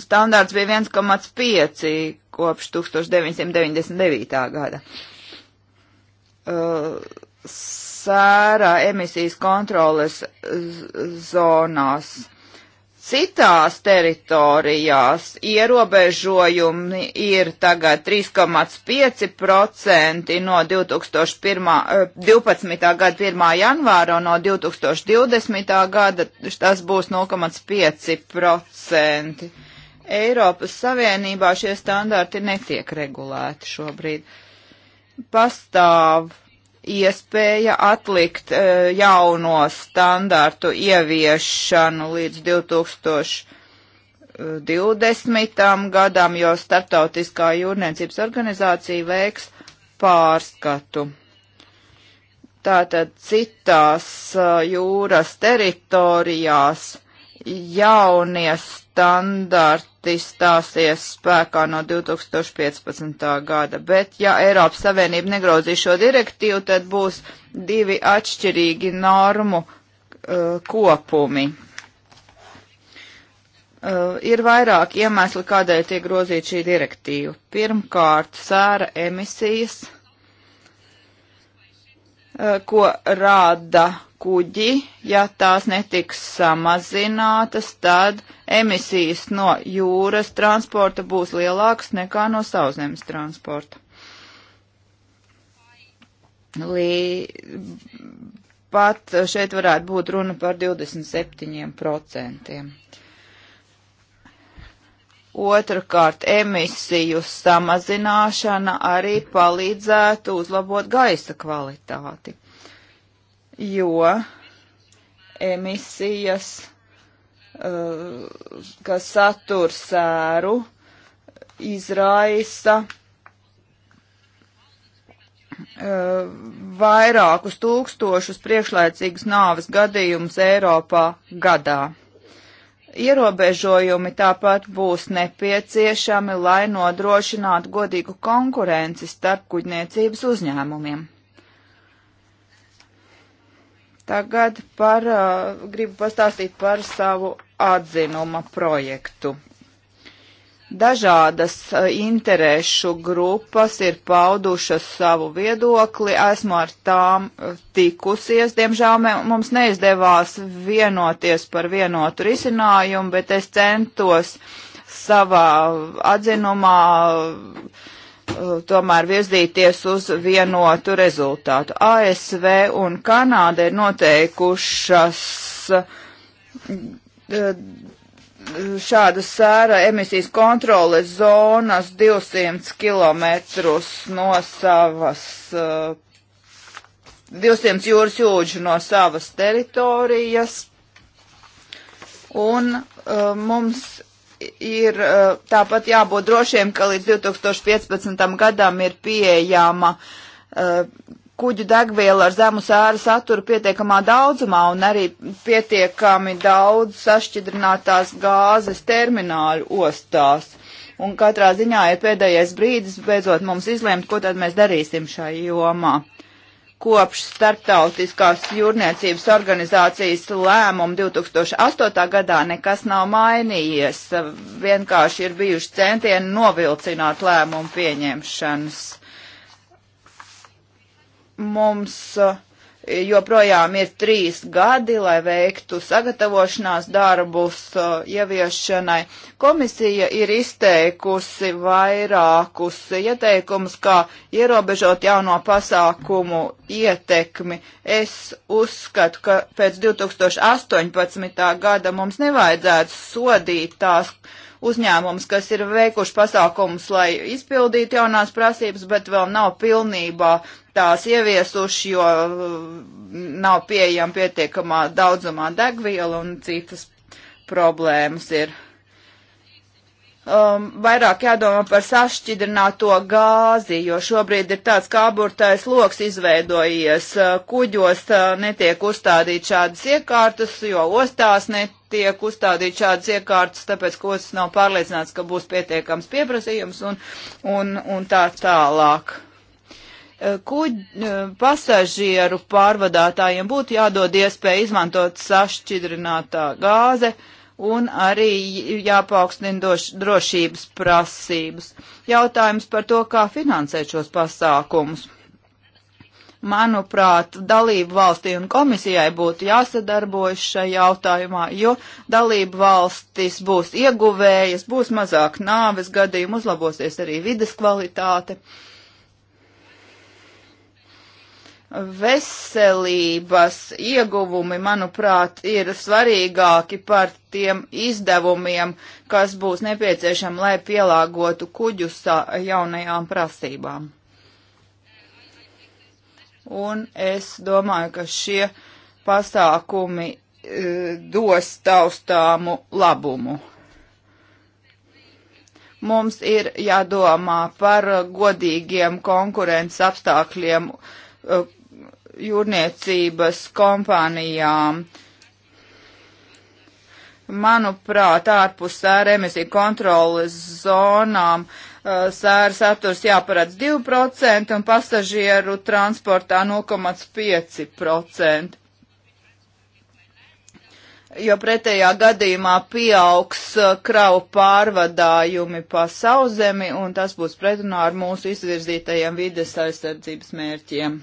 standārts bija 1,5 kopš 1999. gada. Uh, sērā emisijas kontroles zonās citās teritorijās ierobežojumi ir tagad 3,5% no 2012. Eh, gada 1. janvāra un no 2020. gada tas būs 0,5%. Eiropas Savienībā šie standarti netiek regulēti šobrīd. Pastāv iespēja atlikt uh, jauno standārtu ieviešanu līdz 2020. gadam, jo Startautiskā jūrniecības organizācija veiks pārskatu. Tātad citās uh, jūras teritorijās jaunie standarti akti stāsies spēkā no 2015. gada, bet ja Eiropas Savienība negrozīs šo direktīvu, tad būs divi atšķirīgi normu uh, kopumi. Uh, ir vairāk iemesli, kādēļ tiek grozīta šī direktīva. Pirmkārt, sēra emisijas. Uh, Eh, ko rāda kuģi, ja tās netiks samazinātas, tad emisijas no jūras transporta būs lielākas nekā no sauszemes transporta. Lī, pat šeit varētu būt runa par 27%. Otrakārt, emisiju samazināšana arī palīdzētu uzlabot gaisa kvalitāti, jo emisijas, eh, kas satur sēru, izraisa eh, vairākus tūkstošus priekšlaicīgus nāves gadījumus Eiropā gadā. Ierobežojumi tāpat būs nepieciešami, lai nodrošinātu godīgu konkurenci starp kuģniecības uzņēmumiem. Tagad par, uh, gribu pastāstīt par savu atzinuma projektu. Dažādas eh, interešu grupas ir paudušas savu viedokli, esmu ar tām eh, tikusies. Diemžēl mums neizdevās vienoties par vienotu risinājumu, bet es centos savā atzinumā eh, tomēr virzīties uz vienotu rezultātu. ASV un Kanāda ir noteikušas šādas sēra emisijas kontroles zonas 200 km no savas, 200 uh, jūras jūdžu no savas teritorijas. Un uh, mums ir uh, tāpat jābūt drošiem, ka līdz 2015. gadam ir pieejama kuģu degvielu ar zemu sāra saturu pietiekamā daudzumā un arī pietiekami daudz sašķidrinātās gāzes termināļu ostās. Un katrā ziņā ir pēdējais brīdis beidzot mums izlēmt, ko tad mēs darīsim šai jomā kopš starptautiskās jūrniecības organizācijas lēmuma 2008. gadā nekas nav mainījies. Vienkārši ir bijuši centieni novilcināt lēmumu pieņemšanas mums eh, joprojām ir trīs gadi, lai veiktu sagatavošanās darbus eh, ieviešanai. Komisija ir izteikusi vairākus ieteikumus, kā ierobežot jauno pasākumu ietekmi. Es uzskatu, ka pēc 2018. gada mums nevajadzētu sodīt tās, uh, uzņēmumus, kas ir veikuši pasākumus, lai izpildītu jaunās prasības, bet vēl nav pilnībā tās ieviesuši, jo mm, nav pieejama pietiekamā daudzumā degviela un citas problēmas ir um, vairāk jādomā par sašķidrināto gāzi, jo šobrīd ir tāds kāburtais loks izveidojies. Uh, kuģos uh, netiek uzstādīt šādas iekārtas, jo ostās netiek uzstādīt šādas iekārtas, tāpēc, ka ostas nav pārliecināts, ka būs pietiekams pieprasījums un, un, un tā tālāk. Uh, Kuģi pasažieru pārvadātājiem būtu jādod iespēja izmantot sašķidrinātā gāze, uh, un arī jāpaukstina drošības prasības. Jautājums par to, kā finansēt šos pasākumus. Manuprāt, dalību valstī un komisijai būtu jāsadarbojas šajā jautājumā, jo dalību valstis būs ieguvējas, būs mazāk nāves gadījumu, uzlabosies arī vides kvalitāte. Uh, veselības ieguvumi, manuprāt, ir svarīgāki par tiem izdevumiem, kas būs nepieciešami, lai pielāgotu kuģus jaunajām prasībām. Un es domāju, ka šie pasākumi e, dos taustāmu labumu mums ir jādomā par godīgiem konkurences apstākļiem e, jūrniecības kompānijām. Manuprāt, ārpus sēra emisiju kontroles zonām uh, sēra saturs jāparedz 2% un pasažieru transportā 0,5% jo pretējā gadījumā pieaugs uh, kravu pārvadājumi pa sauzemi, un tas būs pretrunā ar mūsu izvirzītajiem vides aizsardzības mērķiem.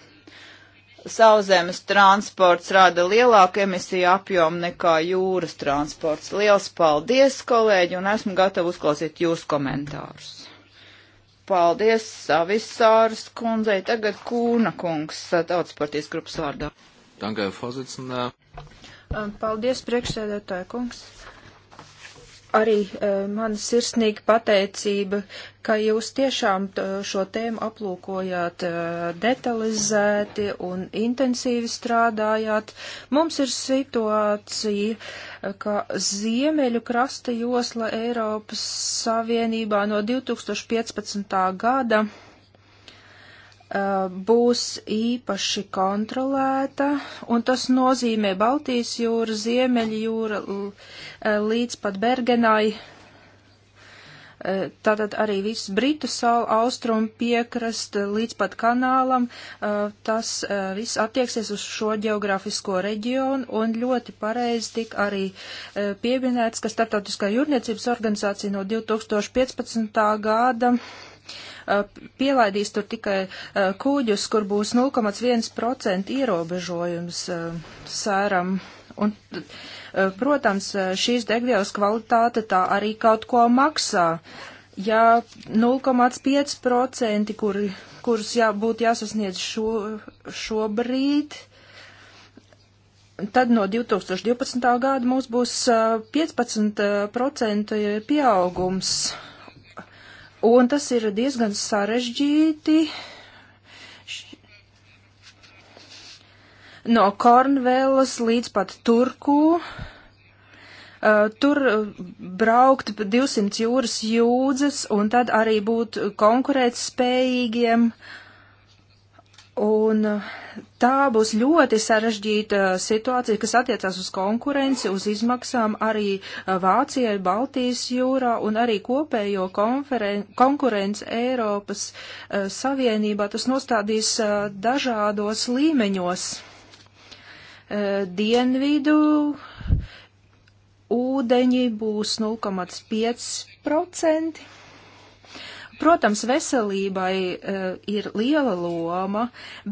Sauzemes transports rada lielāku emisiju apjomu nekā jūras transports. Liels paldies, kolēģi, un esmu gatava uzklausīt jūsu komentārus. Paldies, Savisāras kundzei. Tagad Kūna kungs, tautas partijas grupas vārdā. Danke, Paldies, priekšsēdētāja kungs arī uh, e, man sirsnīga pateicība, ka jūs tiešām e, šo tēmu aplūkojāt uh, detalizēti un intensīvi strādājāt. Mums ir situācija, ka ziemeļu krasta josla Eiropas Savienībā no 2015. gada Uh, būs īpaši kontrolēta, un tas nozīmē Baltijas jūra, Ziemeļa jūra uh, līdz pat Bergenai, uh, tātad arī viss Britu salu austrumu piekrast līdz pat kanālam, tas viss attieksies uz šo geogrāfisko reģionu, un ļoti pareizi tik arī pieminēts, ka Startautiskā jūrniecības organizācija no 2015. gada pielaidīs tur tikai eh, kūģus, kur būs 0,1% ierobežojums eh, sēram. Un, eh, protams, šīs degvielas kvalitāte tā arī kaut ko maksā. Ja 0,5%, kur, kurus jā, būtu jāsasniedz šo, šobrīd, tad no 2012. gada mums būs 15% pieaugums Un tas ir diezgan sarežģīti. No Kornvēlas līdz pat Turku. Uh, tur braukt 200 jūras jūdzes un tad arī būt konkurētspējīgiem uh, Un uh, tā būs ļoti sarežģīta uh, situācija, kas attiecās uz konkurenci, uz izmaksām arī uh, Vācijai, Baltijas jūrā un arī kopējo konkurenci Eiropas uh, Savienībā. Tas nostādīs uh, dažādos līmeņos uh, dienvidu. Ūdeņi būs 0,5%. Protams, veselībai uh, ir liela loma,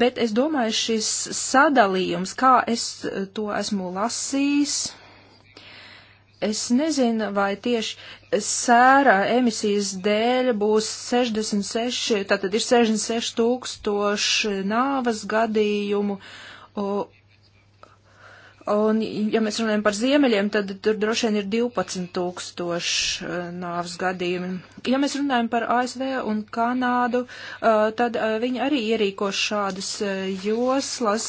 bet es domāju, šis sadalījums, kā es e, to esmu lasījis, es nezinu, vai tieši sēra emisijas dēļ būs 66, tātad ir 66 tūkstoši nāvas gadījumu. Uh, Un, ja mēs runājam par ziemeļiem, tad tur droši vien ir 12 tūkstoši eh, nāvs gadījumi. Ja mēs runājam par ASV un Kanādu, eh, tad eh, viņi arī ierīko šādas joslas,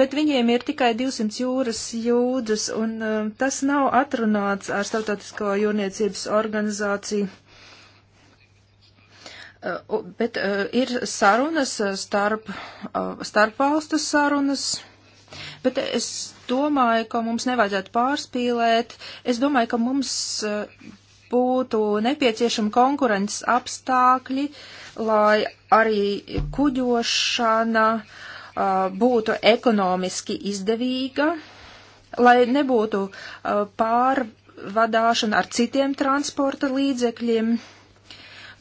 bet viņiem ir tikai 200 jūras jūdzes, un tas nav atrunāts ar Startautisko jūrniecības organizāciju. Bet ir sarunas starp, starp valstu sarunas bet es domāju, ka mums nevajadzētu pārspīlēt. Es domāju, ka mums eh, būtu nepieciešami konkurences apstākļi, lai arī kuģošana uh, būtu ekonomiski izdevīga, lai nebūtu uh, pārvadāšana ar citiem transporta līdzekļiem.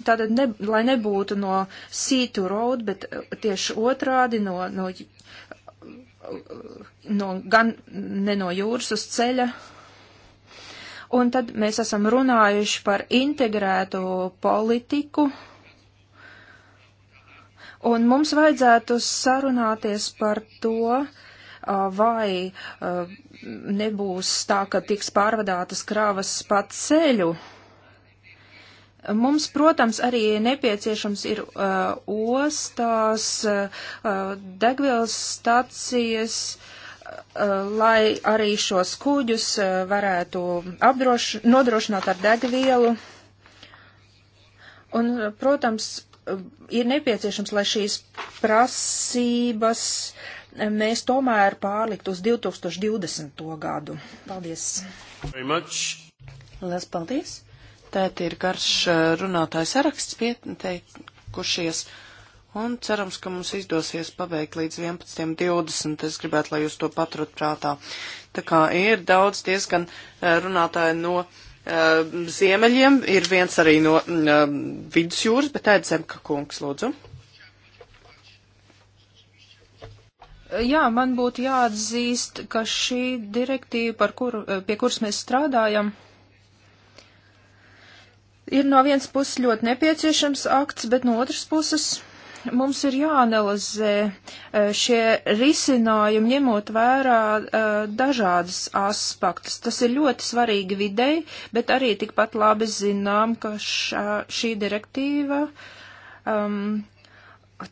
Tātad, ne, lai nebūtu no sea to road, bet tieši otrādi no, no no, gan ne no jūras uz ceļa. Un tad mēs esam runājuši par integrētu politiku. Un mums vajadzētu sarunāties par to, vai nebūs tā, ka tiks pārvadātas krāvas pa ceļu. Uh, Mums, protams, arī nepieciešams ir uh, ostās, uh, degvielas stacijas, uh, lai arī šos kuģus uh, varētu apdroš, nodrošināt ar degvielu. Un, protams, ir nepieciešams, lai šīs prasības uh, mēs tomēr pārlikt uz 2020. gadu. Paldies! Lielas paldies! Tēt ir garš eh, runātāju saraksts pieteikušies, un cerams, ka mums izdosies pabeigt līdz 11.20. Es gribētu, lai jūs to paturat prātā. Tā kā ir daudz diezgan eh, runātāju no uh, ziemeļiem, ir viens arī no uh, vidusjūras, bet tēt Zemka kungs, lūdzu. Jā, man būtu jāatzīst, ka šī direktīva, par kur, pie kuras mēs strādājam, uh, ir no vienas puses ļoti nepieciešams akts, bet no otras puses mums ir jāanalizē e, šie risinājumi, ņemot vērā e, dažādas aspektus. Tas ir ļoti svarīgi videi, bet arī tikpat labi zinām, ka šā, šī direktīva um,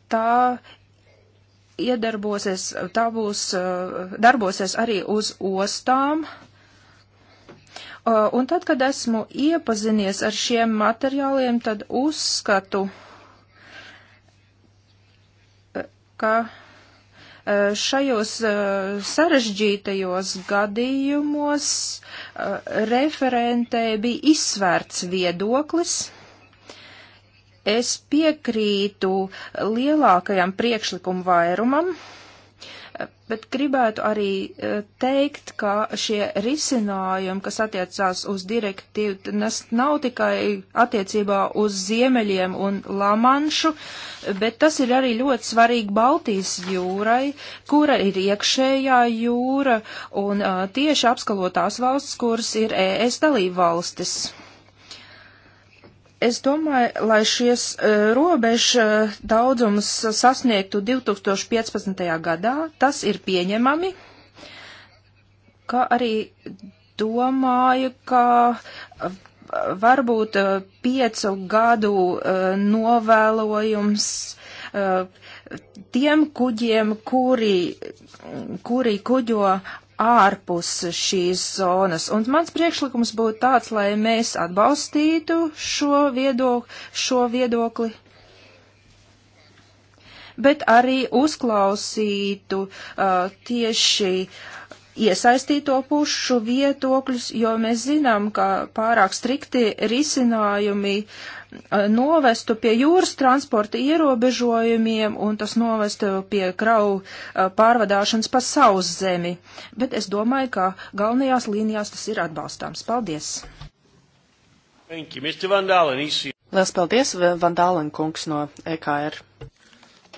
tā iedarbosies, tā būs, e, darbosies arī uz ostām. Uh, Uh, un tad, kad esmu iepazinies ar šiem materiāliem, tad uzskatu, uh, ka uh, šajos sarežģītajos gadījumos referentē bija izsvērts viedoklis. Es piekrītu lielākajam priekšlikumu vairumam. Bet gribētu arī eh, teikt, ka šie risinājumi, kas attiecās uz direktīvu, nav tikai attiecībā uz ziemeļiem un lamanšu, bet tas ir arī ļoti svarīgi Baltijas jūrai, kura ir iekšējā jūra un eh, tieši apskalotās valsts, kuras ir ES dalība valstis. Es domāju, lai šies e, robežu daudzums sasniegtu 2015. gadā, tas ir pieņemami, kā arī domāju, ka e, varbūt e, piecu gadu novēlojums tiem kuģiem, kuri, kuri kuģo ārpus šīs zonas. Un mans priekšlikums būtu tāds, lai mēs atbalstītu šo, viedok šo viedokli, bet arī uzklausītu uh, tieši iesaistīto pušu vietokļus, jo mēs zinām, ka pārāk strikti risinājumi uh, novestu pie jūras transporta ierobežojumiem un tas novestu pie kravu pārvadāšanas pa sauz zemi. Bet es domāju, ka galvenajās līnijās tas ir atbalstāms. Paldies! Thank you, Mr. Van Dalen. Liels paldies, Van Dalen kungs no EKR.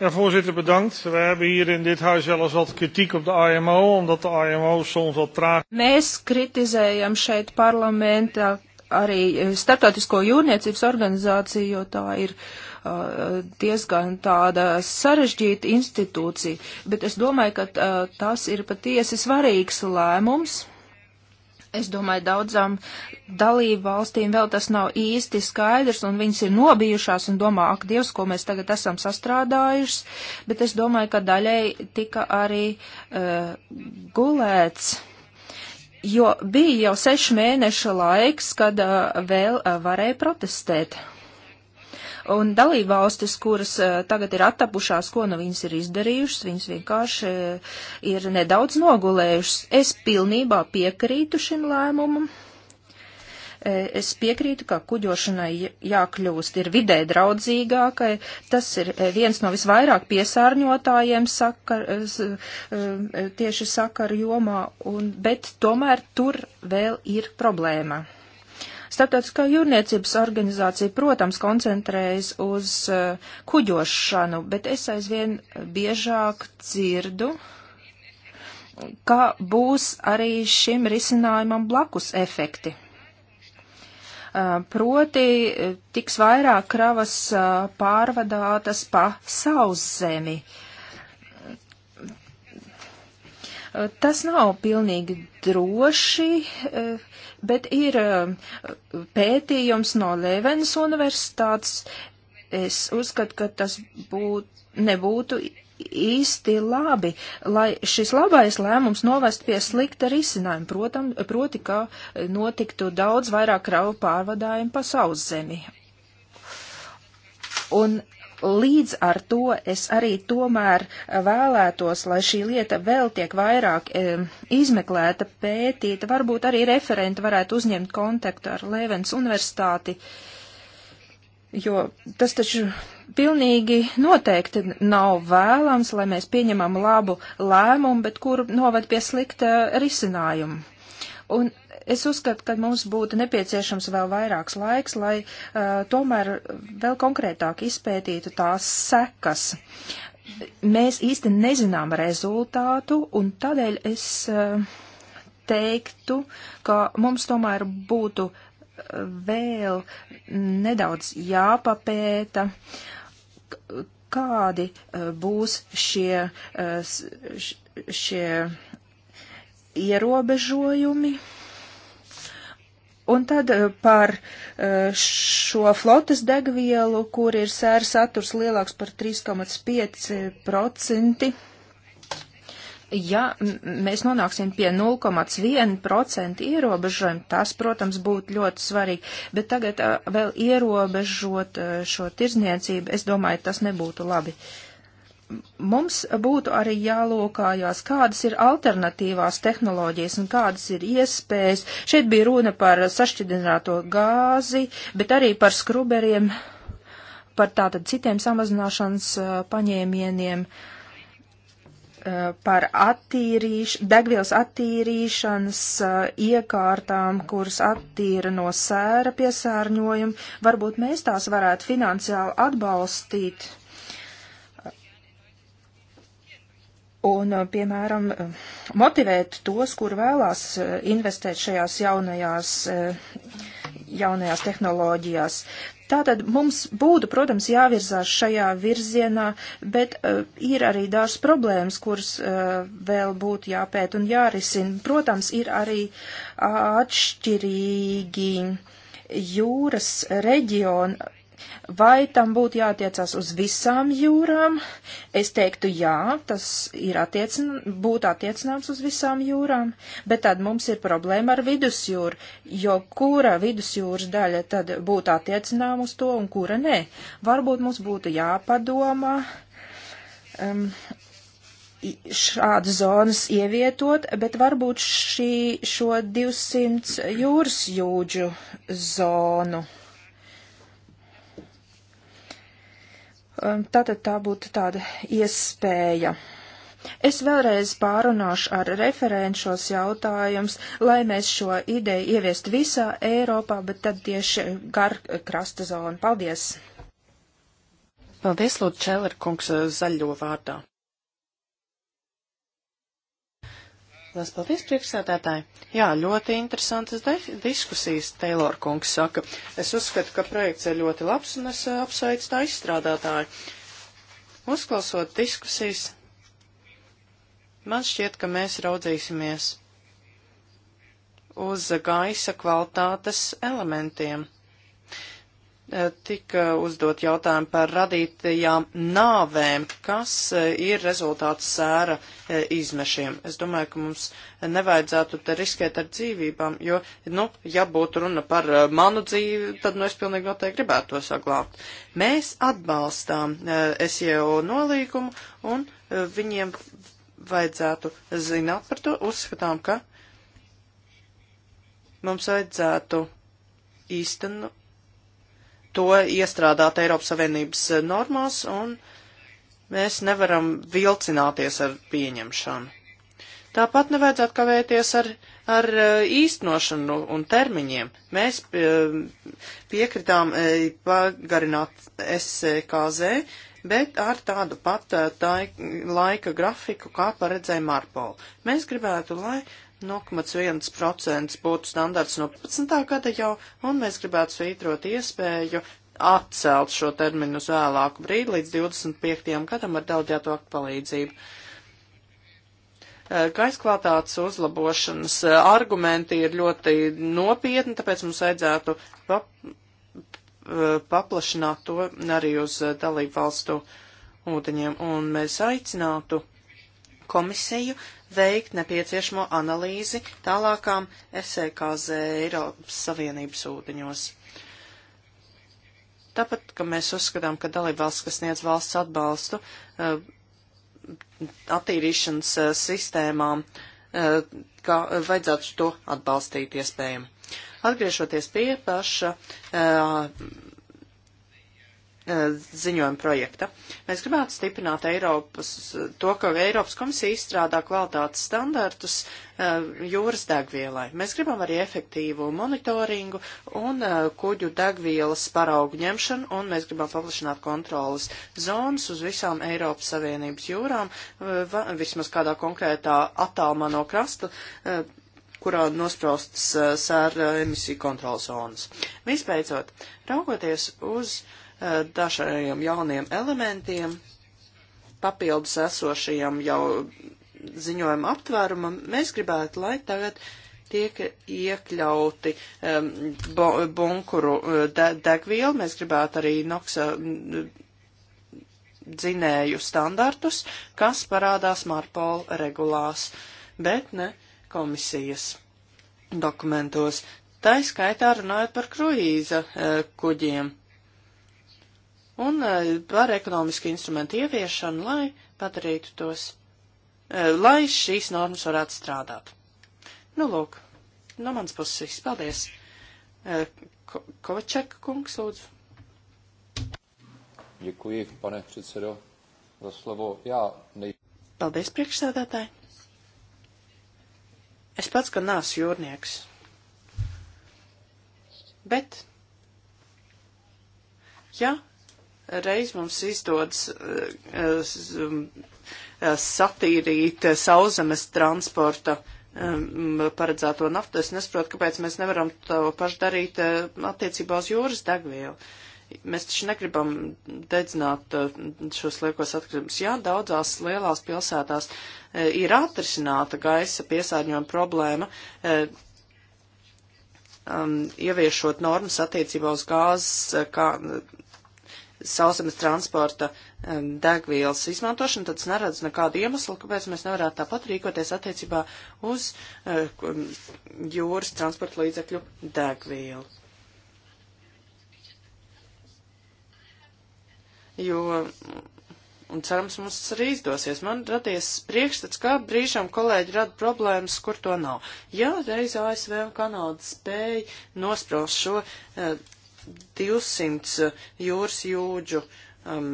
Ja, voorzitter, bedankt. We hebben hier in dit huis wel eens wat kritiek op de IMO, omdat de IMO soms wat traag. Mēs kritizējam šeit parlamentā arī Startautisko jūrniecības organizāciju, jo tā ir uh, diezgan tāda sarežģīta institūcija, bet es domāju, ka uh, tas ir patiesi svarīgs lēmums. Es domāju, daudzām dalību valstīm vēl tas nav īsti skaidrs, un viņas ir nobijušās un domā, ak, Dievs, ko mēs tagad esam sastrādājušas, bet es domāju, ka daļai tika arī uh, gulēts. Uh, jo bija jau sešu mēnešu laiks, kad uh, vēl uh, varēja protestēt. Un dalībvalstis, kuras uh, tagad ir attapušās, ko nu viņas ir izdarījušas, viņas vienkārši uh, ir nedaudz nogulējušas. Es pilnībā piekrītu šim lēmumam. Uh, E, es piekrītu, ka kuģošanai jākļūst ir vidē draudzīgākai. Tas ir e, viens no visvairāk piesārņotājiem sakar, e, tieši sakaru jomā, un, bet tomēr tur vēl ir problēma. Starptautiskā jūrniecības organizācija, protams, koncentrējas uz kuģošanu, bet es aizvien biežāk dzirdu, ka būs arī šim risinājumam blakus efekti. Uh, proti uh, tiks vairāk kravas uh, pārvadātas pa sauszemi. Tas nav pilnīgi droši, bet ir pētījums no Lēvenas universitātes. Es uzskatu, ka tas būtu, nebūtu īsti labi, lai šis labais lēmums novest pie slikta risinājuma, protam, proti, ka notiktu daudz vairāk kravu pārvadājumu pa saules zemi. Un līdz ar to es arī tomēr vēlētos, lai šī lieta vēl tiek vairāk e, izmeklēta, pētīta, varbūt arī referenti varētu uzņemt kontaktu ar Lēvens universitāti. E, jo tas taču pilnīgi noteikti nav vēlams, lai mēs pieņemam labu lēmumu, bet kur noved pie slikta risinājuma. Un es uzskatu, ka mums būtu nepieciešams vēl vairāks laiks, lai uh, tomēr vēl konkrētāk izpētītu tās sekas. Mēs īsti nezinām rezultātu, un tādēļ es uh, teiktu, ka mums tomēr būtu vēl nedaudz jāpapēta, kādi eh, būs šie, eh, šie ierobežojumi. Un tad eh, par šo flotes degvielu, kur ir sēra saturs lielāks par 3,5% ja mēs nonāksim pie 0,1% ierobežojuma, tas, protams, būtu ļoti svarīgi, bet tagad vēl ierobežot šo tirzniecību, es domāju, tas nebūtu labi. Mums būtu arī jālūkājās, kādas ir alternatīvās tehnoloģijas un kādas ir iespējas. Šeit bija runa par sašķidrināto gāzi, bet arī par skruberiem, par tātad citiem samazināšanas paņēmieniem. Uh, Eh, par attīrīš, degvielas attīrīšanas eh, iekārtām, kuras attīra no sēra piesārņojuma. Varbūt mēs tās varētu finansiāli atbalstīt. Un, eh, piemēram, motivēt tos, kur vēlās investēt šajās jaunajās, jaunajās tehnoloģijās. Tātad mums būtu, protams, jāvirzās šajā virzienā, bet uh, ir arī dažas problēmas, kuras uh, vēl būtu jāpēt un jārisina. Protams, ir arī atšķirīgi jūras reģioni Vai tam būtu jātiecās uz visām jūrām? Es teiktu, jā, tas ir attiecin, būtu attiecināms uz visām jūrām, bet tad mums ir problēma ar vidusjūru, jo kura vidusjūras daļa tad būtu attiecinām uz to un kura nē. Varbūt mums būtu jāpadomā. Um, šādas zonas ievietot, bet varbūt šī, šo 200 jūras jūdžu zonu Um, tātad tā būtu tāda iespēja. Es vēlreiz pārunāšu ar referenšos jautājums, lai mēs šo ideju ieviest visā Eiropā, bet tad tieši gar krasta zonu. Paldies! Paldies, Lūdzu, Čēler kungs, zaļo vārdā. Lielas paldies, priekšsēdētāji. Jā, ļoti interesantas diskusijas, Teilor kungs saka. Es uzskatu, ka projekts ir ļoti labs un es uh, apsveicu tā izstrādātāju. Uzklausot diskusijas, man šķiet, ka mēs raudzīsimies uz gaisa kvalitātes elementiem tika uzdot jautājumu par radītajām nāvēm, kas e, ir rezultāts sēra e, izmešiem. Es domāju, ka mums nevajadzētu te riskēt ar dzīvībām, jo, nu, ja būtu runa par e, manu dzīvi, tad, nu, es pilnīgi noteikti gribētu to saglābt. Mēs atbalstām SEO nolīgumu un viņiem vajadzētu zināt par to. Uzskatām, ka mums vajadzētu īstenot to iestrādāt Eiropas Savienības eh, normās, un mēs nevaram vilcināties ar pieņemšanu. Tāpat nevajadzētu kavēties ar, ar eh, īstenošanu un termiņiem. Mēs eh, piekritām pagarināt SKZ, e bet ar tādu pat tā, laika grafiku, kā paredzēja Marpola. Mēs gribētu, lai 0,1% būtu standarts no 15. gada jau, un mēs gribētu svītrot iespēju atcelt šo terminu uz vēlāku brīdi līdz 25. gadam ar delģēto aktu palīdzību. Eh, Gaisa kvalitātes uzlabošanas eh, argumenti ir ļoti nopietni, tāpēc mums vajadzētu pap eh, paplašināt to arī uz dalību valstu ūdeņiem, un mēs aicinātu komisiju uh, veikt nepieciešamo analīzi tālākām SEKZ Eiropas Savienības ūdeņos. Tāpat, ka mēs uzskatām, ka dalībvalsts, kas sniedz valsts atbalstu eh, attīrīšanas eh, sistēmām, eh, kā vajadzētu to atbalstīt iespējami. Atgriežoties pie paša Eh, ziņojuma projekta. Mēs gribētu stiprināt Eiropas, eh, to, ka Eiropas komisija izstrādā kvalitātes standartus eh, jūras degvielai. Mēs gribam arī efektīvu monitoringu un kuģu degvielas paraugu ņemšanu, un mēs gribam paplašināt kontrolas zonas uz visām Eiropas Savienības jūrām, vismaz kādā konkrētā attālumā no krasta kurā nospraustas sēra emisiju kontrolas zonas. Visbeidzot, raugoties uz uh, dažādiem jauniem elementiem, papildus esošajam jau ziņojuma aptvērumam, mēs gribētu, lai tagad tiek iekļauti um, bunkuru eh, de degvielu, mēs gribētu arī noksa mm, dzinēju standartus, kas parādās Marpola regulās, bet ne komisijas dokumentos. Tā skaitā runājot par kruīza uh, kuģiem un eh, par ekonomiski instrumentu ieviešanu, lai padarītu tos, eh, lai šīs normas varētu strādāt. Nu, lūk, no manas puses viss. Paldies. Eh, Ko Kovaček kungs, lūdzu. Děkuji, pane předsedo, za slovo. Já nej... Paldies, priekšsēdētāji. Es pats, ka nāsu jūrnieks. Bet, ja reiz mums izdodas eh, eh, satīrīt eh, sauzemes transporta paredzēto naftu. Es nesaprotu, kāpēc mēs nevaram to pašu darīt attiecībā uz jūras degvielu. Mēs taču negribam dedzināt šos liekos atkritumus. Jā, daudzās lielās pilsētās ir atrisināta gaisa piesārņojuma problēma, um, ieviešot normas attiecībā uz gāzes kā, sauzemes transporta um, degvielas izmantošanu, tad es neredzu nekādu iemeslu, kāpēc mēs nevarētu tāpat rīkoties attiecībā uz uh, um, jūras transporta līdzekļu degvielu. Jo, un cerams, mums tas arī izdosies. Man radies priekšstats, kā brīžam kolēģi rada problēmas, kur to nav. Jā, reiz ASV un Kanāda spēja nospraust šo uh, 200 eh, jūras jūdžu um,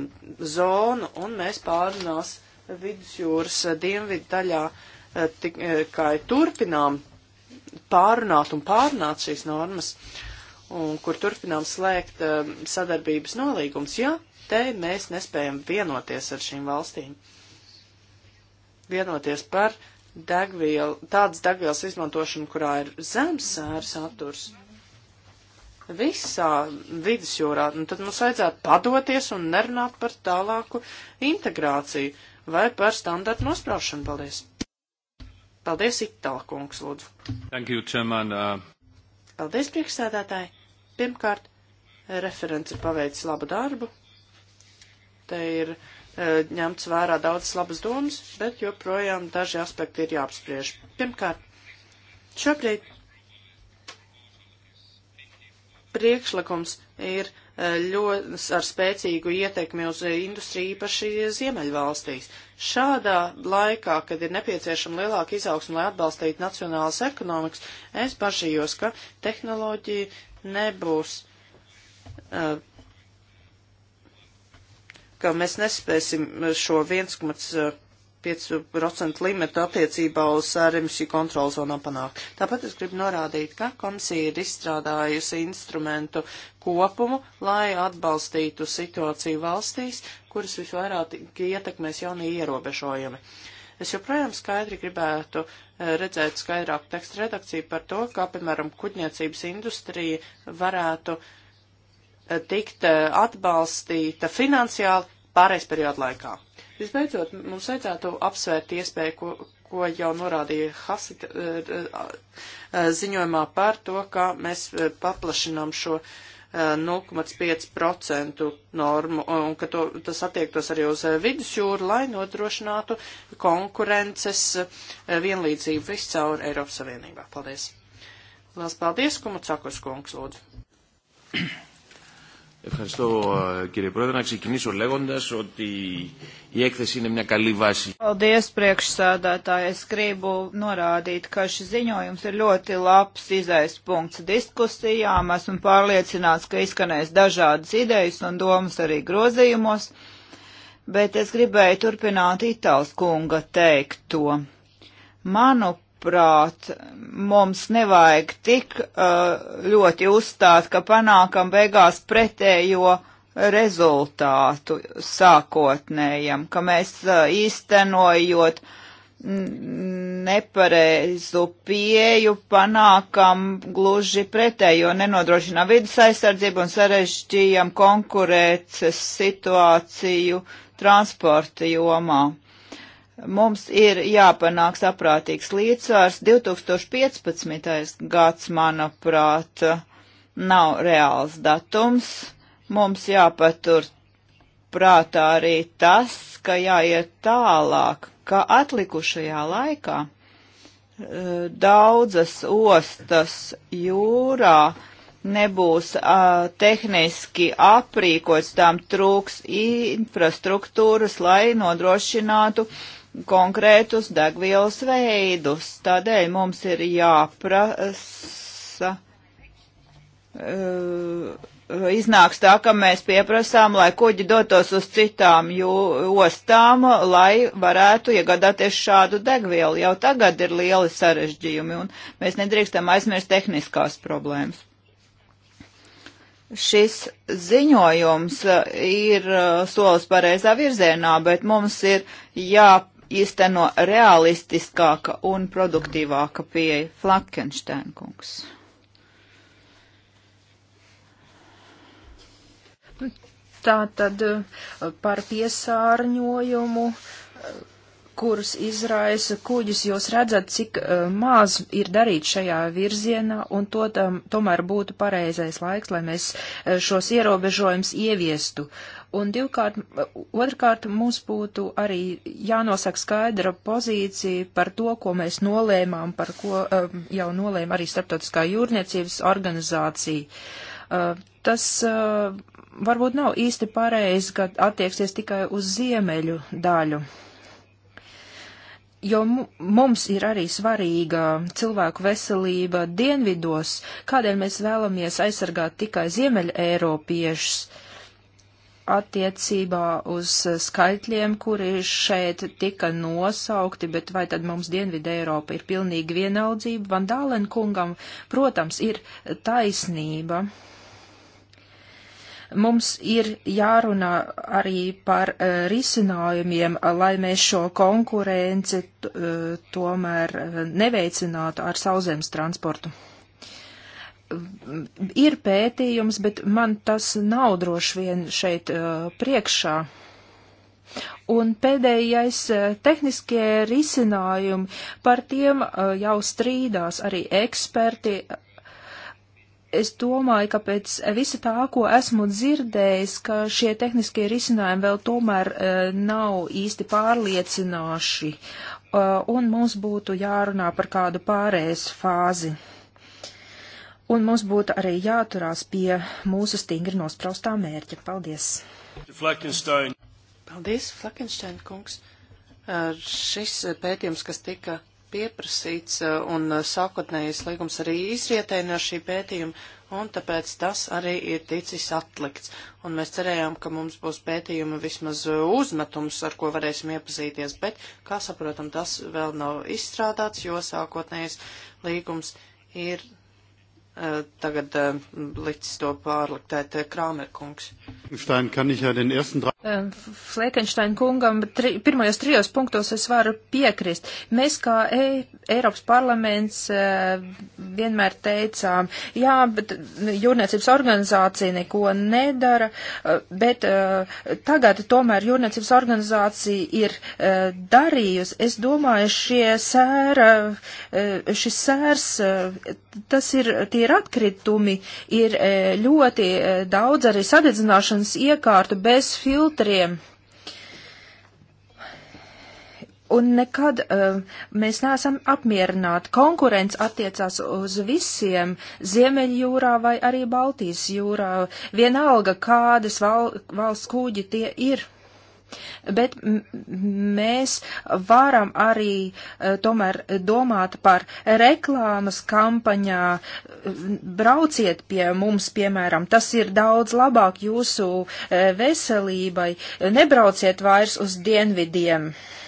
zonu, un mēs pārunās vidusjūras eh, dienvidu daļā eh, tikai turpinām pārunāt un pārunāt šīs normas, un kur turpinām slēgt um, sadarbības nolīgums, ja te mēs nespējam vienoties ar šīm valstīm. Vienoties par degvielu, tādas degvielas izmantošanu, kurā ir zems sēras saturs. Mm visā vidusjūrā, nu, tad mums vajadzētu padoties un nerunāt par tālāku integrāciju vai par standartu nospraušanu. Paldies! Paldies, Itāla kungs, lūdzu! Thank you, chairman, uh... Paldies, priekšsēdētāji! Pirmkārt, referents ir paveicis labu darbu. Te ir uh, ņemts vērā daudzas labas domas, bet joprojām daži aspekti ir jāapspriež. Pirmkārt, šobrīd priekšlikums ir eh, ļoti ar spēcīgu ietekmi uz industriju īpaši Ziemeļvalstīs. Šādā laikā, kad ir nepieciešama lielāka izaugsma, lai atbalstītu nacionālas ekonomikas, es bažījos, ka tehnoloģija nebūs, eh, ka mēs nespēsim šo 1,5 5% limitu attiecībā uz RMC kontrolas zonām panākt. Tāpat es gribu norādīt, ka komisija ir izstrādājusi instrumentu kopumu, lai atbalstītu situāciju valstīs, kuras visvairāk ietekmēs jaunie ierobežojumi. Es joprojām skaidri gribētu eh, redzēt skaidrāku tekstu redakciju par to, kā, piemēram, kuģniecības industrija varētu eh, tikt eh, atbalstīta finansiāli pārējais periodu laikā. Visbeidzot, mums vajadzētu apsvērt iespēju, ko, ko jau norādīja Hasita eh, eh, eh, ziņojumā par to, kā mēs paplašinām šo 0,5% normu un ka to, tas attiektos arī uz vidusjūru, lai nodrošinātu konkurences vienlīdzību viscaur Eiropas Savienībā. Paldies! Lielas paldies, Kumacakos kungs, lūdzu! Ευχαριστώ κύριε Πρόεδρε. Να ξεκινήσω λέγοντας ότι η έκθεση είναι μια καλή βάση. Paldies priekšsādātāji. Es gribu norādīt, ka šis ziņojums ir ļoti labs izaisa punkts diskusijām. Esmu pārliecināts, ka izskanēs dažādas idejas un domas arī grozījumos. Bet es gribēju turpināt Itāls kunga teikto. Manuprāt, manuprāt, mums nevajag tik uh, ļoti uzstāt, ka panākam beigās pretējo rezultātu sākotnējam, ka mēs uh, īstenojot nepareizu pieju panākam gluži pretējo, nenodrošinām vidas aizsardzību un sarežģījam konkurētas situāciju transporta jomā. Mums ir jāpanāk saprātīgs līdzsvars. 2015. gads, manuprāt, nav reāls datums. Mums jāpatur prātā arī tas, ka jāiet tālāk, ka atlikušajā laikā e, daudzas ostas jūrā nebūs uh, tehniski aprīkots, tām trūks infrastruktūras, lai nodrošinātu uh, konkrētus degvielas veidus. Tādēļ mums ir jāprasa. Uh, iznāks tā, ka mēs pieprasām, lai kuģi dotos uz citām jū, ostām, lai varētu iegādāties šādu degvielu. Jau tagad ir lieli sarežģījumi, un mēs nedrīkstam aizmirst tehniskās problēmas. Šis ziņojums uh, ir uh, solis pareizā virzienā, bet mums ir jā jāizteno realistiskāka un produktīvāka pieeja Flakenštēnkungs. Tā tad eh, par piesārņojumu eh, kurus izraisa kuģis, jūs redzat, cik uh, maz ir darīts šajā virzienā, un to tam, tomēr būtu pareizais laiks, lai mēs uh, šos ierobežojumus ieviestu. Un divkārt, eh, otrkārt, mums būtu arī jānosaka skaidra pozīcija par to, ko mēs nolēmām, par ko uh, jau nolēma arī Starptautiskā jūrniecības organizācija. Uh, tas uh, varbūt nav īsti pareizi, ka attieksies tikai uz ziemeļu daļu. Uh, jo mums ir arī svarīga cilvēku veselība dienvidos, kādēļ mēs vēlamies aizsargāt tikai ziemeļa Eiropiešus attiecībā uz skaitļiem, kuri šeit tika nosaukti, bet vai tad mums Dienvidē Eiropa ir pilnīgi vienaldzība? Vandālen kungam, protams, ir taisnība. Uh, Mums ir jārunā arī par eh, risinājumiem, lai mēs šo konkurenci eh, tomēr eh, neveicinātu ar sauzemes transportu. Ir pētījums, bet man tas nav droši vien šeit priekšā. Un pēdējais tehniskie risinājumi, par tiem jau strīdās arī eksperti, es domāju, ka pēc visa tā, ko esmu dzirdējis, ka šie tehniskie risinājumi vēl tomēr e, nav īsti pārliecinoši, e, un mums būtu jārunā par kādu pārējais fāzi. Un mums būtu arī jāturās pie mūsu stingri nospraustā mērķa. Paldies! Fleckenstein. Paldies, Fleckenstein kungs! Šis pētījums, kas tika pieprasīts eh, un eh, sākotnējais līgums arī izrietēja no šī pētījuma, un tāpēc tas arī ir ticis atlikts. Un mēs cerējām, ka mums būs pētījuma vismaz eh, uzmetums, ar ko varēsim iepazīties, bet, kā saprotam, tas vēl nav izstrādāts, jo sākotnējais līgums ir uh, tagad uh, licis to pārliktēt Krāmerkungs. Stein, Um, Flekenštain kungam tri, pirmajos trijos punktos es varu piekrist. Mēs kā e Eiropas parlaments uh, vienmēr teicām, jā, bet mm, jūrniecības organizācija neko nedara, uh, bet uh, tagad tomēr jūrniecības organizācija ir darījusi. Es domāju, šie sēra, šis sērs, tas ir, tie ir atkritumi, ir ļoti daudz arī sadedzināšanas iekārtu bez filmu filtriem. Un nekad uh, mēs neesam apmierināti. Konkurence attiecās uz visiem Ziemeļjūrā vai arī Baltijas jūrā. Vienalga, kādas val valsts kūģi tie ir. Bet mēs varam arī eh, tomēr domāt par reklāmas kampaņā. Eh, brauciet pie mums, piemēram, tas ir daudz labāk jūsu eh, veselībai. Nebrauciet vairs uz dienvidiem. Uh,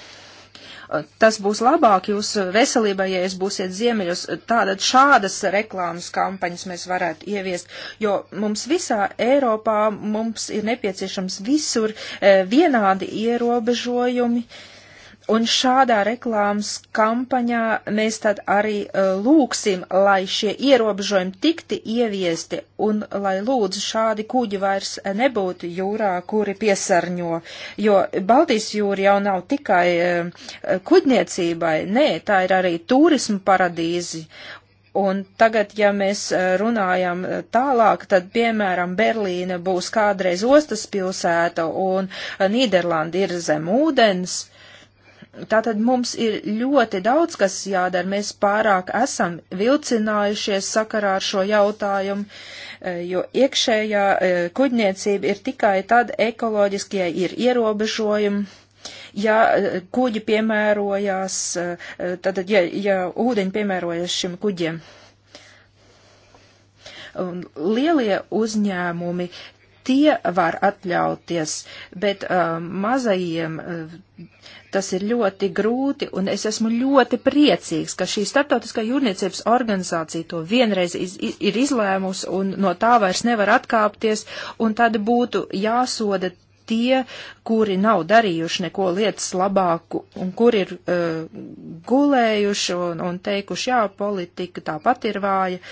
tas būs labāk jūsu veselībai, ja jūs būsiet ziemeļos. Tātad šādas reklāmas kampaņas mēs varētu ieviest, jo mums visā Eiropā mums ir nepieciešams visur eh, vienādi ierobežojumi. Uh, Un šādā reklāmas kampaņā mēs tad arī uh, e, lūksim, lai šie ierobežojumi tikti ieviesti un lai lūdzu šādi kuģi vairs nebūtu jūrā, kuri piesarņo. Jo Baltijas jūra jau nav tikai uh, kuģniecībai, nē, tā ir arī turismu paradīzi. Un tagad, ja mēs runājam tālāk, tad, piemēram, Berlīna būs kādreiz ostas pilsēta un Nīderlanda ir zem ūdens. Uh, Tātad mums ir ļoti daudz, kas jādara. Mēs pārāk esam vilcinājušies sakarā ar šo jautājumu, e, jo iekšējā e, kuģniecība ir tikai tad ekoloģiski, ja ir ierobežojumi. Ja e, kuģi piemērojās, tad, ja, ja ūdeņi piemērojas šim kuģiem. Un lielie uzņēmumi tie var atļauties, bet uh, mazajiem uh, Tas ir ļoti grūti, un es esmu ļoti priecīgs, ka šī starptautiskā jūrniecības organizācija to vienreiz iz, iz, ir izlēmusi, un no tā vairs nevar atkāpties, un tad būtu jāsoda tie, kuri nav darījuši neko lietas labāku, un kuri ir uh, gulējuši un, un teikuši, jā, politika tāpat ir vāja.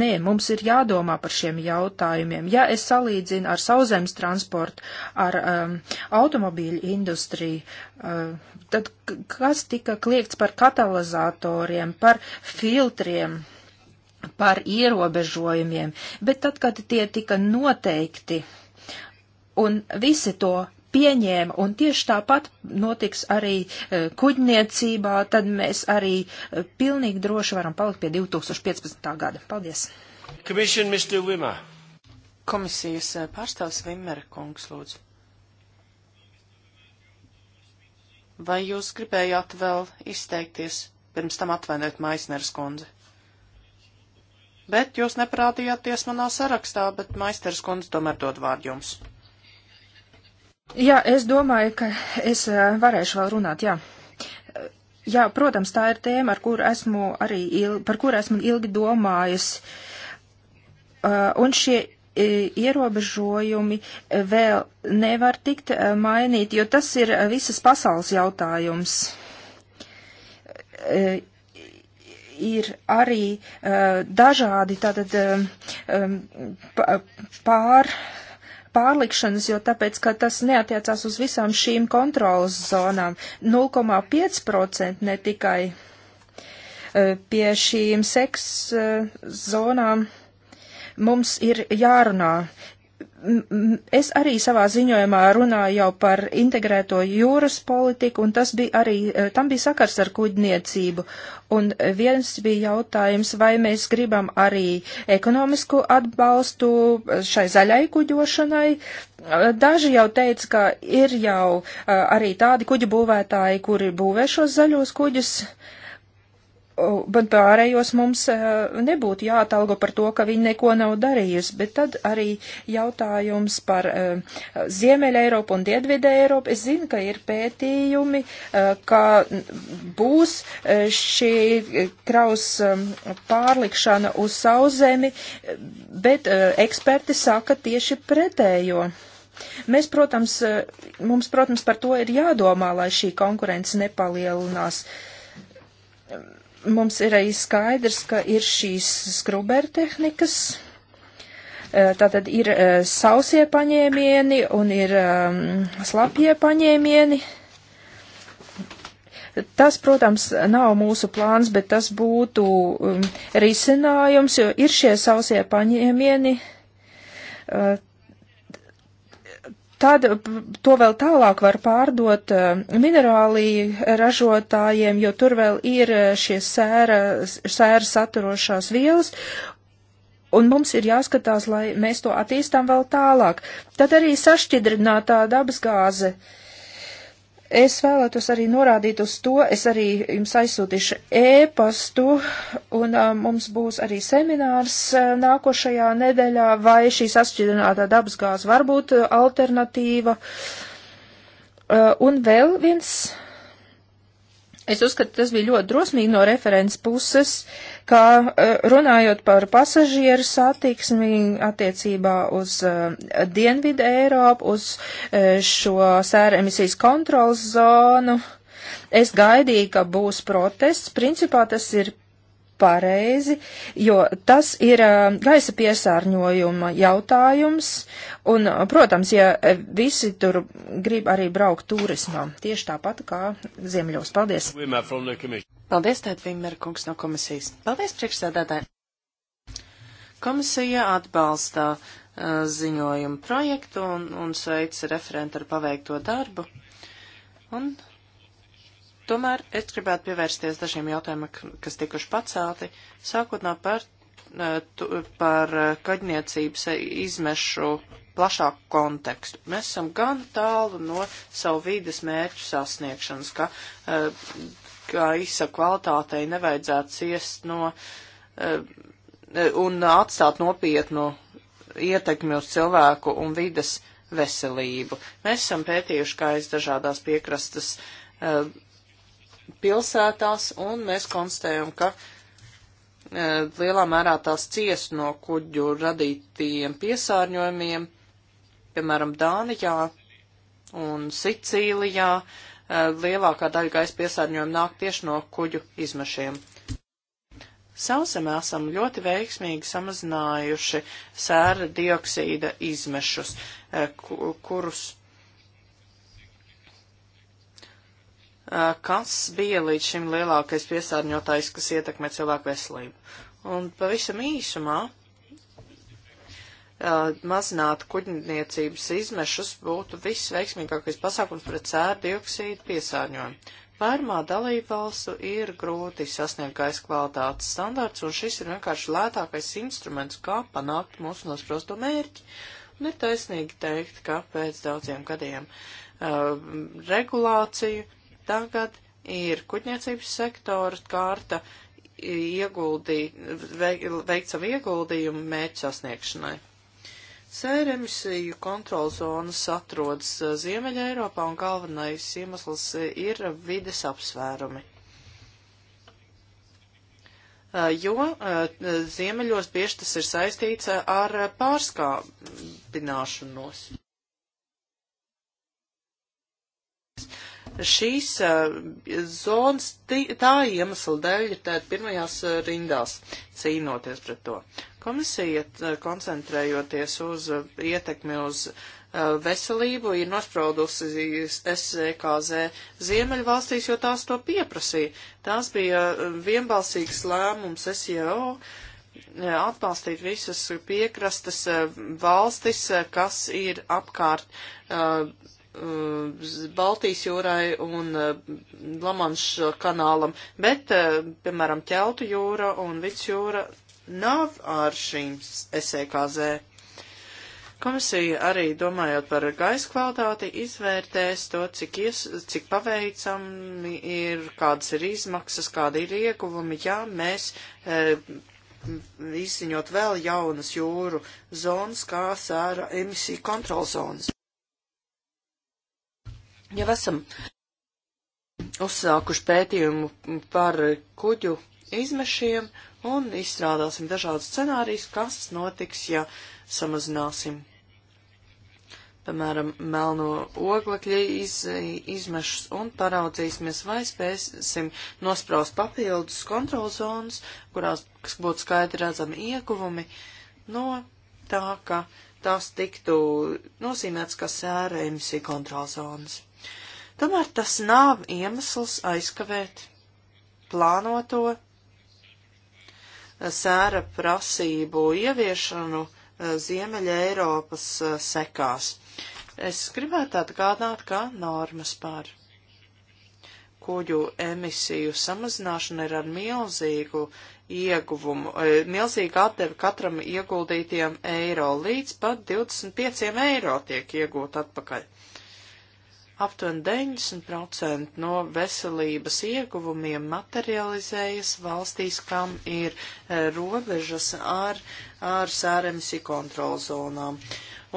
Nē, mums ir jādomā par šiem jautājumiem. Ja es salīdzinu ar sauzemes transportu, ar um, automobīļu industriju, uh, tad kas tika kliegts par katalizatoriem, par filtriem, par ierobežojumiem, bet tad, kad tie tika noteikti un visi to pieņēma, un tieši tāpat notiks arī e, kuģniecībā, tad mēs arī e, pilnīgi droši varam palikt pie 2015. gada. Paldies! Komisijas e, pārstāvs Vimmera kungs, lūdzu. Vai jūs gribējāt vēl izteikties? Pirms tam atvainojiet Maisneres kundzi. Bet jūs neparādījāties manā sarakstā, bet Maisneres kundze tomēr dod vārdu jums. Jā, es domāju, ka es eh, varēšu vēl runāt, jā. Jā, protams, tā ir tēma, ar kur esmu arī, ilgi, par kur esmu ilgi domājis. Eh, un šie eh, ierobežojumi vēl nevar tikt mainīti, jo tas ir visas pasaules jautājums ir arī uh, dažādi tātad um, pār pārlikšanas, jo tāpēc, ka tas neatiecās uz visām šīm kontrolas zonām. 0,5% ne tikai e, pie šīm seks e, zonām mums ir jārunā. Es arī savā ziņojumā runāju jau par integrēto jūras politiku, un tas bija arī, eh, tam bija sakars ar kuģniecību. Un viens bija jautājums, vai mēs gribam arī ekonomisku atbalstu šai zaļai kuģošanai. Eh, daži jau teica, ka ir jau eh, arī tādi kuģu būvētāji, kuri būvē šos zaļos kuģus. Uh, bet pārējos mums eh, nebūtu jātalgo par to, ka viņi neko nav darījusi, bet tad arī jautājums par eh, Ziemeļa Eiropu un Diedvidē Eiropu. Es zinu, ka ir pētījumi, eh, ka būs šī kraus pārlikšana uz sauzemi, bet eksperti saka tieši pretējo. Mēs, protams, mums, protams, par to ir jādomā, lai šī konkurence nepalielinās. Uh, mums ir arī skaidrs, ka ir šīs skruberu tehnikas. E, tātad ir e, sausie paņēmieni un ir e, slapjie paņēmieni. Tas, protams, nav mūsu plāns, bet tas būtu um, risinājums, jo ir šie sausie paņēmieni tad to vēl tālāk var pārdot eh, minerāliju ražotājiem, jo tur vēl ir eh, šie sēra, sēra saturošās vielas. Un mums ir jāskatās, lai mēs to attīstām vēl tālāk. Tad arī sašķidrinātā dabasgāze uh, Es vēlētos arī norādīt uz to, es arī jums aizsūtīšu ēpastu, un uh, mums būs arī seminārs uh, nākošajā nedēļā, vai šīs atšķirinātā dabasgāze var būt uh, alternatīva. Uh, un vēl viens, es uzskatu, tas bija ļoti drosmīgi no referents puses. Uh, kā eh, runājot par pasažieru satiksmi attiecībā uz eh, Dienvidu Eiropu, uz eh, šo sēra emisijas kontrolas zonu. Es gaidīju, ka būs protests. Principā tas ir pareizi, jo tas ir gaisa piesārņojuma jautājums, un, protams, ja visi tur grib arī braukt turismā, tieši tāpat kā Ziemļos. Paldies! Paldies, tēt Vimera kungs no komisijas. Paldies, priekšsēdētāji. Komisija atbalsta uh, ziņojumu projektu un, un sveic referentu ar paveikto darbu. Un tomēr es gribētu pievērsties dažiem jautājumiem, kas tikuši pacelti, sākot no par, uh, tu, par uh, kaģniecības izmešu plašāku kontekstu. Mēs esam gan tālu no savu vīdes mērķu sasniegšanas, ka uh, ka ISA kvalitātei nevajadzētu ciest no eh, eh, un atstāt nopietnu ietekmi uz cilvēku un vides veselību. Mēs esam pētījuši kājas dažādās piekrastas uh, eh, pilsētās, un mēs konstatējam, ka uh, lielā mērā tās cies no kuģu radītiem piesārņojumiem, piemēram, Dānijā un Sicīlijā. Uh, Eh, lielākā daļa gaisa piesārņojuma nāk tieši no kuģu izmešiem. Sausemē esam ļoti veiksmīgi samazinājuši sēra dioksīda izmešus, eh, kurus, eh, kas bija līdz šim lielākais piesārņotājs, kas ietekmē cilvēku veselību. Un pavisam īsumā mazināt kuģniecības izmešus būtu viss veiksmīgākais pasākums pret sēru dioksīdu piesārņojumu. Vairumā dalībvalstu ir grūti sasniegt gaisa kvalitātes standārts, un šis ir vienkārši lētākais instruments, kā panākt mūsu nosprosto mērķi. Un ir taisnīgi teikt, ka pēc daudziem gadiem uh, regulāciju tagad ir kuģniecības sektora kārta ieguldīt, veik, veikt savu ieguldījumu mērķu sasniegšanai. Sēra emisiju kontrolzonas atrodas uh, Ziemeļa Eiropā un galvenais iemesls uh, ir vides apsvērumi. Uh, jo ziemeļos bieži tas ir saistīts ar pārskāpināšanos. Šīs zonas tā iemesla dēļ ir tēt pirmajās rindās cīnoties pret to. Komisija, koncentrējoties uz uh, ietekmi uz uh, veselību, ir nospraudusi SCKZ e Ziemeļvalstīs, jo tās to pieprasīja. Tās bija uh, vienbalsīgs lēmums SEO atbalstīt visas piekrastes valstis, kas ir apkārt uh, Baltijas jūrai un Lamanša kanālam, bet, piemēram, Ķeltu jūra un Vits jūra nav ar šīm SEKZ. Komisija arī domājot par gaisa kvalitāti izvērtēs to, cik, ies, cik paveicami ir, kādas ir izmaksas, kādi ir ieguvumi, ja mēs e, izziņot vēl jaunas jūru zonas, kā sēra emisiju kontrolzonas. Jau esam uzsākuši pētījumu par kuģu izmešiem un izstrādāsim dažādus scenārijus, kas notiks, ja samazināsim, piemēram, melno oglekļa iz, izmešus un paraudzīsimies, vai spēsim nospraust papildus kontrolzonas, kurās būtu skaidri redzami ieguvumi no tā, ka tās tiktu nozīmēts kā sēra emisiju kontrolzonas. Tomēr tas nav iemesls aizkavēt plānoto sēra prasību ieviešanu eh, Ziemeļa Eiropas eh, sekās. Es gribētu atgādināt, ka normas par kuģu emisiju samazināšana ir ar milzīgu ieguvumu, eh, milzīgu atdevi katram ieguldītiem eiro, līdz pat 25 eiro tiek iegūt atpakaļ. Aptuveni 90% no veselības ieguvumiem materializējas valstīs, kam ir e, robežas ar, ar sēremsi kontrolzonām.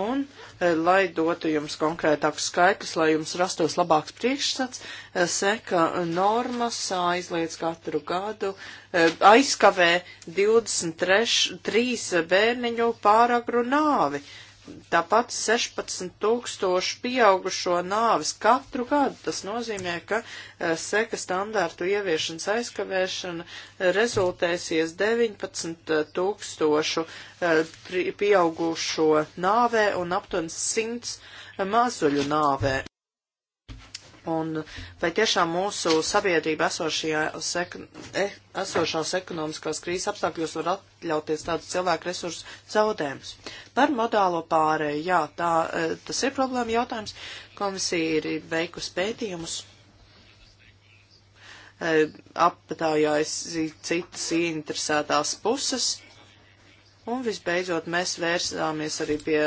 Un, e, lai dotu jums konkrētākus skaitļus, lai jums rastos labāks priekšsats, e, seka normas aizliedz katru gadu, aizkavē 23 bērniņu pāragru nāvi Tāpat 16 tūkstoši pieaugušo nāvis katru gadu. Tas nozīmē, ka eh, seka standārtu ieviešanas aizkavēšana eh, rezultēsies 19 tūkstošu eh, pieaugušo nāvē un aptuveni 100 mazuļu nāvē. Un vai tiešām mūsu sabiedrība esošajās, e, esošās ekonomiskās krīzes apstākļos var atļauties tādu cilvēku resursu zaudējumus? Par modālo pārēju, jā, tā, e, tas ir problēma jautājums. Komisija ir veikusi pētījumus, e, aptājājas citas interesētās puses Un visbeidzot, mēs vērsāmies arī pie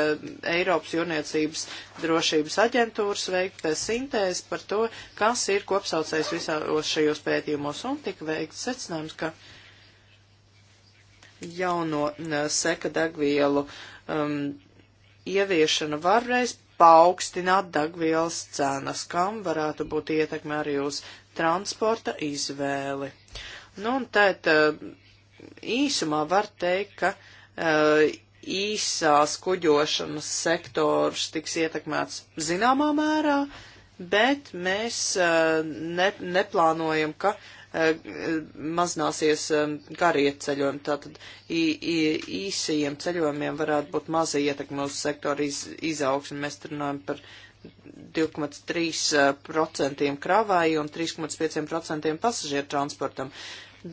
Eiropas jūrniecības drošības aģentūras veikt sintēzi par to, kas ir kopsaucējs visās šajos pētījumos. Un tika veikts secinājums, ka jauno seka degvielu um, ieviešana varēs paaugstināt degvielas cenas, kam varētu būt ietekme arī uz transporta izvēli. Nu, un tēt uh, īsumā var teikt, ka uh, Eh, īsās kuģošanas sektors tiks ietekmēts zināmā mērā, bet mēs eh, ne, neplānojam, ka eh, mazināsies garie ceļojumi. Tātad īsajiem ceļojumiem varētu būt maza ietekme uz sektoru iz, izaugsmi. Mēs runājam par 2,3% kravai un 3,5% pasažieru transportam.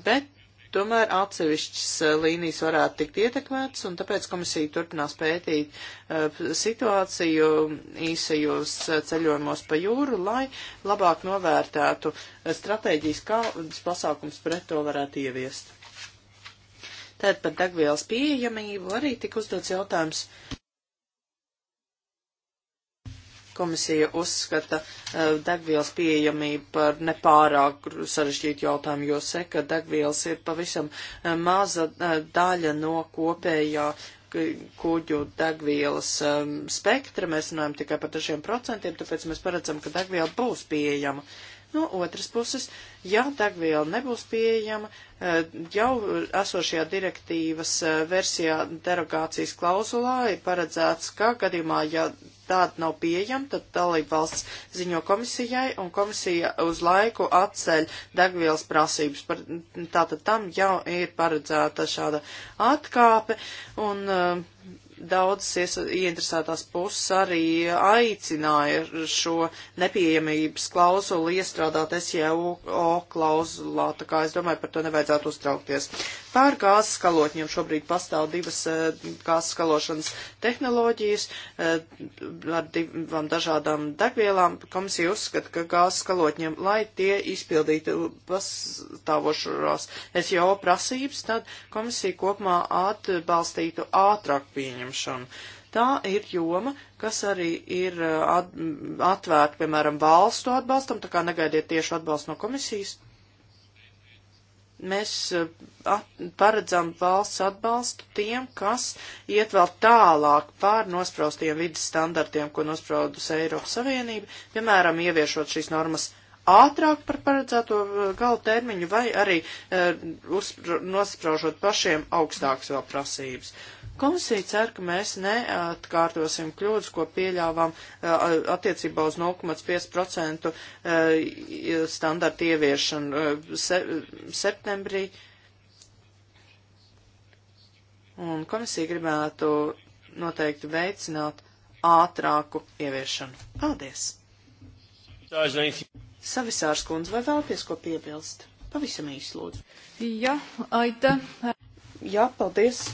Bet Tomēr atsevišķas eh, līnijas varētu tikt ietekmētas, un tāpēc komisija turpinās pētīt uh, situāciju īsajos eh, ceļojumos pa jūru, lai labāk novērtētu stratēģijas, kādas pasākums pret to varētu ieviest. Tad par degvielas pieejamību arī tika uzdots jautājums komisija uzskata eh, degvielas pieejamību par nepārāk sarežģītu jautājumu, jo seka degvielas ir pavisam eh, maza eh, daļa no kopējā kuģu degvielas um, spektra. Mēs runājam tikai par dažiem procentiem, tāpēc mēs paredzam, ka degviela būs pieejama. No otras puses, ja degviela nebūs pieejama, jau esošajā direktīvas versijā derogācijas klauzulā ir paredzēts, ka gadījumā, ja tāda nav pieejama, tad dalība valsts ziņo komisijai, un komisija uz laiku atceļ degvielas prasības. Par, tātad tam jau ir paredzēta šāda atkāpe, un daudzas ieinteresētās puses arī aicināja šo nepieejamības klauzulu iestrādāt SJO klauzulā, tā kā es domāju, par to nevajadzētu uztraukties. Pār gāzes kalotņiem šobrīd pastāv divas eh, gāzes kalošanas tehnoloģijas eh, ar divām dažādām degvielām. Komisija uzskata, ka gāzes kalotņiem, lai tie izpildītu pastāvošās SJO prasības, tad komisija kopumā atbalstītu ātrāk pieņemt pieņemšanu. Tā ir joma, kas arī ir uh, at, mm, atvērta, piemēram, valstu atbalstam, tā kā negaidiet tieši atbalstu no komisijas. Mēs uh, at, paredzam valsts atbalstu tiem, kas iet vēl tālāk pār nospraustiem vidas standartiem, ko nospraudus Eiropas Savienība, piemēram, ieviešot šīs normas ātrāk par paredzēto uh, gala termiņu vai arī uh, e, nospraužot pašiem augstākas vēl prasības. Uh, Komisija cer, ka mēs neatkārtosim kļūdas, ko pieļāvām attiecībā uz 0,5% standartu ieviešanu se, septembrī. Un komisija gribētu noteikti veicināt ātrāku ieviešanu. Paldies! Savisārs kundze, vai vēlties ko piebilst? Pavisam īsi lūdzu. Jā, ja, aita. Jā, paldies.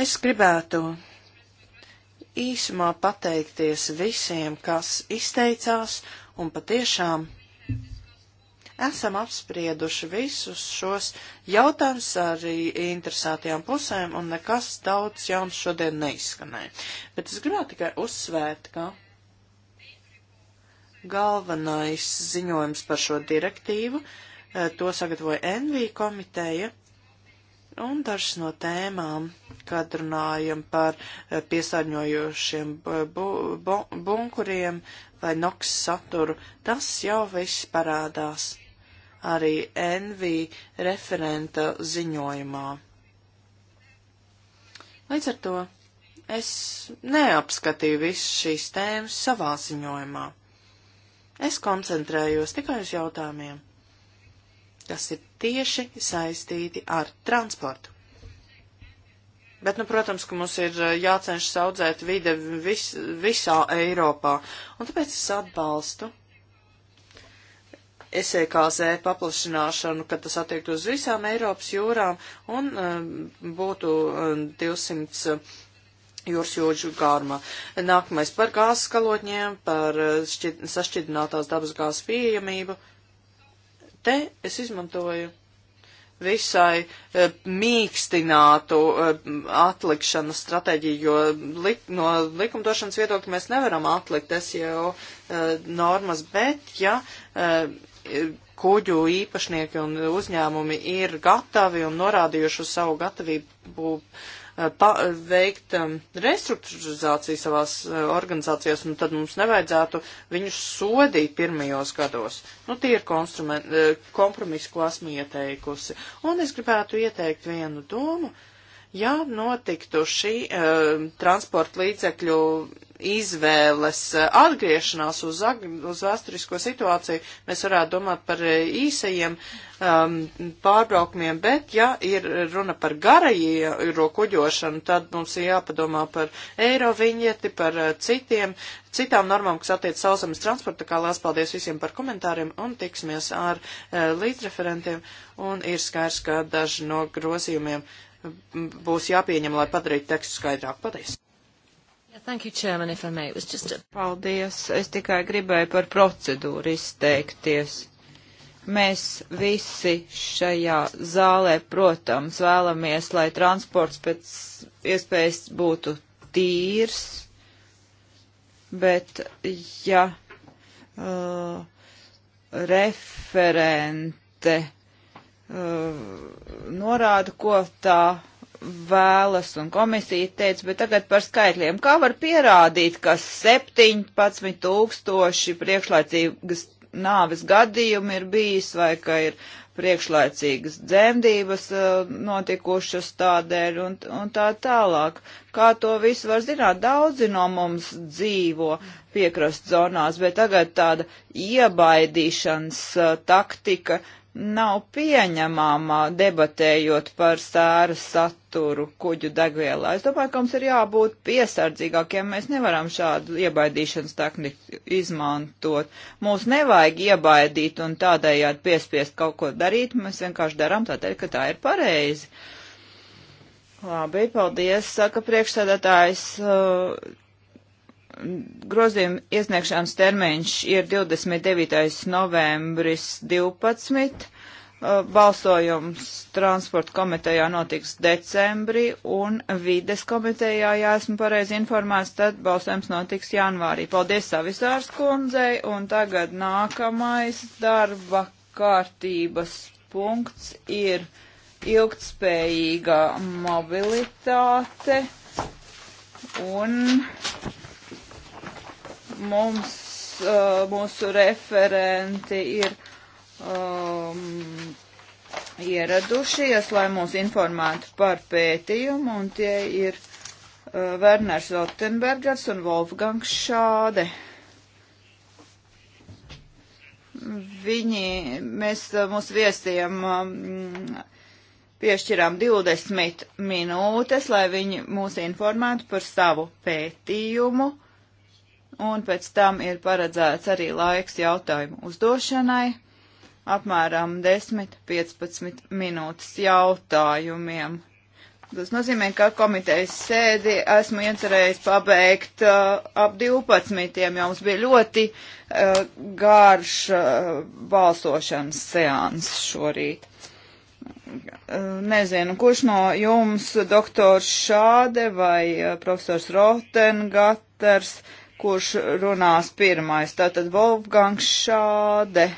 Es gribētu īsumā pateikties visiem, kas izteicās un patiešām esam apsprieduši visus šos jautājumus ar interesētajām pusēm, un nekas daudz jauns šodien neizskanēja. Bet es gribētu tikai uzsvērt, ka galvenais ziņojums par šo direktīvu eh, to sagatavoja NV komiteja, Un dažas no tēmām, kad runājam par eh, piesārņojošiem eh, bu bu bunkuriem vai noks saturu, tas jau viss parādās arī NV referenta ziņojumā. Līdz ar to es neapskatīju visu šīs tēmas savā ziņojumā. Es koncentrējos tikai uz jautājumiem, kas ir tieši saistīti ar transportu. Bet, nu, protams, ka mums ir eh, jācenšas audzēt vide vis, visā Eiropā, un tāpēc es atbalstu SEKZ paplašināšanu, kad tas attiekt uz visām Eiropas jūrām un eh, būtu 200 eh, jūras jūdžu gārumā. Nākamais par gāzes kalotņiem, par šķid, sašķidrinātās dabas gāzes pieejamību. Te es izmantoju visai e, mīkstinātu e, atlikšanas stratēģiju, jo lik, no likumdošanas viedokļa mēs nevaram atlikt SEO e, normas, bet ja e, kuģu īpašnieki un uzņēmumi ir gatavi un norādījuši uz savu gatavību Eh, pa, veikt um, restruktūrizāciju savās uh, organizācijās, un tad mums nevajadzētu viņus sodīt pirmajos gados. Nu, tie ir kompromisi, ko esmu ieteikusi. Un es gribētu ieteikt vienu domu. Uh, Ja notiktu šī uh, transporta līdzekļu izvēles uh, atgriešanās uz, uz vēsturisko situāciju, mēs varētu domāt par eh, īsajiem um, pārbraukumiem, bet ja ir runa par garajīro kuģošanu, tad mums ir jāpadomā par eiroviņieti, par uh, citiem, citām normām, kas attiec sauzemes transporta, kā lās paldies visiem par komentāriem un tiksimies ar uh, līdzreferentiem un ir skairs, ka daži no grozījumiem uh, būs jāpieņem, lai padarītu tekstu skaidrāk. Paldies! Thank you, Chairman, if I may. It was just a... Paldies. Es tikai gribēju par procedūru izteikties. Mēs visi šajā zālē, protams, vēlamies, lai transports pēc iespējas būtu tīrs, bet ja uh, referente Uh, norāda, ko tā vēlas, un komisija teica, bet tagad par skaitļiem. Kā var pierādīt, ka 17 tūkstoši priekšlaicīgas nāves gadījumi ir bijis, vai ka ir priekšlaicīgas dzemdības uh, notikušas tādēļ, un, un tā tālāk. Kā to visu var zināt? Daudzi no mums dzīvo piekrast zonās, bet tagad tāda iebaidīšanas uh, taktika nav pieņemama debatējot par sēras saturu kuģu degvielā. Es domāju, ka mums ir jābūt piesardzīgākiem. Mēs nevaram šādu iebaidīšanas tehniku izmantot. Mūs nevajag iebaidīt un tādējādi piespiest kaut ko darīt. Mēs vienkārši darām tādēļ, ka tā ir pareizi. Labi, paldies, saka priekšsēdētājs. Uh, Grozījuma iesniegšanas termiņš ir 29. novembris 12. Uh, balsojums transporta komitejā notiks decembrī un vides komitejā, ja esmu pareizi informēts, tad balsojums notiks janvārī. Paldies Savisārs kundzei un tagad nākamais darba kārtības punkts ir ilgtspējīga mobilitāte un mums, uh, mūsu referenti ir um, ieradušies, lai mūs informētu par pētījumu, un tie ir uh, Werners Rottenbergers un Wolfgangs Šāde. Viņi, mēs uh, mūsu viesiem um, piešķirām 20 minūtes, lai viņi mūs informētu par savu pētījumu. Uh, un pēc tam ir paredzēts arī laiks jautājumu uzdošanai, apmēram 10-15 minūtes jautājumiem. Tas nozīmē, ka komitejas sēdi esmu iecerējis pabeigt uh, ap 12. jau mums bija ļoti uh, garš uh, balsošanas seans šorīt. Uh, nezinu, kurš no jums, doktors Šāde vai uh, profesors Rotengaters, uh, kurš runās pirmais. Tātad Wolfgangs Šāde.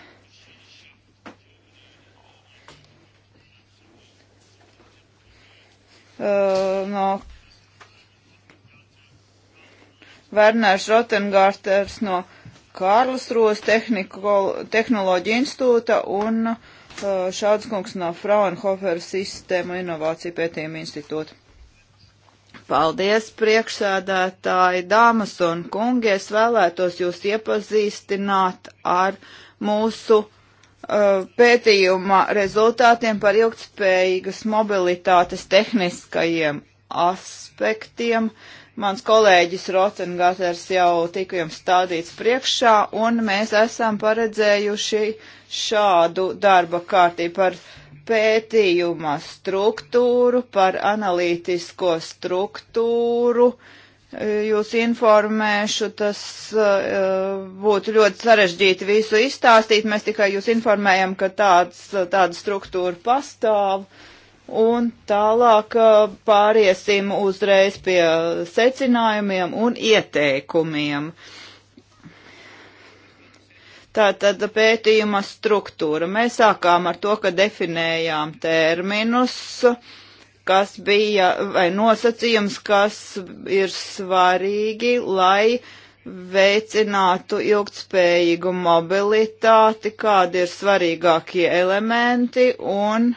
Uh, no Werners Rotengārters no Kārlsros tehnoloģija institūta un uh, Šāds kungs no Fraunhofer sistēmu inovāciju pētījumu institūta. Paldies, priekšsēdētāji, dāmas un kungi. Es vēlētos jūs iepazīstināt ar mūsu uh, pētījuma rezultātiem par ilgtspējīgas mobilitātes tehniskajiem aspektiem. Mans kolēģis Rotengaters jau tika jums stādīts priekšā, un mēs esam paredzējuši šādu darba kārtību par pētījuma struktūru, par analītisko struktūru. E, jūs informēšu, tas uh, būtu ļoti sarežģīti visu izstāstīt. Mēs tikai jūs informējam, ka tāds, tāda struktūra pastāv. Un tālāk uh, pāriesim uzreiz pie secinājumiem un ieteikumiem. Uh, Tātad pētījuma struktūra. Mēs sākām ar to, ka definējām terminus, kas bija, vai nosacījums, kas ir svarīgi, lai veicinātu ilgtspējīgu mobilitāti, kādi ir svarīgākie elementi, un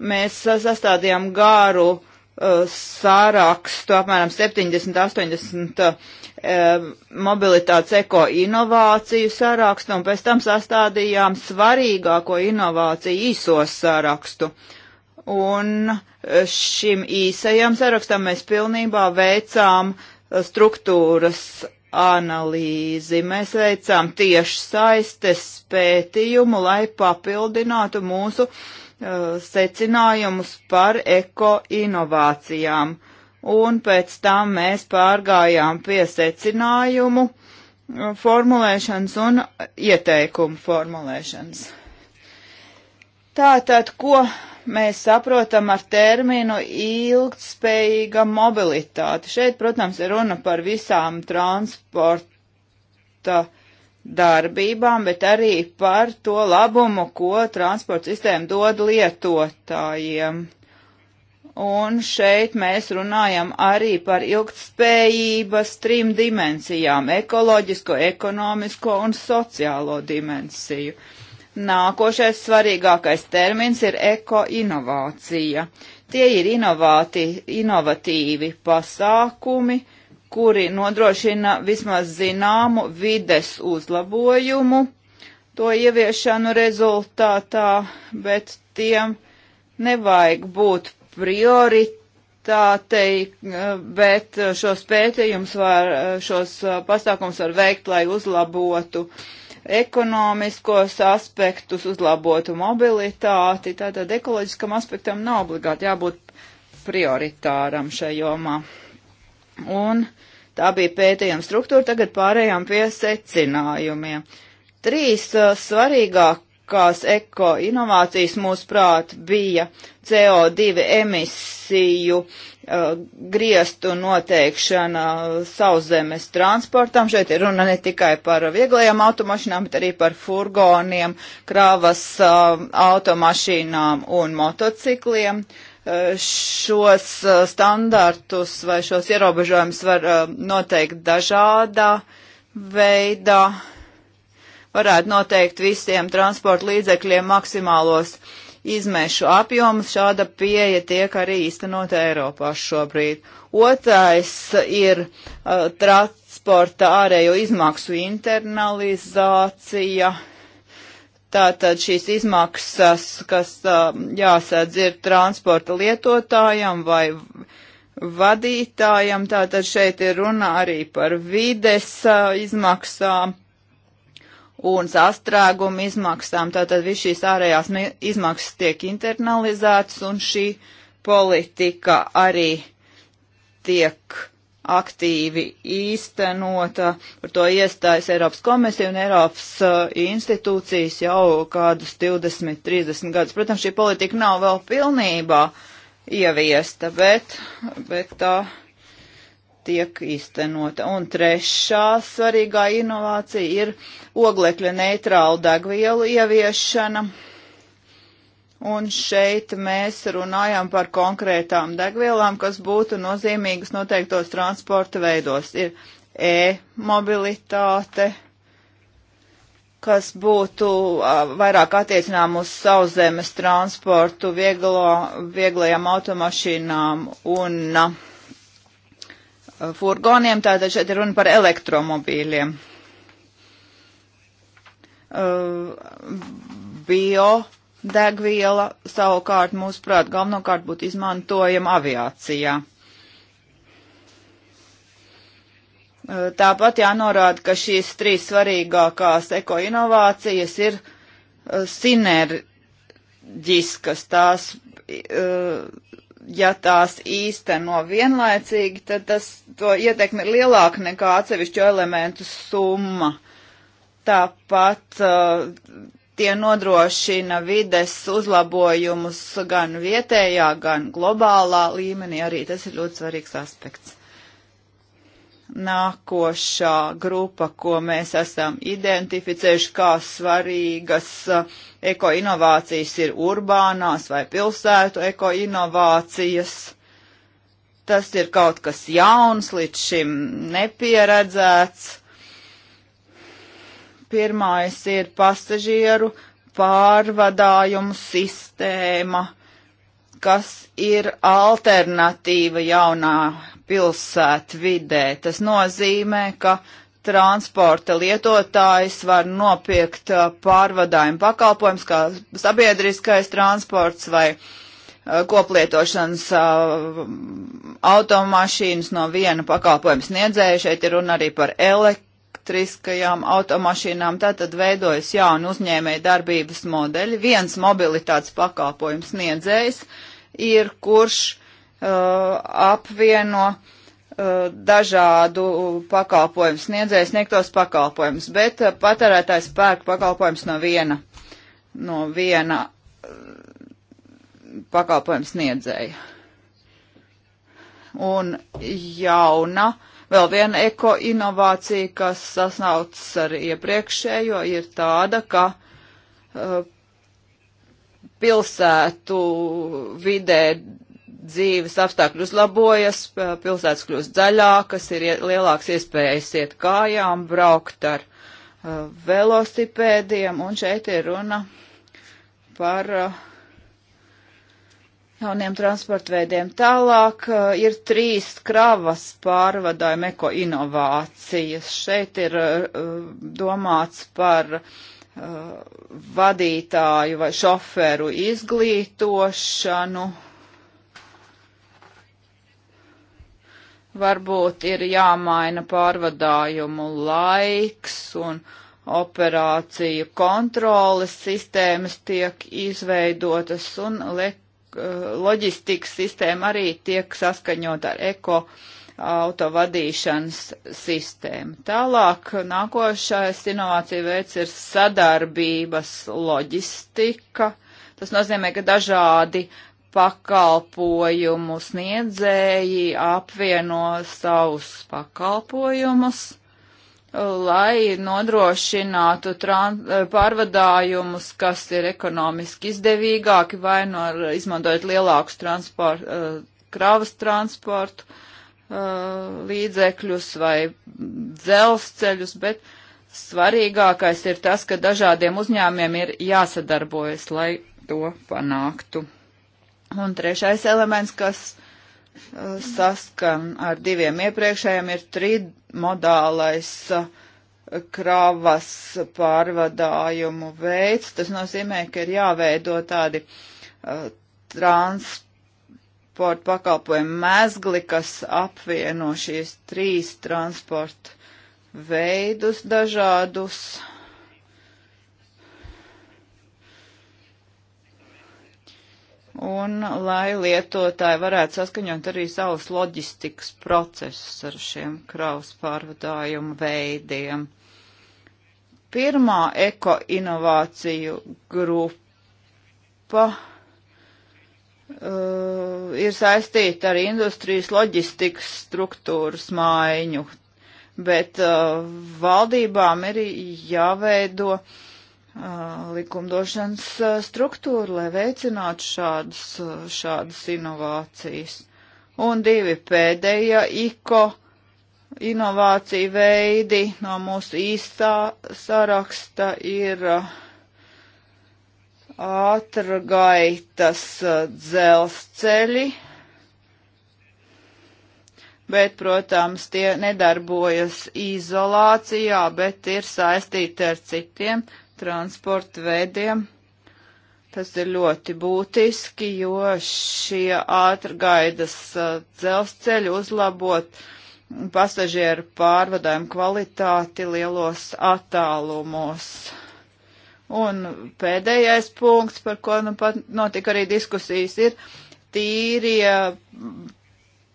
mēs sastādījām gāru uh, sārakstu, apmēram 70-80 Um, mobilitātes ekoinovāciju sarakstu un pēc tam sastādījām svarīgāko inovāciju īsos sarakstu. Un uh, šim īsajam sarakstam mēs pilnībā veicām uh, struktūras analīzi. Mēs veicām tieši saistes pētījumu, lai papildinātu mūsu uh, secinājumus par ekoinovācijām. Uh, un pēc tam mēs pārgājām pie secinājumu uh, formulēšanas un ieteikumu formulēšanas. Tātad, ko mēs saprotam ar terminu ilgtspējīga mobilitāte? Šeit, protams, ir runa par visām transporta darbībām, bet arī par to labumu, ko transporta sistēma dod lietotājiem. Un šeit mēs runājam arī par ilgtspējības trim dimensijām - ekoloģisko, ekonomisko un sociālo dimensiju. Nākošais svarīgākais termins ir ekoinovācija. Tie ir inovāti, inovatīvi pasākumi, kuri nodrošina vismaz zināmu vides uzlabojumu, to ieviešanu rezultātā, bet tiem nevajag būt prioritātei, eh, bet šos pētījums var, šos eh, pasākums var veikt, lai uzlabotu ekonomiskos aspektus, uzlabotu mobilitāti. Tātad ekoloģiskam aspektam nav obligāti jābūt prioritāram šajā jomā. Un tā bija pētījuma struktūra, tagad pārējām pie secinājumiem. Trīs uh, svarīgāk labākās eko inovācijas mūsuprāt bija CO2 emisiju uh, griestu noteikšana sauszemes transportam. Šeit ir runa ne tikai par vieglajām automašīnām, bet arī par furgoniem, krāvas uh, automašīnām un motocikliem. Uh, šos uh, standartus vai šos ierobežojumus var uh, noteikt dažādā veidā varētu noteikt visiem transporta līdzekļiem maksimālos izmešu apjomus. Šāda pieeja tiek arī īstenot Eiropā šobrīd. Otrais ir uh, transporta ārējo izmaksu internalizācija. Tātad šīs izmaksas, kas uh, jāsēdz ir transporta lietotājam vai vadītājam, tātad šeit ir runa arī par vides uh, izmaksām un sastrēgumu izmaksām. Tātad viss šīs ārējās izmaksas tiek internalizētas un šī politika arī tiek aktīvi īstenota. Par to iestājas Eiropas komisija un Eiropas uh, institūcijas jau kādus 20, 30 gadus. Protams, šī politika nav vēl pilnībā ieviesta, bet, bet tā tiek īstenota. Un trešā svarīgā inovācija ir oglekļa neitrālu degvielu ieviešana. Un šeit mēs runājam par konkrētām degvielām, kas būtu nozīmīgas noteiktos transporta veidos. Ir e-mobilitāte, kas būtu vairāk attiecinām uz sauszemes transportu, vieglo, vieglajām automašīnām un uh, furgoniem, tātad šeit ir runa par elektromobīļiem. Uh, Bio degviela savukārt mūsuprāt galvenokārt būtu izmantojama aviācijā. Uh, tāpat jānorāda, ka šīs trīs svarīgākās ekoinovācijas ir uh, sinerģiskas, tās ja tās īsteno vienlaicīgi, tad tas, to ietekmi ir lielāka nekā atsevišķu elementu summa. Tāpat uh, tie nodrošina vides uzlabojumus gan vietējā, gan globālā līmenī. Arī tas ir ļoti svarīgs aspekts nākošā grupa, ko mēs esam identificējuši kā svarīgas eh, ekoinovācijas, ir urbānās vai pilsētu ekoinovācijas. Tas ir kaut kas jauns, līdz šim nepieredzēts. Pirmais ir pasažieru pārvadājumu sistēma kas ir alternatīva jaunā pilsētvidē. Tas nozīmē, ka transporta lietotājs var nopirkt uh, pārvadājumu pakalpojums, kā sabiedriskais transports vai uh, koplietošanas uh, automašīnas no viena pakalpojuma sniedzēja. Šeit ir runa arī par elektriskajām automašīnām. Tātad veidojas jauna uzņēmēja darbības modeļi. Viens mobilitātes pakalpojums sniedzējs ir, kurš Uh, apvieno uh, dažādu pakalpojumu sniedzēju sniegtos pakalpojumus, bet uh, patērētājs pērk pakalpojums no viena, no viena pakalpojumu sniedzēja. Un jauna, vēl viena ekoinovācija, kas sasnaucas ar iepriekšējo, ir tāda, ka uh, pilsētu vidē dzīves apstākļi uzlabojas, pilsētas kļūst zaļākas, ir lielāks iespējas iet kājām, braukt ar uh, velosipēdiem, un šeit ir runa par uh, jauniem transportveidiem. Tālāk uh, ir trīs kravas pārvadājuma eko inovācijas. Šeit ir uh, domāts par uh, vadītāju vai šoferu izglītošanu varbūt ir jāmaina pārvadājumu laiks un operāciju kontroles sistēmas tiek izveidotas un le, uh, loģistikas sistēma arī tiek saskaņot ar eko autovadīšanas sistēmu. Tālāk nākošais inovācija veids ir sadarbības loģistika. Tas nozīmē, ka dažādi uh, pakalpojumu sniedzēji apvieno savus pakalpojumus, lai nodrošinātu pārvadājumus, kas ir ekonomiski izdevīgāki, vai no, izmantojot lielākus transport, eh, kravas transportu eh, līdzekļus vai dzelzceļus, bet svarīgākais ir tas, ka dažādiem uzņēmiem ir jāsadarbojas, lai to panāktu. Un trešais elements, kas uh, saskan ar diviem iepriekšējiem, ir trimodālais uh, kravas pārvadājumu veids. Tas nozīmē, ka ir jāveido tādi uh, transporta pakalpojumi mezgli, kas apvieno šīs trīs transporta veidus dažādus un lai lietotāji varētu saskaņot arī savus loģistikas procesus ar šiem kravas pārvadājumu veidiem. Pirmā ekoinovāciju grupa uh, ir saistīta ar industrijas loģistikas struktūras maiņu, bet uh, valdībām ir jāveido uh, likumdošanas struktūru, lai veicinātu šādas, šādas inovācijas. Un divi pēdējie ICO inovāciju veidi no mūsu īstā saraksta ir ātrgaitas dzelzceļi, bet, protams, tie nedarbojas izolācijā, bet ir saistīti ar citiem uh, transporta veidiem. Tas ir ļoti būtiski, jo šie ātrgaidas dzelzceļi uzlabot pasažieru pārvadājumu kvalitāti lielos attālumos. Un pēdējais punkts, par ko nu pat notika arī diskusijas, ir tīrie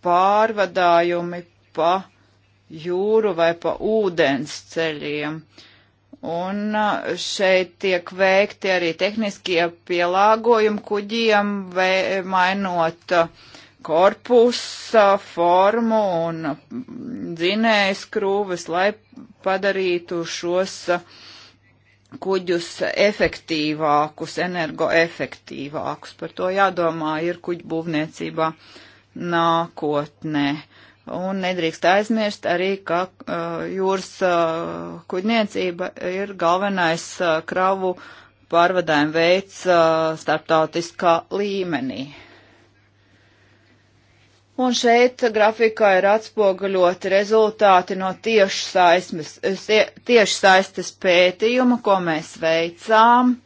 pārvadājumi pa jūru vai pa ūdens ceļiem. Uh, Un šeit tiek veikti arī tehniskie pielāgojumi kuģiem, mainot korpusa formu un dzinējas krūves, lai padarītu šos kuģus efektīvākus, energoefektīvākus. Par to jādomā ir kuģu būvniecībā nākotnē. Un nedrīkst aizmirst arī, ka uh, jūras uh, kuģniecība ir galvenais uh, kravu pārvadājuma veids uh, starptautiskā līmenī. Un šeit grafikā ir atspoguļoti rezultāti no tieši saistes pētījuma, ko mēs veicām. Uh,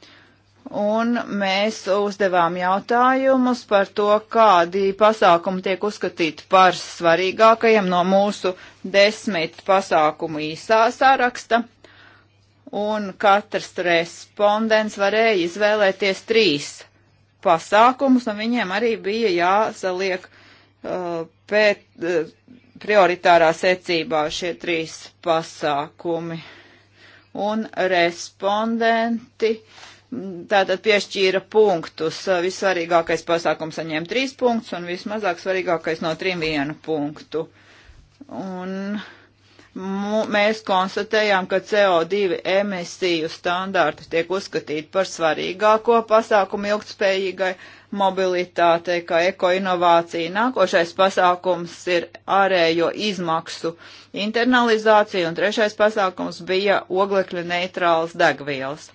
un mēs uzdevām jautājumus par to, kādi pasākumi tiek uzskatīti par svarīgākajiem no mūsu desmit pasākumu īsā saraksta. Un katrs respondents varēja izvēlēties trīs pasākumus, un viņiem arī bija jāsaliek uh, pēc uh, prioritārā secībā šie trīs pasākumi. Un respondenti uh, Tātad piešķīra punktus. Vissvarīgākais pasākums saņēma trīs punktus un vismazāk svarīgākais no trim vienu punktu. Un mēs konstatējām, ka CO2 emisiju standārti tiek uzskatīti par svarīgāko pasākumu ilgtspējīgai mobilitātei, kā ekoinovācija. Nākošais pasākums ir ārējo izmaksu internalizācija, un trešais pasākums bija oglekļa neitrāls degvielas.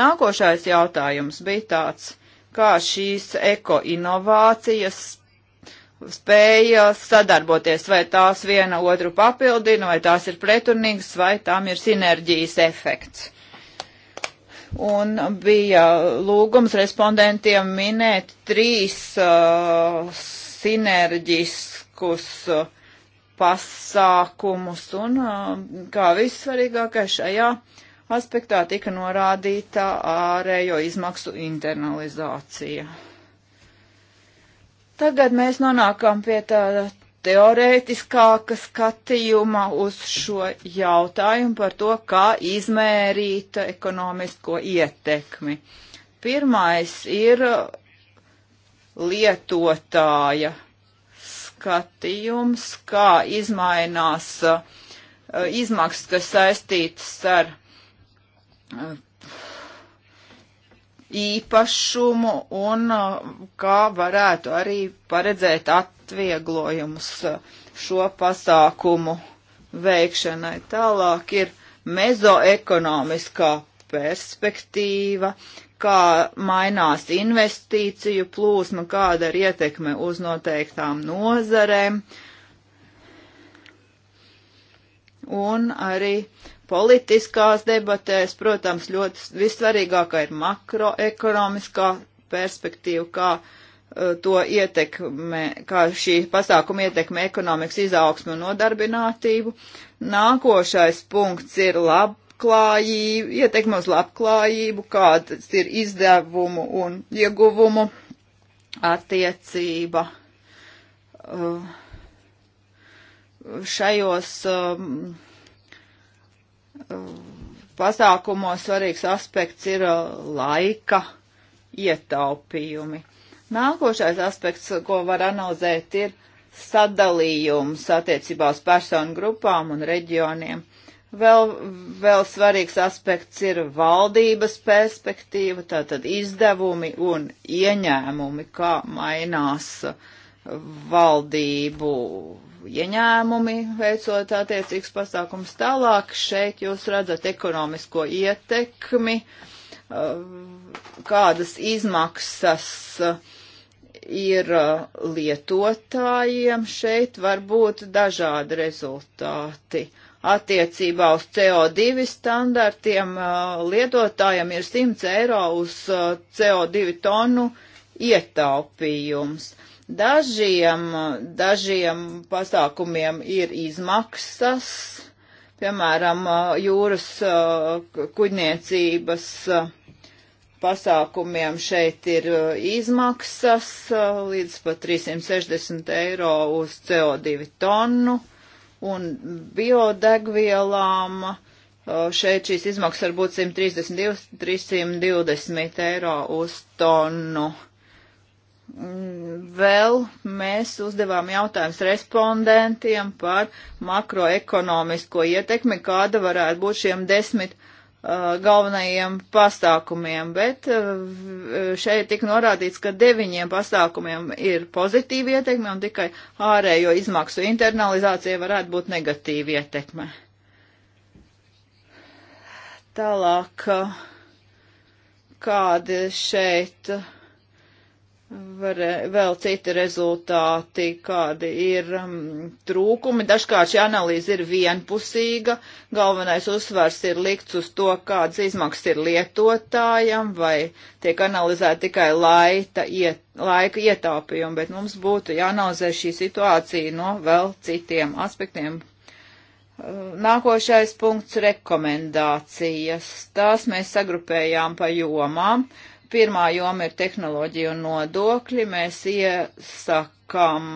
Nākošais jautājums bija tāds, kā šīs ekoinovācijas spēja sadarboties, vai tās viena otru papildina, vai tās ir pretrunīgas, vai tām ir sinerģijas efekts. Un bija lūgums respondentiem minēt trīs uh, sinerģiskus uh, pasākumus, un uh, kā vissvarīgākais šajā uh, aspektā tika norādīta ārējo izmaksu internalizācija. Tagad mēs nonākam pie tāda teorētiskāka skatījuma uz šo jautājumu par to, kā izmērīt ekonomisko ietekmi. Pirmais ir lietotāja skatījums, kā izmainās uh, izmaksas, kas saistītas ar īpašumu un uh, kā varētu arī paredzēt atvieglojumus uh, šo pasākumu veikšanai. Tālāk ir mezoekonomiskā perspektīva, kā mainās investīciju plūsma, kāda ir ietekme uz noteiktām nozarēm. Un arī uh, politiskās debatēs, protams, ļoti vissvarīgākā ir makroekonomiskā perspektīva, kā uh, to ietekme, kā šī pasākuma ietekme ekonomikas izaugsmu un nodarbinātību. Nākošais punkts ir labklājība, ietekme uz labklājību, kādas ir izdevumu un ieguvumu attiecība. Uh, šajos um, pasākumos svarīgs aspekts ir uh, laika ietaupījumi. Nākošais aspekts, ko var analizēt, ir sadalījums attiecībā uz personu grupām un reģioniem. Vēl, vēl svarīgs aspekts ir valdības perspektīva, tātad izdevumi un ieņēmumi, kā mainās valdību ieņēmumi, veicot attiecīgs pasākums tālāk. Šeit jūs redzat ekonomisko ietekmi, uh, kādas izmaksas uh, ir uh, lietotājiem. Šeit var būt dažādi rezultāti. Attiecībā uz CO2 standartiem lietotājiem ir 100 eiro uz CO2 tonu ietaupījums. Uh, Dažiem, dažiem pasākumiem ir izmaksas, piemēram, jūras eh, kuģniecības eh, pasākumiem šeit ir eh, izmaksas līdz pat 360 eiro uz CO2 tonu un biodegvielām. Šeit šīs izmaksas var būt 132, 320 eiro uz tonu. Uh, vēl mēs uzdevām jautājumus respondentiem par makroekonomisko ietekmi, kāda varētu būt šiem desmit uh, galvenajiem pasākumiem, bet uh, šeit tika norādīts, ka deviņiem pasākumiem ir pozitīva ietekme un tikai ārējo izmaksu internalizācija varētu būt negatīva ietekme. Tālāk, uh, kāda šeit uh, var, vēl citi rezultāti, kādi ir um, trūkumi. Dažkārt šī analīze ir vienpusīga. Galvenais uzsvars ir likts uz to, kādas izmaksas ir lietotājam, vai tiek analizēta tikai laita, iet, laika ietaupījumi, bet mums būtu jāanalizē šī situācija no vēl citiem aspektiem. Uh, nākošais punkts - rekomendācijas. Tās mēs sagrupējām pa jomām. Uh, Pirmā joma ir tehnoloģija un nodokļi. Mēs iesakām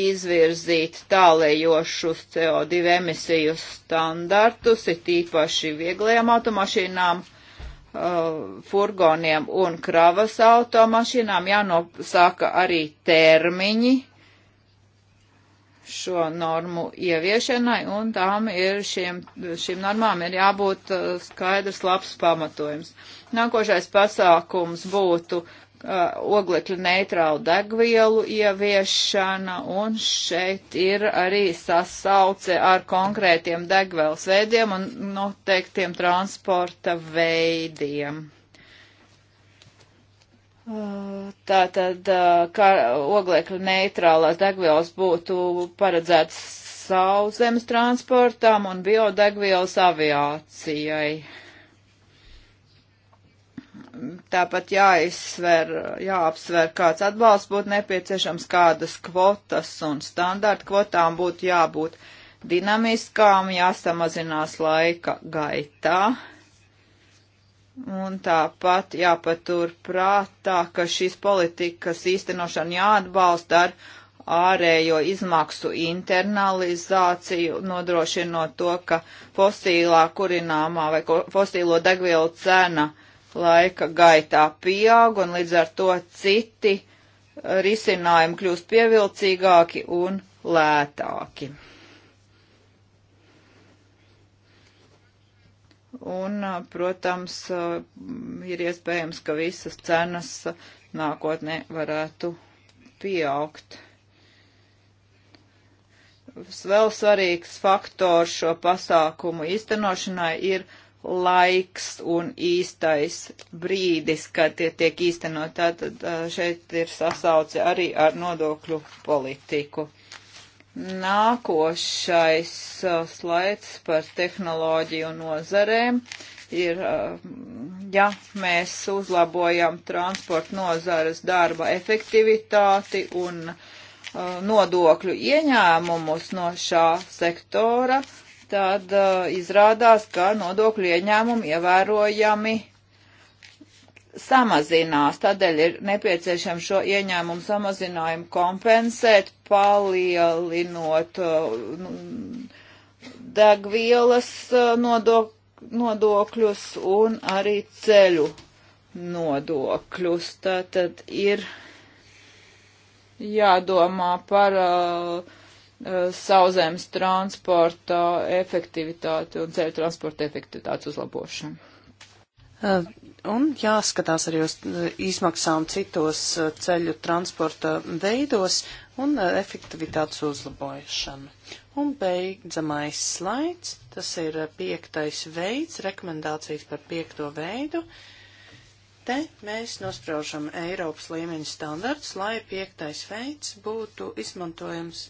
izvirzīt tālējošus CO2 emisiju standartus, ir tīpaši vieglajām automašīnām, uh, furgoniem un kravas automašīnām. Jānosaka arī termiņi šo normu ieviešanai, un tām ir šiem, šīm normām ir jābūt uh, skaidrs labs pamatojums. Uh, Nākošais pasākums būtu uh, oglekļa neitrālu degvielu ieviešana, un šeit ir arī sasauce ar konkrētiem degvielas veidiem un noteiktiem transporta veidiem. Uh, tātad, uh, kā oglekļa neitrālās degvielas būtu paredzētas sauszemes transportām un biodegvielas aviācijai Tāpat jāizsver, jāapsver, kāds atbalsts būtu nepieciešams, kādas kvotas un standārta kvotām būtu jābūt dinamiskām, jāsamazinās laika gaitā. Un tāpat jāpatur prātā, ka šīs politikas īstenošana jāatbalsta ar ārējo izmaksu internalizāciju, nodrošinot to, ka fosīlā kurināmā vai fosīlo degvielu cena uh, laika gaitā pieaug, un līdz ar to citi risinājumi kļūst pievilcīgāki un lētāki. Un, protams, ir iespējams, ka visas cenas nākotnē varētu pieaugt. Vēl svarīgs faktors šo pasākumu īstenošanai ir laiks un īstais brīdis, kad tie tiek īstenot. Tātad šeit ir sasauce arī ar nodokļu politiku. Nākošais slaids par tehnoloģiju nozarēm ir, ja mēs uzlabojam transporta nozares darba efektivitāti un nodokļu ieņēmumus no šā sektora, tad uh, izrādās, ka nodokļu ieņēmumi ievērojami samazinās. Tādēļ ir nepieciešams šo ieņēmumu samazinājumu kompensēt, palielinot uh, degvielas uh, nodok nodokļus un arī ceļu nodokļus. Tātad ir jādomā par uh, Uh, sauzēmas transporta efektivitāti un ceļu transporta efektivitātes uzlabošanu. Uh, un jāskatās arī uz uh, izmaksām citos ceļu transporta veidos un efektivitātes uzlabošanu. Un beidzamais slaids, tas ir piektais veids, rekomendācijas par piekto veidu. Te mēs nospraužam Eiropas līmeņa standarts, lai piektais veids būtu izmantojams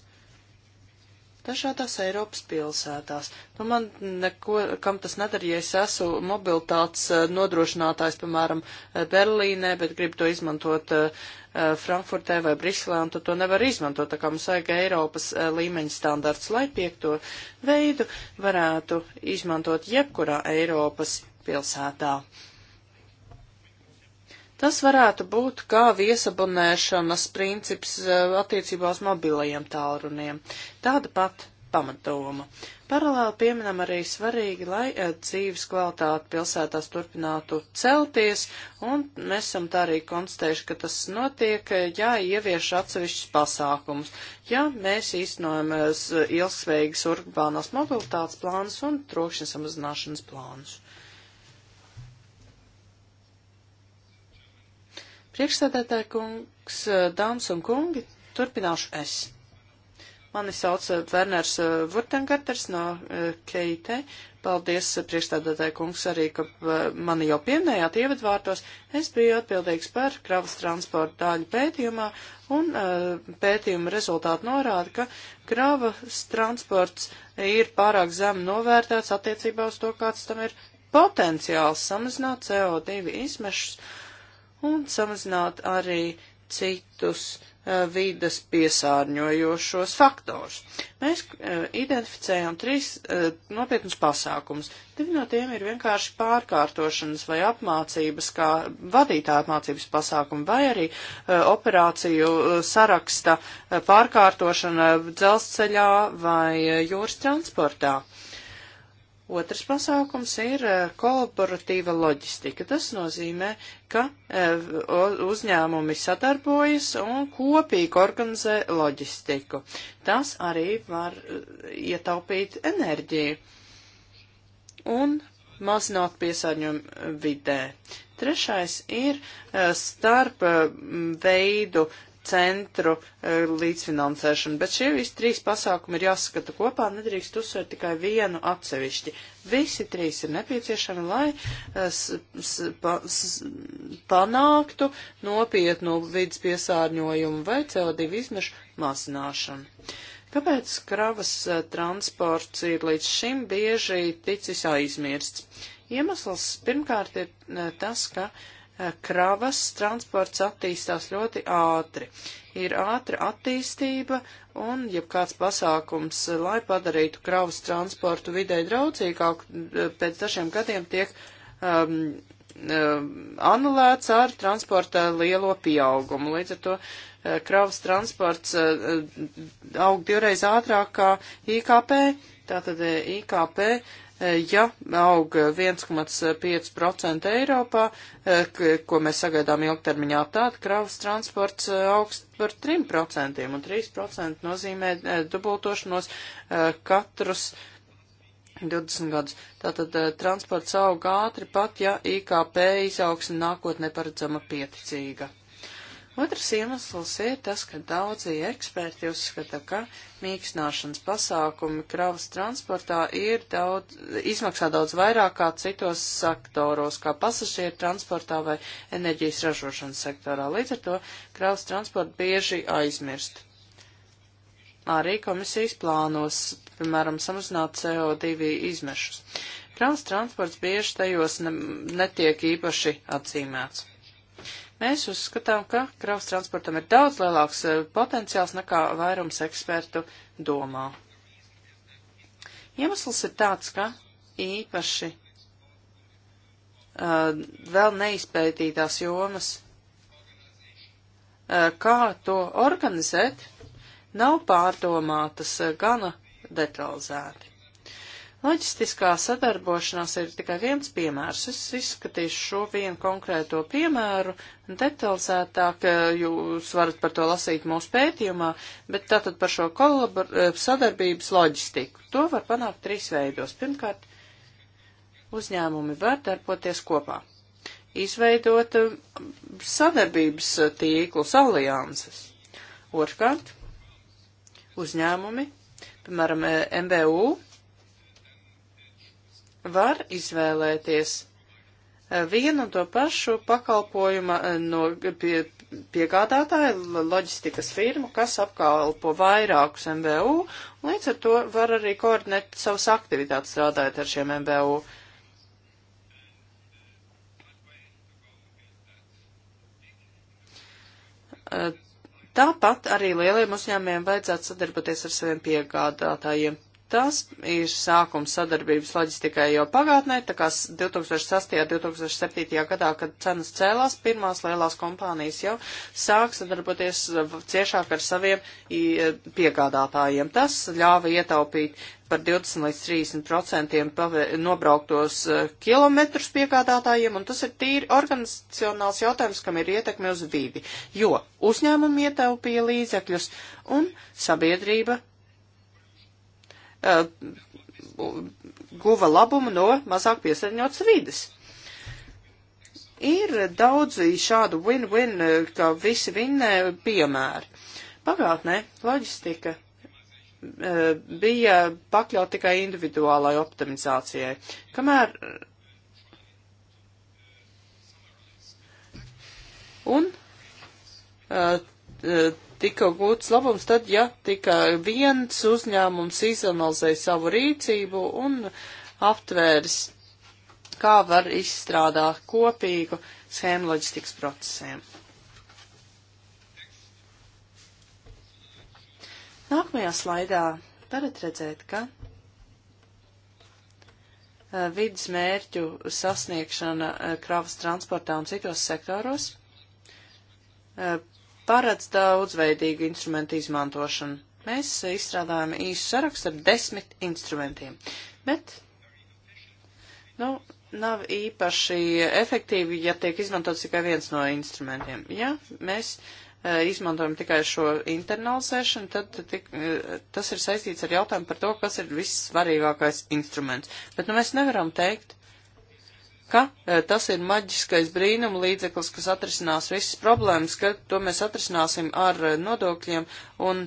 dažādās Eiropas pilsētās. Nu, man neko, kam tas nedara, ja es esmu mobilitātes eh, nodrošinātājs, piemēram, eh, Berlīnē, bet gribu to izmantot eh, Frankfurtē vai Briselē, un tad to nevar izmantot, tā kā mums vajag Eiropas līmeņa standarts, lai piekto veidu varētu izmantot jebkurā Eiropas pilsētā. Uh, Tas varētu būt kā viesabonēšanas princips eh, attiecībā uz mobilajiem tālruniem. Tāda pat pamatdoma. Paralēli pieminam arī svarīgi, lai eh, dzīves kvalitāte pilsētās turpinātu celties, un mēs esam tā arī konstatējuši, ka tas notiek, eh, ja ievieš atsevišķus pasākumus, ja mēs īstenojam ilgsveigas urbānās mobilitātes plānus un trokšņa samazināšanas plānus. Priekšsēdētāja kungs, eh, dāmas un kungi, turpināšu es. Mani sauc eh, Werners Vurtengarters eh, no KIT. Paldies, priekšstādātāja kungs, arī, ka mani jau pieminējāt ievadvārtos. Es biju atbildīgs par kravas transporta daļu pētījumā, un pētījuma rezultāti norāda, ka kravas transports ir pārāk zem novērtēts attiecībā uz to, kāds tam ir potenciāls samazināt CO2 izmešus un samazināt arī citus uh, eh, vidas piesārņojošos faktors. Mēs uh, identificējām trīs uh, nopietnus pasākumus. Divi no tiem ir vienkārši pārkārtošanas vai apmācības, kā vadītāja apmācības pasākumi, vai arī operāciju saraksta pārkārtošana dzelzceļā vai jūras transportā. Uh, Otrs pasākums ir eh, kolaboratīva loģistika. Tas nozīmē, ka eh, uzņēmumi sadarbojas un kopīgi organizē loģistiku. Tas arī var eh, ietaupīt enerģiju un mazināt piesārņojumu vidē. Trešais ir starp veidu centru e, līdzfinansēšanu, bet šie visi trīs pasākumi ir jāskata kopā, nedrīkst uzsvērt tikai vienu atsevišķi. Visi trīs ir nepieciešami, lai e, panāktu nopietnu vidas piesārņojumu vai CO2 izmešu mazināšanu. Kāpēc kravas e, transports ir līdz šim bieži ticis aizmirsts? Iemesls pirmkārt ir tas, ka uh, Eh, kravas transports attīstās ļoti ātri. Ir ātra attīstība un, ja kāds pasākums, eh, lai padarītu kravas transportu vidē draudzīgāku, eh, pēc dažiem gadiem tiek um, um, anulēts ar transporta lielo pieaugumu. Līdz ar to uh, kravas transports uh, aug divreiz ātrāk kā IKP. Tātad uh, IKP uh, ja aug 1,5% Eiropā, eh, ko mēs sagaidām ilgtermiņā, tad kravas transports eh, augst par 3%, un 3% nozīmē eh, dubultošanos katrus 20 gadus. Tātad transports aug ātri, pat ja IKP izaugsme nākotnē paredzama pieticīga. Otrs iemesls ir tas, ka daudzi eksperti uzskata, ka mīkstināšanas pasākumi kravas transportā ir daudz, izmaksā daudz vairāk kā citos sektoros, kā pasažieru transportā vai enerģijas ražošanas sektorā. Līdz ar to kravas transportu bieži aizmirst. Arī komisijas plānos, piemēram, samazināt CO2 izmešus. Kravas transports bieži tajos ne, netiek īpaši atzīmēts. Mēs uzskatām, ka kravas transportam ir daudz lielāks eh, potenciāls nekā vairums ekspertu domā. Iemesls ir tāds, ka īpaši uh, vēl neizpētītās jomas, uh, kā to organizēt, nav pārdomātas uh, gana detalizēti. Loģistiskā sadarbošanās ir tikai viens piemērs. Es izskatīšu šo vienu konkrēto piemēru detalizētāk, eh, jūs varat par to lasīt mūsu pētījumā, bet tātad par šo kolabor, eh, sadarbības loģistiku. To var panākt trīs veidos. Pirmkārt, uzņēmumi var darboties kopā, izveidot eh, sadarbības tīklus, alianses. Otrkārt, uzņēmumi, piemēram, MBU, var izvēlēties eh, vienu un to pašu pakalpojumu eh, no pie, piegādātāja loģistikas firmu, kas apkalpo vairākus MBU, un līdz ar to var arī koordinēt savas aktivitātes strādājot ar šiem MBU. Eh, tāpat arī lieliem uzņēmējiem vajadzētu sadarboties ar saviem piegādātājiem. Tas ir sākums sadarbības loģistikai jau pagātnē, tā kā 2008. un 2007. gadā, kad cenas cēlās, pirmās lielās kompānijas jau sāk sadarboties eh, ciešāk ar saviem e, piegādātājiem. Tas ļāva ietaupīt par 20 līdz 30 procentiem nobrauktos e, kilometrus piegādātājiem, un tas ir tīri organizacionāls jautājums, kam ir ietekme uz vidi, jo uzņēmumi ietaupīja līdzekļus un sabiedrība Uh, guva labumu no mazāk piesārņotas vides. Ir daudzi šādu win-win, uh, kā visi vinnē piemēri. Pagātnē loģistika uh, bija pakļaut tikai individuālai optimizācijai, kamēr un uh, tika gūts labums tad, ja tikai viens uzņēmums izanalizēja savu rīcību un aptvērs, kā var izstrādāt kopīgu schēmu loģistikas procesiem. Nākamajā slaidā varat redzēt, ka eh, vidas mērķu sasniegšana eh, kravas transportā un citos sektoros eh, paredz daudzveidīgu instrumentu izmantošanu. Mēs izstrādājam īsu sarakstu ar desmit instrumentiem, bet, nu, nav īpaši efektīvi, ja tiek izmantots tikai viens no instrumentiem. Ja mēs e, izmantojam tikai šo internalizēšanu, tad tik, e, tas ir saistīts ar jautājumu par to, kas ir vissvarīgākais instruments. Bet, nu, mēs nevaram teikt, ka e, tas ir maģiskais brīnuma līdzeklis, kas atrisinās visas problēmas, ka to mēs atrisināsim ar e, nodokļiem un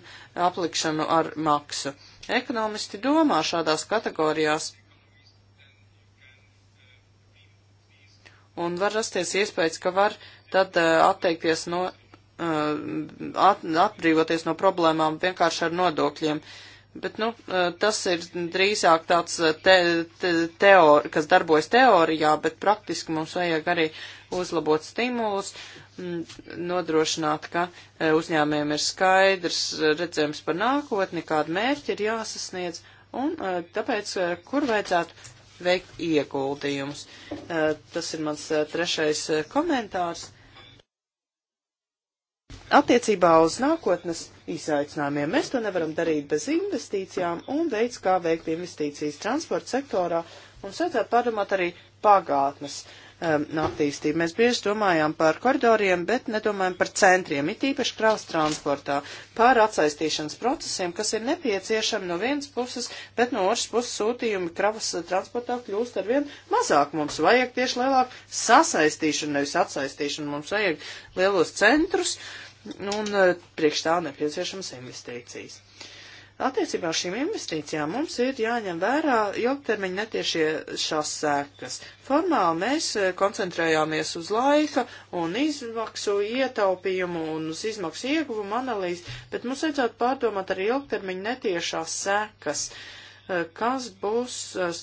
aplikšanu ar maksu. Ekonomisti domā šādās kategorijās. Un var rasties iespējas, ka var tad e, atteikties no, at, atbrīvoties no problēmām vienkārši ar nodokļiem. Uh, Bet, nu, eh, tas ir drīzāk tāds eh, te, te, teori, kas darbojas teorijā, bet praktiski mums vajag arī uzlabot stimulus, mm, nodrošināt, ka eh, uzņēmējiem ir skaidrs redzējums par nākotni, kāda mērķi ir jāsasniedz, un tāpēc, kur vajadzētu veikt ieguldījumus. Tas ir mans trešais komentārs. Attiecībā uz nākotnes izaicinājumiem mēs to nevaram darīt bez investīcijām un veids, kā veikt investīcijas transporta sektorā, mums vajadzētu pārdomāt arī pagātnes um, attīstību. Mēs bieži domājām par koridoriem, bet nedomājam par centriem, it īpaši kraus transportā, par atsaistīšanas procesiem, kas ir nepieciešami no vienas puses, bet no otras puses sūtījumi kravas uh, transportā kļūst ar vien mazāk. Mums vajag tieši lielāku sasaistīšanu, nevis atsaistīšanu. Mums vajag lielos centrus un uh, priekš tā nepieciešams investīcijas. Attiecībā uz šīm investīcijām mums ir jāņem vērā ilgtermiņa netiešie šās sēkas. Formāli mēs eh, koncentrējāmies uz laika un izmaksu ietaupījumu un uz izmaksu ieguvumu analīzi, bet mums vajadzētu pārdomāt arī ilgtermiņa netiešās sēkas, eh, kas būs eh,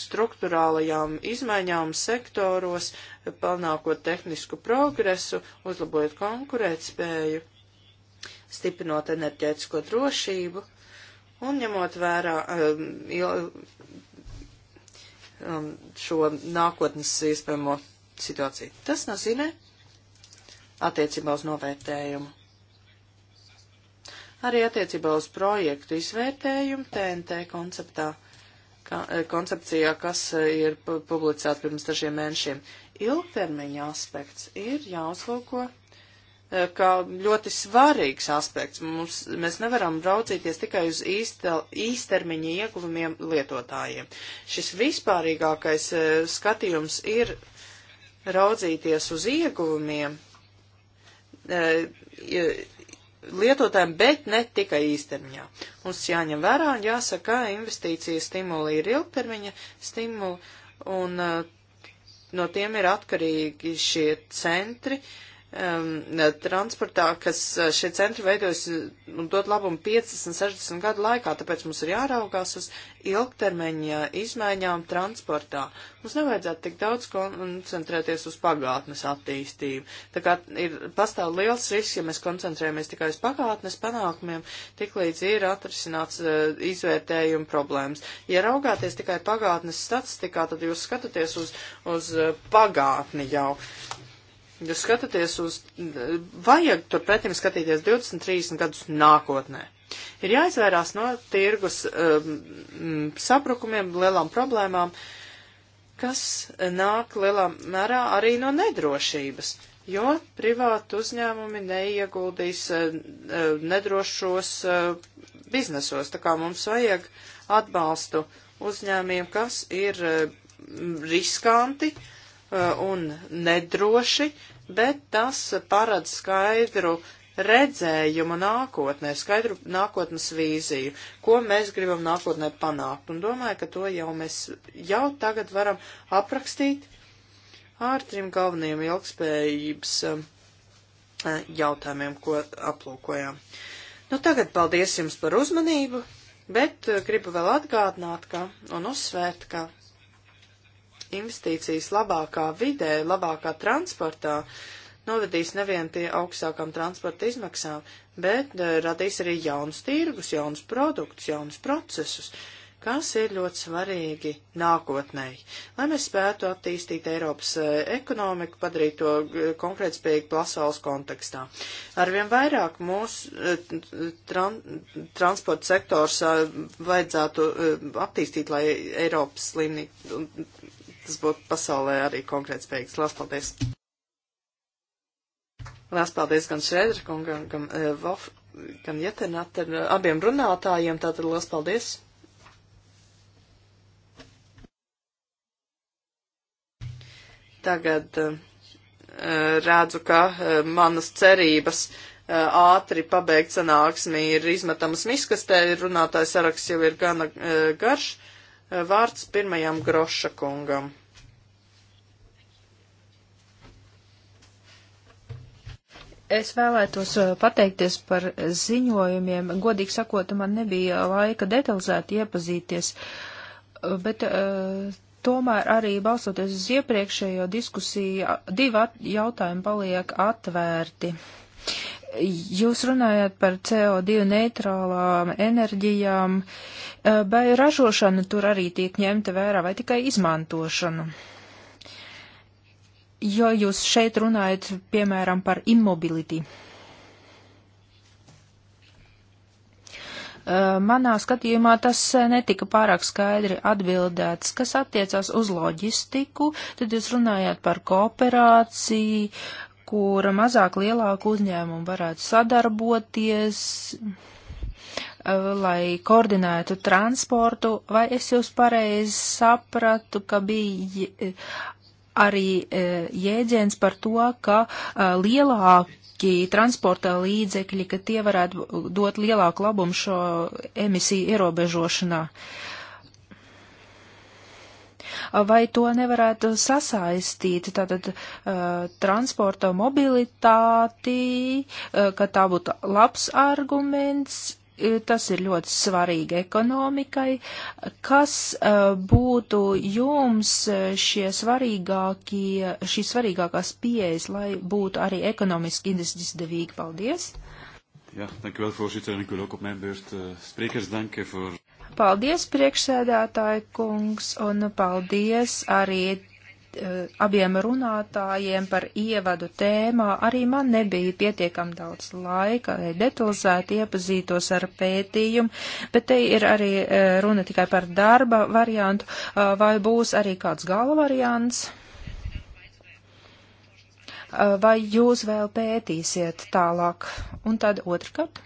struktūrālajām izmaiņām sektoros, panākot tehnisku progresu, uzlabojot konkurētspēju stiprinot enerģētisko drošību Un ņemot vērā um, um, šo nākotnes iespējamo situāciju. Tas nozīmē attiecībā uz novērtējumu. Arī attiecībā uz projektu izvērtējumu TNT konceptā, ka, eh, koncepcijā, kas eh, ir publicēta pirms dažiem mēnešiem. Ilgtermiņa aspekts ir jāuzlūko kā ļoti svarīgs aspekts. Mums, mēs nevaram raucīties tikai uz īstel, īstermiņa ieguvumiem lietotājiem. Šis vispārīgākais e, skatījums ir raudzīties uz ieguvumiem e, lietotājiem, bet ne tikai īstermiņā. Mums jāņem vērā un jāsaka, ka investīcija stimuli ir ilgtermiņa stimuli un e, no tiem ir atkarīgi šie centri. Uh, um, transportā, kas uh, šie centri veidojas uh, un dod labumu 50, 60 gadu laikā, tāpēc mums ir jāraugās uz ilgtermeņa izmaiņām transportā. Mums nevajadzētu tik daudz koncentrēties uz pagātnes attīstību. Tā kā ir pastāv liels risks, ja mēs koncentrējamies tikai uz pagātnes panākumiem, tik līdz ir atrisināts uh, izvērtējuma problēmas. Ja raugāties tikai pagātnes statistikā, tad jūs skatāties uz, uz uh, pagātni jau. Jūs skatāties uz, vajag tur pretim skatīties 20-30 gadus nākotnē. Ir jāizvairās no tirgus um, sabrukumiem, lielām problēmām, kas nāk lielā mērā arī no nedrošības jo privāti uzņēmumi neieguldīs uh, uh, nedrošos uh, biznesos. Tā kā mums vajag atbalstu uzņēmiem, kas ir riskanti un nedroši bet tas parad skaidru redzējumu nākotnē, skaidru nākotnes vīziju, ko mēs gribam nākotnē panākt. Un domāju, ka to jau mēs jau tagad varam aprakstīt ar trim galvenajiem ilgspējības um, eh, jautājumiem, ko aplūkojām. Nu, tagad paldies jums par uzmanību, bet eh, gribu vēl atgādināt, ka un uzsvērt, ka investīcijas labākā vidē, labākā transportā novedīs nevien pie augstākām transporta izmaksām, bet eh, radīs arī jaunus tirgus, jaunus produktus, jaunus procesus, kas ir ļoti svarīgi nākotnēji, lai mēs spētu attīstīt Eiropas eh, ekonomiku, padarīt to eh, konkrētspējīgi pasaules kontekstā. Arvien vairāk mūsu tran transporta sektors vajadzētu attīstīt, lai Eiropas līmenī tas būtu pasaulē arī konkrēts spējīgs. Lielas paldies! Lielas paldies gan Šrēdra kungam, gan, eh, gan, Vof, gan Jetenat, eh, abiem runātājiem, tātad lielas paldies! Tagad uh, redzu, ka uh, manas cerības ātri pabeigt sanāksmi ir izmetamas miskastē, runātājs saraksts jau ir gana garš. Uh, Vārds pirmajam Groša kungam. Es vēlētos uh, pateikties par ziņojumiem. Godīgi sakot, man nebija laika detalizēti iepazīties, bet uh, tomēr arī balsoties uz iepriekšējo diskusiju, divi jautājumi paliek atvērti. Uh, Jūs runājāt par CO2 neitrālām enerģijām, eh, vai ražošana tur arī tiek ņemta vērā, vai tikai izmantošana? Jo jūs šeit runājat, piemēram, par immobility. Eh, manā skatījumā tas eh, netika pārāk skaidri atbildēts, kas attiecās uz loģistiku, tad jūs runājāt par kooperāciju, kur mazāk lielāku uzņēmumu varētu sadarboties, eh, lai koordinētu transportu, vai es jūs pareizi sapratu, ka bija eh, arī eh, jēdziens par to, ka lielāki transporta līdzekļi, ka tie varētu dot lielāku labumu šo emisiju ierobežošanā. Uh, vai to nevarētu sasaistīt, tātad uh, transporta mobilitāti, uh, ka tā būtu labs arguments, tas ir ļoti svarīgi ekonomikai. Kas uh, būtu jums šie svarīgākie, šīs svarīgākās pieejas, lai būtu arī ekonomiski izdevīgi? Paldies! Ja, dankjewel voorzitter. En ik wil ook op mijn beurt uh, sprekers danken voor... Paldies, priekšsēdētāji kungs, un paldies arī eh, abiem runātājiem par ievadu tēmā. Arī man nebija pietiekam daudz laika, lai detalizēti iepazītos ar pētījumu, bet te ir arī eh, runa tikai par darba variantu. Eh, vai būs arī kāds gala variants? Vai jūs vēl pētīsiet tālāk? Un tad otrkārt.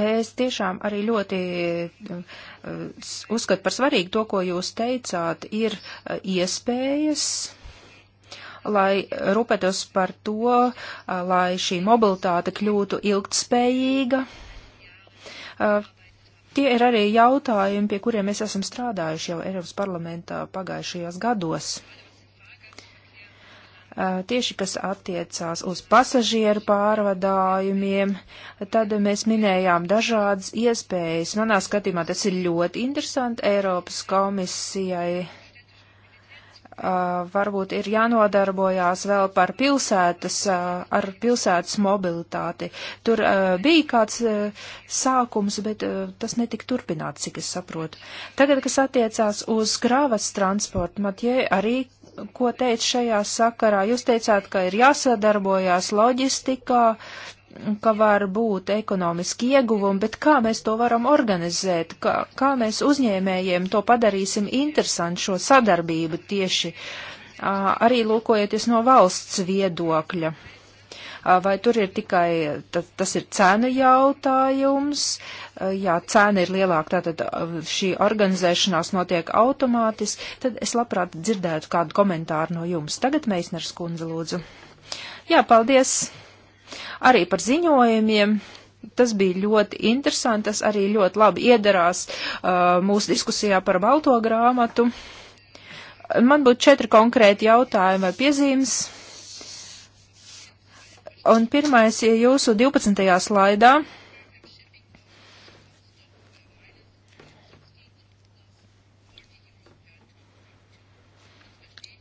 Es tiešām arī ļoti uh, uzskatu par svarīgu to, ko jūs teicāt, ir uh, iespējas, lai rūpētos par to, uh, lai šī mobilitāte kļūtu ilgtspējīga. Tie ir arī jautājumi, pie kuriem mēs esam strādājuši jau Eiropas parlamentā pagājušajos gados. Eh, tieši kas attiecās uz pasažieru pārvadājumiem, tad mēs minējām dažādas iespējas. Manā skatījumā tas ir ļoti interesanti Eiropas komisijai. Uh, varbūt ir jānodarbojās vēl par pilsētas, uh, ar pilsētas mobilitāti. Tur uh, bija kāds sākums, bet tas netika turpināts, cik es saprotu. Tagad, kas attiecās uz krāvas transportu, Matjē arī ko teicu šajā sakarā. Jūs teicāt, ka ir jāsadarbojās loģistikā, ka var būt ekonomiski ieguvumi, bet kā mēs to varam organizēt, kā, kā mēs uzņēmējiem to padarīsim interesantu šo sadarbību tieši, arī lūkojoties no valsts viedokļa vai tur ir tikai, tas ir cena jautājums, jā, cena ir lielāka, tātad šī organizēšanās notiek automātiski, tad es labprāt dzirdētu kādu komentāru no jums. Tagad Meisners kundze lūdzu. Jā, paldies arī par ziņojumiem. Tas bija ļoti interesanti, tas arī ļoti labi iedarās uh, mūsu diskusijā par balto grāmatu. Man būtu četri konkrēti jautājumi vai piezīmes. Un pirmais, ja jūsu 12. slaidā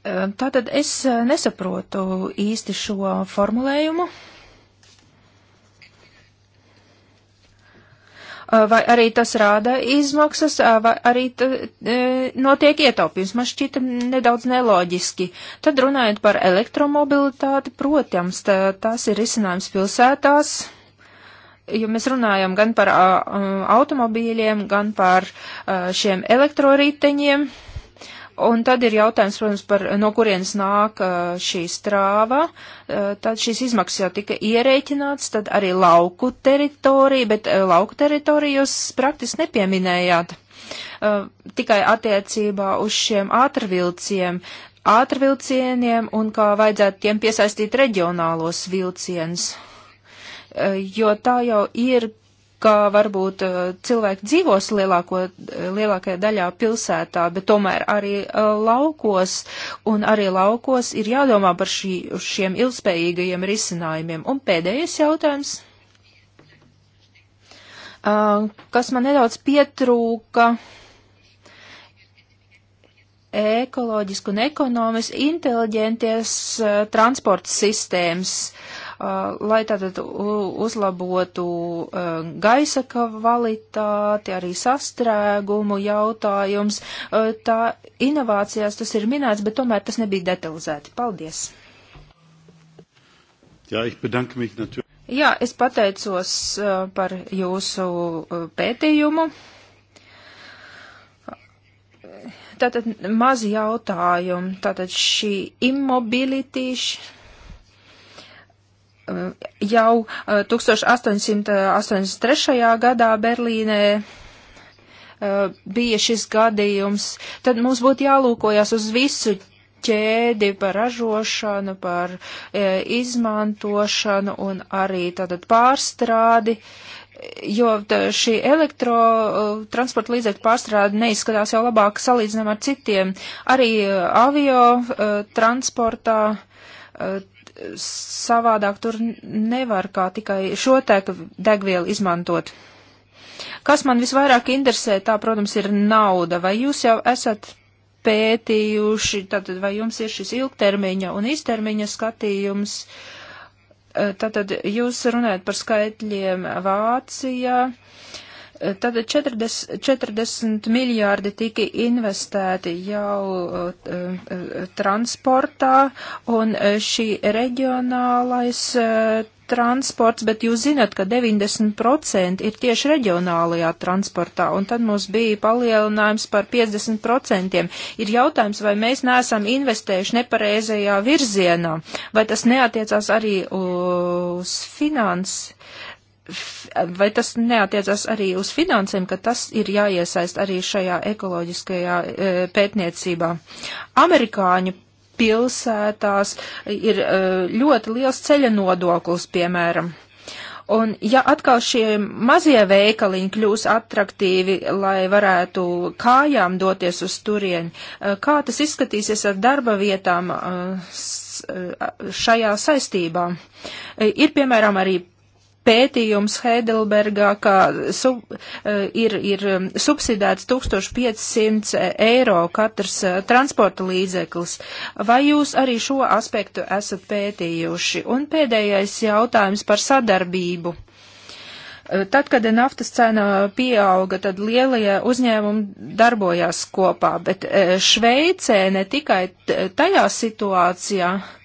eh, Tātad es eh, nesaprotu īsti šo formulējumu. Eh, vai arī tas rāda izmaksas, eh, vai arī eh, notiek ietaupījums. Man šķita nedaudz neloģiski. Tad runājot par elektromobilitāti, protams, tā, tās ir risinājums pilsētās. Jo mēs runājam gan par uh, automobīļiem, gan par uh, šiem elektroriteņiem. Uh, Un tad ir jautājums, protams, par no kurienes nāk šī strāva. Tad šīs izmaksas jau tika ierēķināts, tad arī lauku teritorija, bet lauku teritoriju jūs praktiski nepieminējāt. Tikai attiecībā uz šiem ātrvilciem, ātrvilcieniem un kā vajadzētu tiem piesaistīt reģionālos vilcienus. Jo tā jau ir ka varbūt eh, cilvēki dzīvos lielāko, eh, lielākajā daļā pilsētā, bet tomēr arī eh, laukos, un arī laukos ir jādomā par šī, šiem ilgspējīgajiem risinājumiem. Un pēdējais jautājums, kas man nedaudz pietrūka ekoloģiski un ekonomiski inteliģenties uh, transporta sistēmas. Uh, lai tātad uzlabotu uh, gaisa kvalitāti, arī sastrēgumu jautājums. Uh, tā inovācijās tas ir minēts, bet tomēr tas nebija detalizēti. Paldies! Jā, ich bedanke mich natürlich. Jā, es pateicos par jūsu pētījumu. Tātad mazi jautājumi. Tātad šī immobilitīša jau 1883. Eh, gadā Berlīnē eh, bija šis gadījums, tad mums būtu jālūkojas uz visu ķēdi par ražošanu, par e, izmantošanu un arī tātad pārstrādi, jo tā, šī elektrotransporta līdzekļu pārstrāde neizskatās jau labāk salīdzinām ar citiem. Arī avio e, transportā e, savādāk tur nevar kā tikai šo degvielu izmantot. Kas man visvairāk interesē, tā, protams, ir nauda. Vai jūs jau esat pētījuši, tātad vai jums ir šis ilgtermiņa un īstermiņa skatījums? Tātad jūs runājat par skaitļiem Vācijā. Uh, Tad 40, 40 miljārdi tika investēti jau e, e, transportā un e, šī reģionālais transports, bet jūs zinat, ka 90% ir tieši reģionālajā transportā, un tad mums bija palielinājums par 50%. Ir jautājums, vai mēs neesam investējuši nepareizajā virzienā, vai tas neatiecās arī uz finanses vai tas neatiecas arī uz finansēm, ka tas ir jāiesaist arī šajā ekoloģiskajā e, pētniecībā. Amerikāņu pilsētās ir e, ļoti liels ceļa nodoklis, piemēram. Un ja atkal šie mazie veikaliņi kļūs atraktīvi, lai varētu kājām doties uz turieni, e, kā tas izskatīsies ar darba vietām e, e, šajā saistībā? Ir, piemēram, arī pētījums Heidelbergā, kā sub, e, ir, ir um, subsidēts 1500 eiro katrs e, transporta līdzeklis. Vai jūs arī šo aspektu esat pētījuši? Un pēdējais jautājums par sadarbību. E, tad, kad naftas cena pieauga, tad lielie uzņēmumi darbojās kopā, bet Šveicē ne tikai tajā situācijā, uh,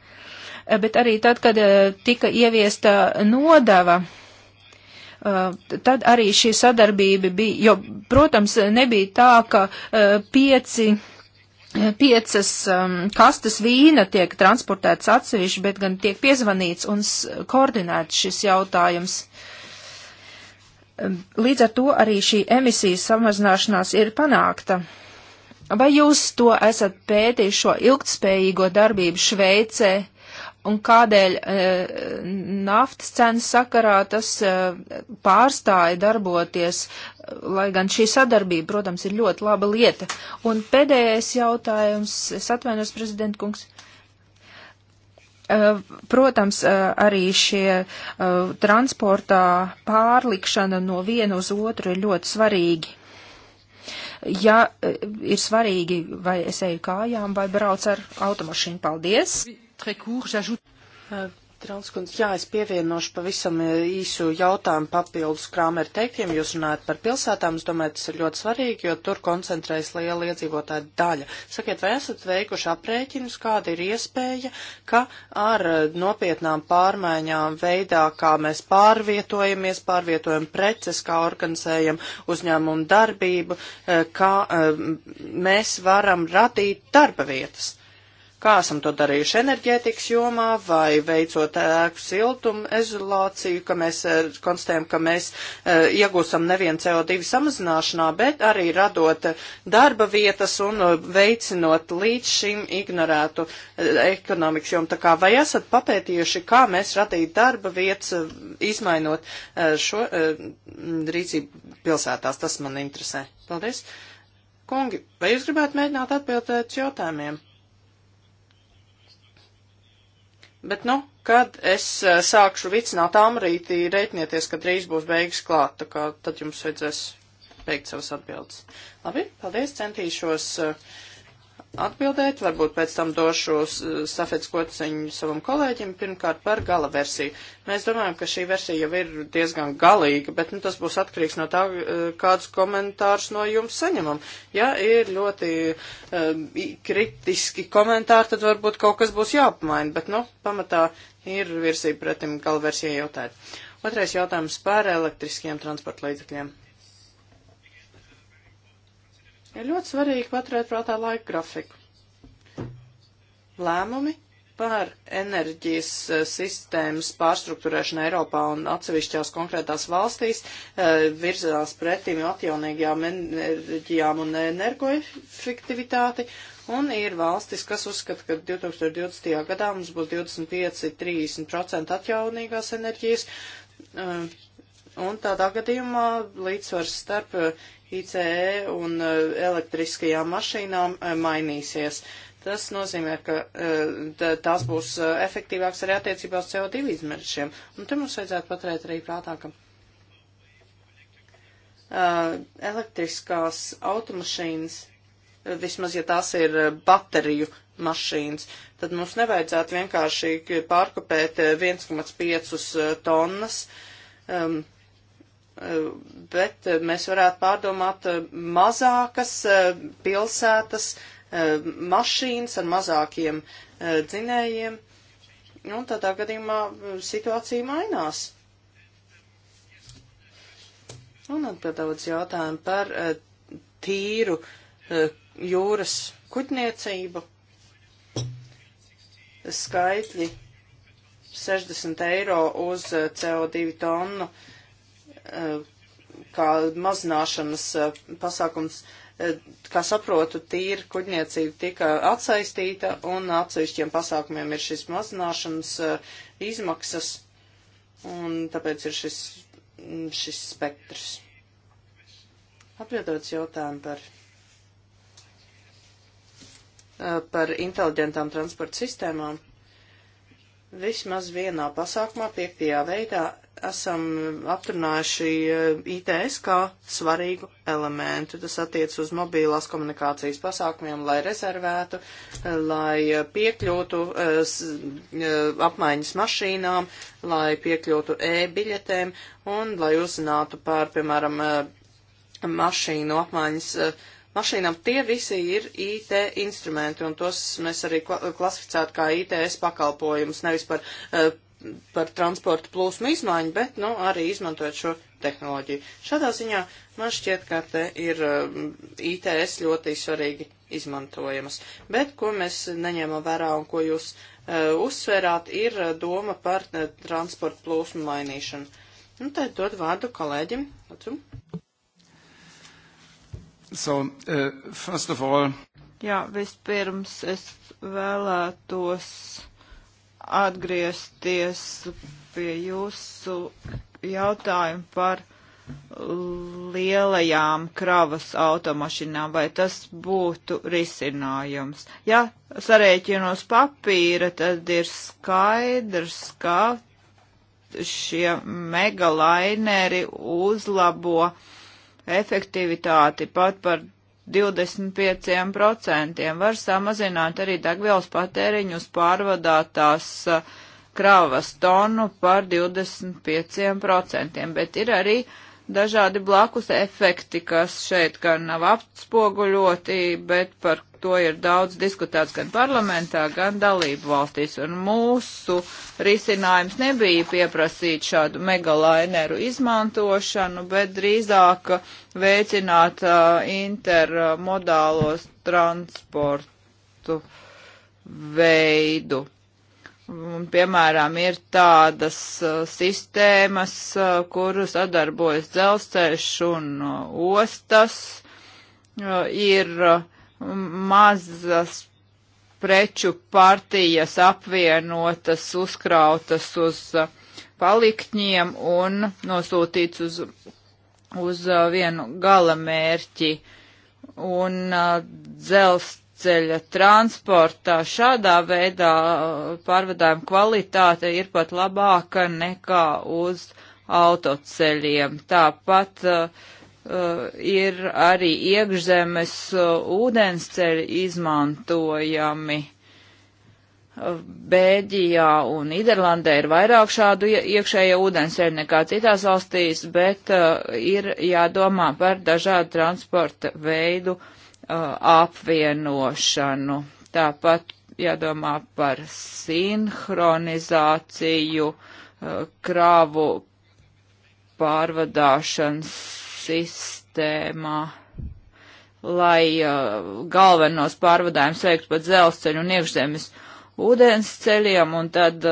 bet arī tad, kad eh, tika ieviesta nodava, eh, tad arī šī sadarbība bija, jo, protams, nebija tā, ka eh, pieci piecas um, kastes vīna tiek transportētas atsevišķi, bet gan tiek piezvanīts un koordinēts šis jautājums. Līdz ar to arī šī emisijas samazināšanās ir panākta. Vai jūs to esat pētījuši šo ilgtspējīgo darbību Šveicē? un kādēļ e, naftas cenas sakarā tas e, pārstāja darboties, lai gan šī sadarbība, protams, ir ļoti laba lieta. Un pēdējais jautājums, es atvainos, prezident kungs. E, protams, e, arī šie e, transportā pārlikšana no viena uz otru ir ļoti svarīgi. Ja e, ir svarīgi, vai es eju kājām, vai braucu ar automašīnu, paldies! Uh, eh, Trauskundz, jā, es pievienošu pavisam eh, īsu jautājumu papildus Krāmeru teiktiem. Jūs runājat par pilsētām, es domāju, tas ir ļoti svarīgi, jo tur koncentrējas liela iedzīvotāja daļa. Sakiet, vai esat veikuši aprēķinus, kāda ir iespēja, ka ar eh, nopietnām pārmaiņām veidā, kā mēs pārvietojamies, pārvietojam preces, kā organizējam uzņēmumu darbību, kā mēs varam radīt darba vietas? kā esam to darījuši enerģētikas jomā vai veicot ēku siltumu izolāciju, ka mēs eh, konstatējam, ka mēs eh, iegūstam nevienu CO2 samazināšanā, bet arī radot darba vietas un eh, veicinot līdz šim ignorētu ekonomikas jomu. Tā kā vai esat papētījuši, kā mēs radīt darba vietas, izmainot šo rīcību pilsētās? Tas man interesē. Paldies. Kungi, vai jūs gribētu mēģināt atbildēt jautājumiem? Bet, nu, kad es eh, sākšu vicināt amrītī, reiķinieties, ka drīz būs beigas klāt, tā kā tad jums vajadzēs beigt savas atbildes. Labi, paldies, centīšos uh, atbildēt, varbūt pēc tam došu stafets kociņu savam kolēģim, pirmkārt par gala versiju. Mēs domājam, ka šī versija jau ir diezgan galīga, bet nu, tas būs atkarīgs no tā, eh, kādus komentārus no jums saņemam. Ja ir ļoti uh, kritiski komentāri, tad varbūt kaut kas būs jāpamaina, bet nu, pamatā ir virsība pretim gala versijai jautājot. Otrais jautājums par elektriskiem transporta līdzekļiem. Ir ļoti svarīgi paturēt prātā laika grafiku. Lēmumi par enerģijas eh, sistēmas pārstruktūrēšanu Eiropā un atsevišķās konkrētās valstīs eh, virzās pretīm atjaunīgajām enerģijām un energoefektivitāti. Un ir valstis, kas uzskata, ka 2020. gadā mums būs 25-30% atjaunīgās enerģijas. Eh, un tādā gadījumā līdzsvars starp ICE un eh, elektriskajām mašīnām eh, mainīsies. Tas nozīmē, ka eh, tās būs efektīvākas arī attiecībā uz CO2 izmešiem. Un te mums vajadzētu paturēt arī prātā, ka elektriskās automašīnas, vismaz ja tās ir bateriju mašīnas, tad mums nevajadzētu vienkārši pārkopēt 1,5 tonnas. Um, bet mēs varētu pārdomāt eh, mazākas eh, pilsētas, eh, mašīnas ar mazākiem dzinējiem, un tādā gadījumā situācija mainās. Un atbildot jautājumu par tīru jūras kuģniecību, skaitļi 60 eiro uz CO2 tonu uh, kā mazināšanas eh, pasākums, eh, kā saprotu, tīra kuģniecība tika atsaistīta un atsevišķiem pasākumiem ir šis mazināšanas eh, izmaksas un tāpēc ir šis, šis spektrs. Atbildot jautājumu par, par inteliģentām transporta sistēmām, vismaz vienā pasākumā, piektajā veidā, esam apturinājuši eh, ITS kā svarīgu elementu. Tas attiec uz mobīlās komunikācijas pasākumiem, lai rezervētu, eh, lai piekļūtu eh, apmaiņas mašīnām, lai piekļūtu e-biļetēm un lai uzzinātu par, piemēram, mašīnu apmaiņas mašīnām. Tie visi ir IT instrumenti, un tos mēs arī klasificētu kā ITS pakalpojumus, nevis par uh, par transporta plūsmu izmaiņu, bet, nu, arī izmantojot šo tehnoloģiju. Šādā ziņā man šķiet, ka te ir eh, ITS ļoti svarīgi izmantojamas. Bet, ko mēs neņēmām vērā un ko jūs uh, eh, uzsvērāt, ir eh, doma par uh, transporta plūsmu mainīšanu. Nu, tad dod vārdu kolēģim. Lūdzu. So, uh, first of all. Jā, vispirms es vēlētos atgriezties pie jūsu jautājumu par lielajām kravas automašīnām, vai tas būtu risinājums. Ja sarēķinos papīra, tad ir skaidrs, ka šie megalaineri uzlabo efektivitāti pat par 25% var samazināt arī degvielas patēriņu uz pārvadātās uh, kravas tonu par 25%, bet ir arī uh, dažādi blakus efekti, kas šeit gan nav apspoguļoti, bet par to ir daudz diskutēts gan parlamentā, gan dalību valstīs. Un mūsu risinājums nebija pieprasīt šādu megalaineru izmantošanu, bet drīzāk veicināt uh, intermodālos transportu veidu. Un, piemēram, ir tādas uh, sistēmas, uh, kur sadarbojas dzelzceļš un uh, ostas, uh, ir uh, mazas preču partijas apvienotas, uzkrautas uz uh, palikņiem un nosūtīts uz, uz vienu galamērķi. Un dzelzceļš dzelzceļa transportā. Šādā veidā uh, pārvadājuma kvalitāte ir pat labāka nekā uz autoceļiem. Tāpat uh, Uh, ir arī iekšzemes uh, ūdensceļi izmantojami. Uh, Bēģijā un Nīderlandē ir vairāk šādu iekšējo ūdensceļu nekā citās valstīs, bet uh, ir jādomā par dažādu transporta veidu Uh, apvienošanu. Tāpat jādomā par sinhronizāciju uh, kravu pārvadāšanas sistēmā, lai uh, galvenos pārvadājumus veiktu pa dzelzceļu un iekšzemes ūdens ceļiem, un tad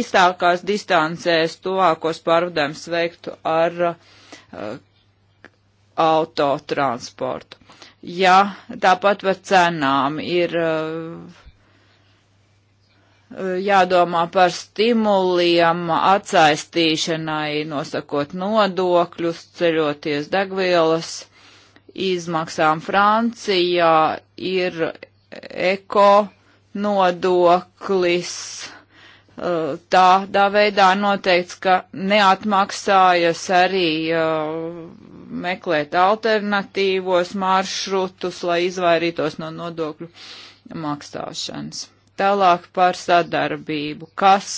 īstākās distancēs tuvākos pārvadājumus veiktu ar autotransportu ja tāpat par cenām ir uh, jādomā par stimuliem atsaistīšanai, nosakot nodokļus, ceļoties degvielas izmaksām Francijā ir eko nodoklis. Uh, Tādā veidā noteikts, ka neatmaksājas arī uh, meklēt alternatīvos maršrutus, lai izvairītos no nodokļu maksāšanas. Tālāk par sadarbību. Kas,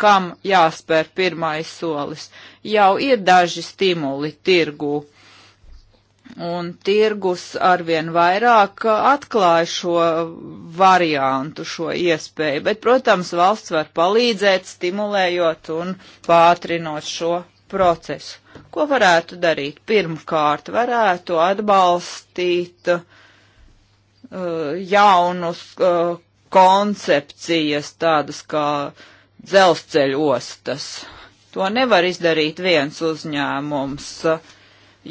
kam jāspēr pirmais solis? Jau ir daži stimuli tirgū. Un tirgus arvien vairāk atklāja šo variantu, šo iespēju, bet, protams, valsts var palīdzēt, stimulējot un pātrinot šo procesu. Ko varētu darīt? Pirmkārt, varētu atbalstīt uh, jaunus uh, koncepcijas, tādas kā dzelzceļu ostas. To nevar izdarīt viens uzņēmums,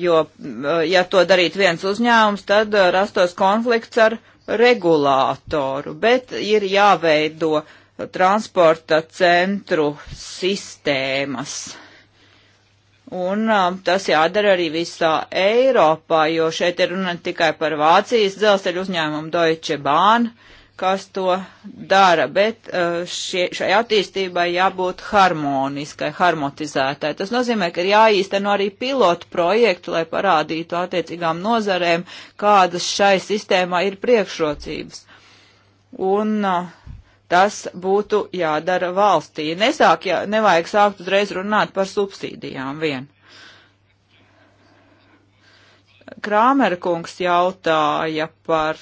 jo, uh, ja to darītu viens uzņēmums, tad uh, rastos konflikts ar regulātoru, bet ir jāveido transporta centru sistēmas Un um, tas jādara arī visā Eiropā, jo šeit ir runa tikai par Vācijas dzelzceļu uzņēmumu Deutsche Bahn, kas to dara, bet uh, šie, šai attīstībai jābūt harmoniskai, harmonizētai. Tas nozīmē, ka ir jāīsteno arī pilotu projektu, lai parādītu attiecīgām nozarēm, kādas šai sistēmā ir priekšrocības. Un uh, Tas būtu jādara valstī. Nesāk, jā, nevajag sākt uzreiz runāt par subsīdijām vien. Krāmerkungs jautāja par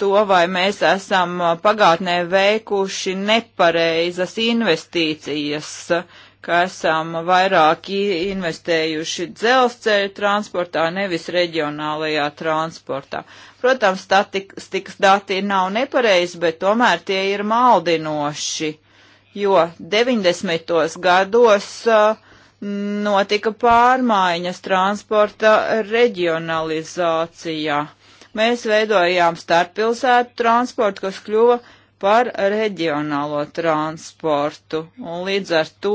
to, vai mēs esam pagātnē veikuši nepareizas investīcijas. Uh, ka esam vairāk investējuši dzelzceļa transportā, nevis reģionālajā transportā. Protams, statistikas dati nav nepareizi, bet tomēr tie ir maldinoši, jo 90. gados notika pārmaiņas transporta reģionalizācijā. Mēs veidojām starppilsētu transportu, kas kļuva par reģionālo transportu. Un līdz ar to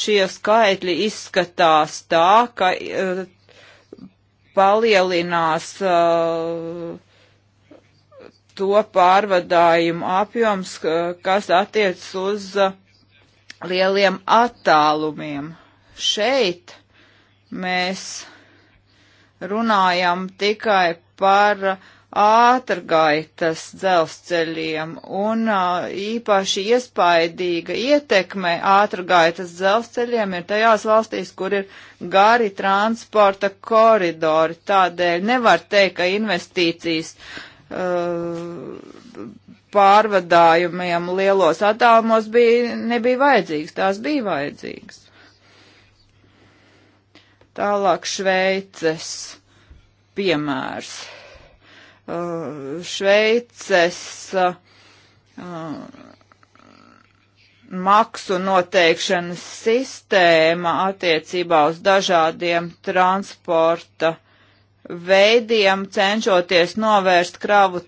šie skaitļi izskatās tā, ka uh, palielinās uh, to pārvadājumu apjoms, kas attiec uz eh, lieliem attālumiem. Šeit mēs runājam tikai par uh, ātrgaitas dzelzceļiem un īpaši iespaidīga ietekme ātrgaitas dzelzceļiem ir tajās valstīs, kur ir gari transporta koridori. Tādēļ nevar teikt, ka investīcijas uh, pārvadājumiem lielos attālumos bija, nebija vajadzīgas, tās bija vajadzīgas. Tālāk Šveices piemērs. Uh, Šveices uh, uh, maksu noteikšanas sistēma attiecībā uz dažādiem transporta veidiem, cenšoties novērst kravu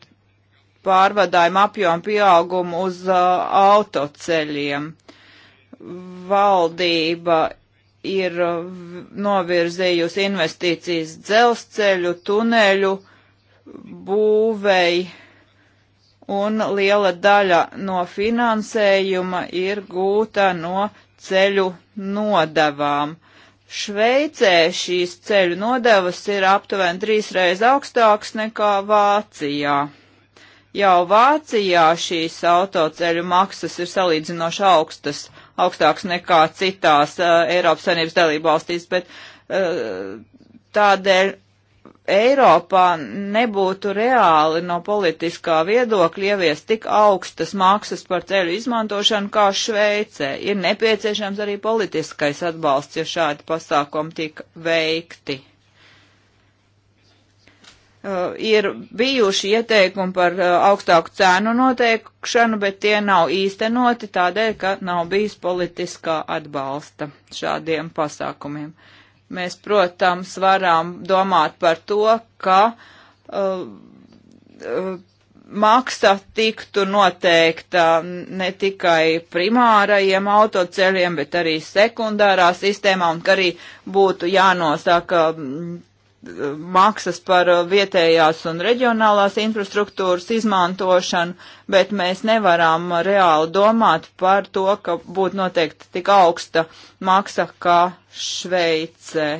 pārvadājumu apjomu pieaugumu uz uh, autoceļiem. Valdība ir novirzījusi investīcijas dzelzceļu, tuneļu, uh, būvei, un liela daļa no finansējuma ir gūta no ceļu nodavām. Šveicē šīs ceļu nodevas ir aptuveni trīsreiz augstāks nekā Vācijā. Jau Vācijā šīs autoceļu maksas ir salīdzinoši augstas, augstāks nekā citās uh, Eiropas Savienības dalību valstīs, bet uh, tādēļ Eiropā nebūtu reāli no politiskā viedokļa ieviest tik augstas maksas par ceļu izmantošanu kā Šveicē. Ir nepieciešams arī politiskais atbalsts, ja šādi pasākumi tik veikti. Uh, ir bijuši ieteikumi par uh, augstāku cēnu noteikšanu, bet tie nav īstenoti tādēļ, ka nav bijis politiskā atbalsta šādiem pasākumiem. Uh, Mēs, protams, varam domāt par to, ka uh, uh, maksa tiktu noteikta ne tikai primārajiem autoceļiem, bet arī sekundārā sistēmā un ka arī būtu jānosaka mm, maksas par uh, vietējās un reģionālās infrastruktūras izmantošanu, bet mēs nevaram reāli domāt par to, ka būtu noteikti tik augsta maksa kā Šveicē.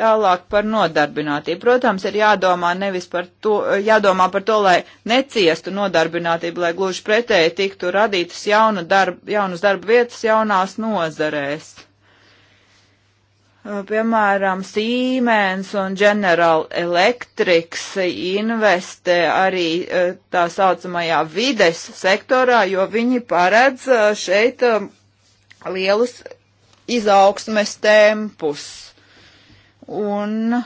Tālāk par nodarbinātību. Protams, ir jādomā nevis par to, jādomā par to, lai neciestu nodarbinātību, lai gluži pretēji tiktu radītas jauna darba, jaunas darba vietas jaunās nozarēs Piemēram, Siemens un General Electrics investē arī eh, tā saucamajā vides sektorā, jo viņi paredz eh, šeit eh, lielus izaugsmes tempus. Un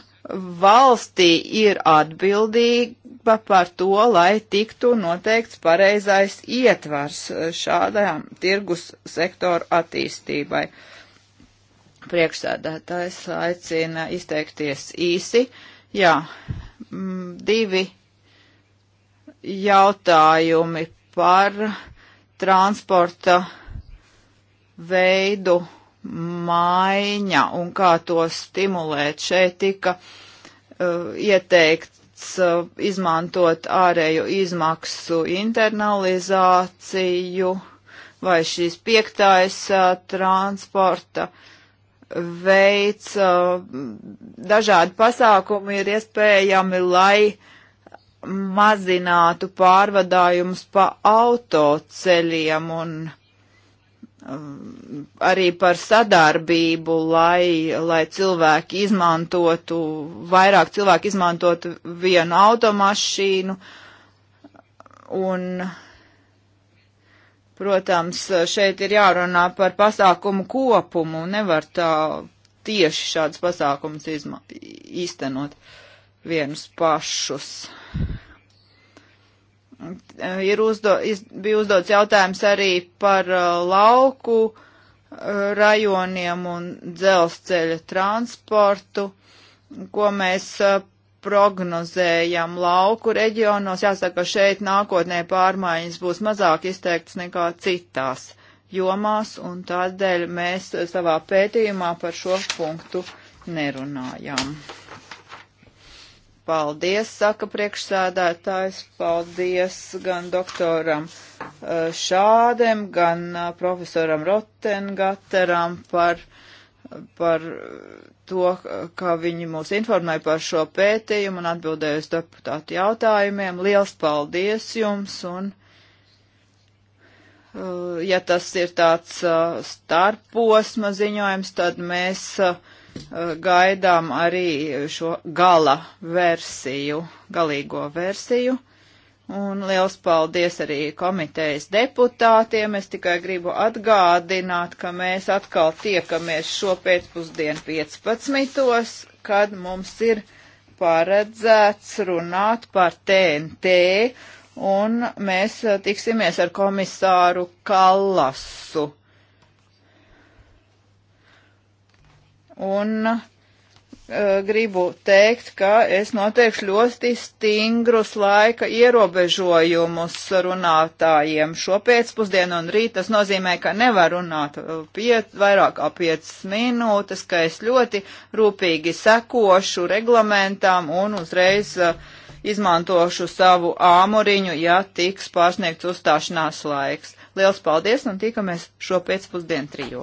valstī ir atbildība par to, lai tiktu noteikts pareizais ietvars šādajām tirgus sektoru attīstībai. Uh, Priekšsēdētājs aicina izteikties īsi. Jā, m, divi jautājumi par transporta veidu maiņa un kā to stimulēt. Šeit tika uh, ieteikts uh, izmantot ārēju izmaksu internalizāciju vai šīs piektais uh, transporta uh, veids, dažādi pasākumi ir iespējami, lai mazinātu pārvadājumus pa autoceļiem un arī par sadarbību, lai, lai cilvēki izmantotu, vairāk cilvēki izmantotu vienu automašīnu un uh, Protams, šeit ir jārunā par pasākumu kopumu, nevar tā tieši šādas pasākumas izma, īstenot vienus pašus. Ir uzdo, iz, bija uzdots jautājums arī par uh, lauku uh, rajoniem un dzelzceļa transportu, ko mēs uh, prognozējam lauku reģionos. Jāsaka, šeit nākotnē pārmaiņas būs mazāk izteiktas nekā citās jomās, un tādēļ mēs savā pētījumā par šo punktu nerunājām. Paldies, saka priekšsēdētājs, paldies gan doktoram eh, Šādem, gan eh, profesoram Rotengateram par, par to, kā viņi mūs informēja par šo pētījumu un atbildēja uz deputātu jautājumiem. Liels paldies jums! Un, uh, ja tas ir tāds uh, starposma ziņojums, tad mēs uh, gaidām arī šo gala versiju, galīgo versiju. Un liels paldies arī komitejas deputātiem. Es tikai gribu atgādināt, ka mēs atkal tiekamies šo pēcpusdienu 15. kad mums ir paredzēts runāt par TNT, un mēs eh, tiksimies ar komisāru Kallasu. Un Eh, gribu teikt, ka es noteikšu ļoti stingrus laika ierobežojumus runātājiem šo pēcpusdienu un rīt. Tas nozīmē, ka nevar runāt eh, piet, vairāk kā 5 minūtes, ka es ļoti rūpīgi sekošu reglamentām un uzreiz uh, izmantošu savu āmuriņu, ja tiks pārsniegts uzstāšanās laiks. Liels paldies un tikamies šo pēcpusdienu trijo.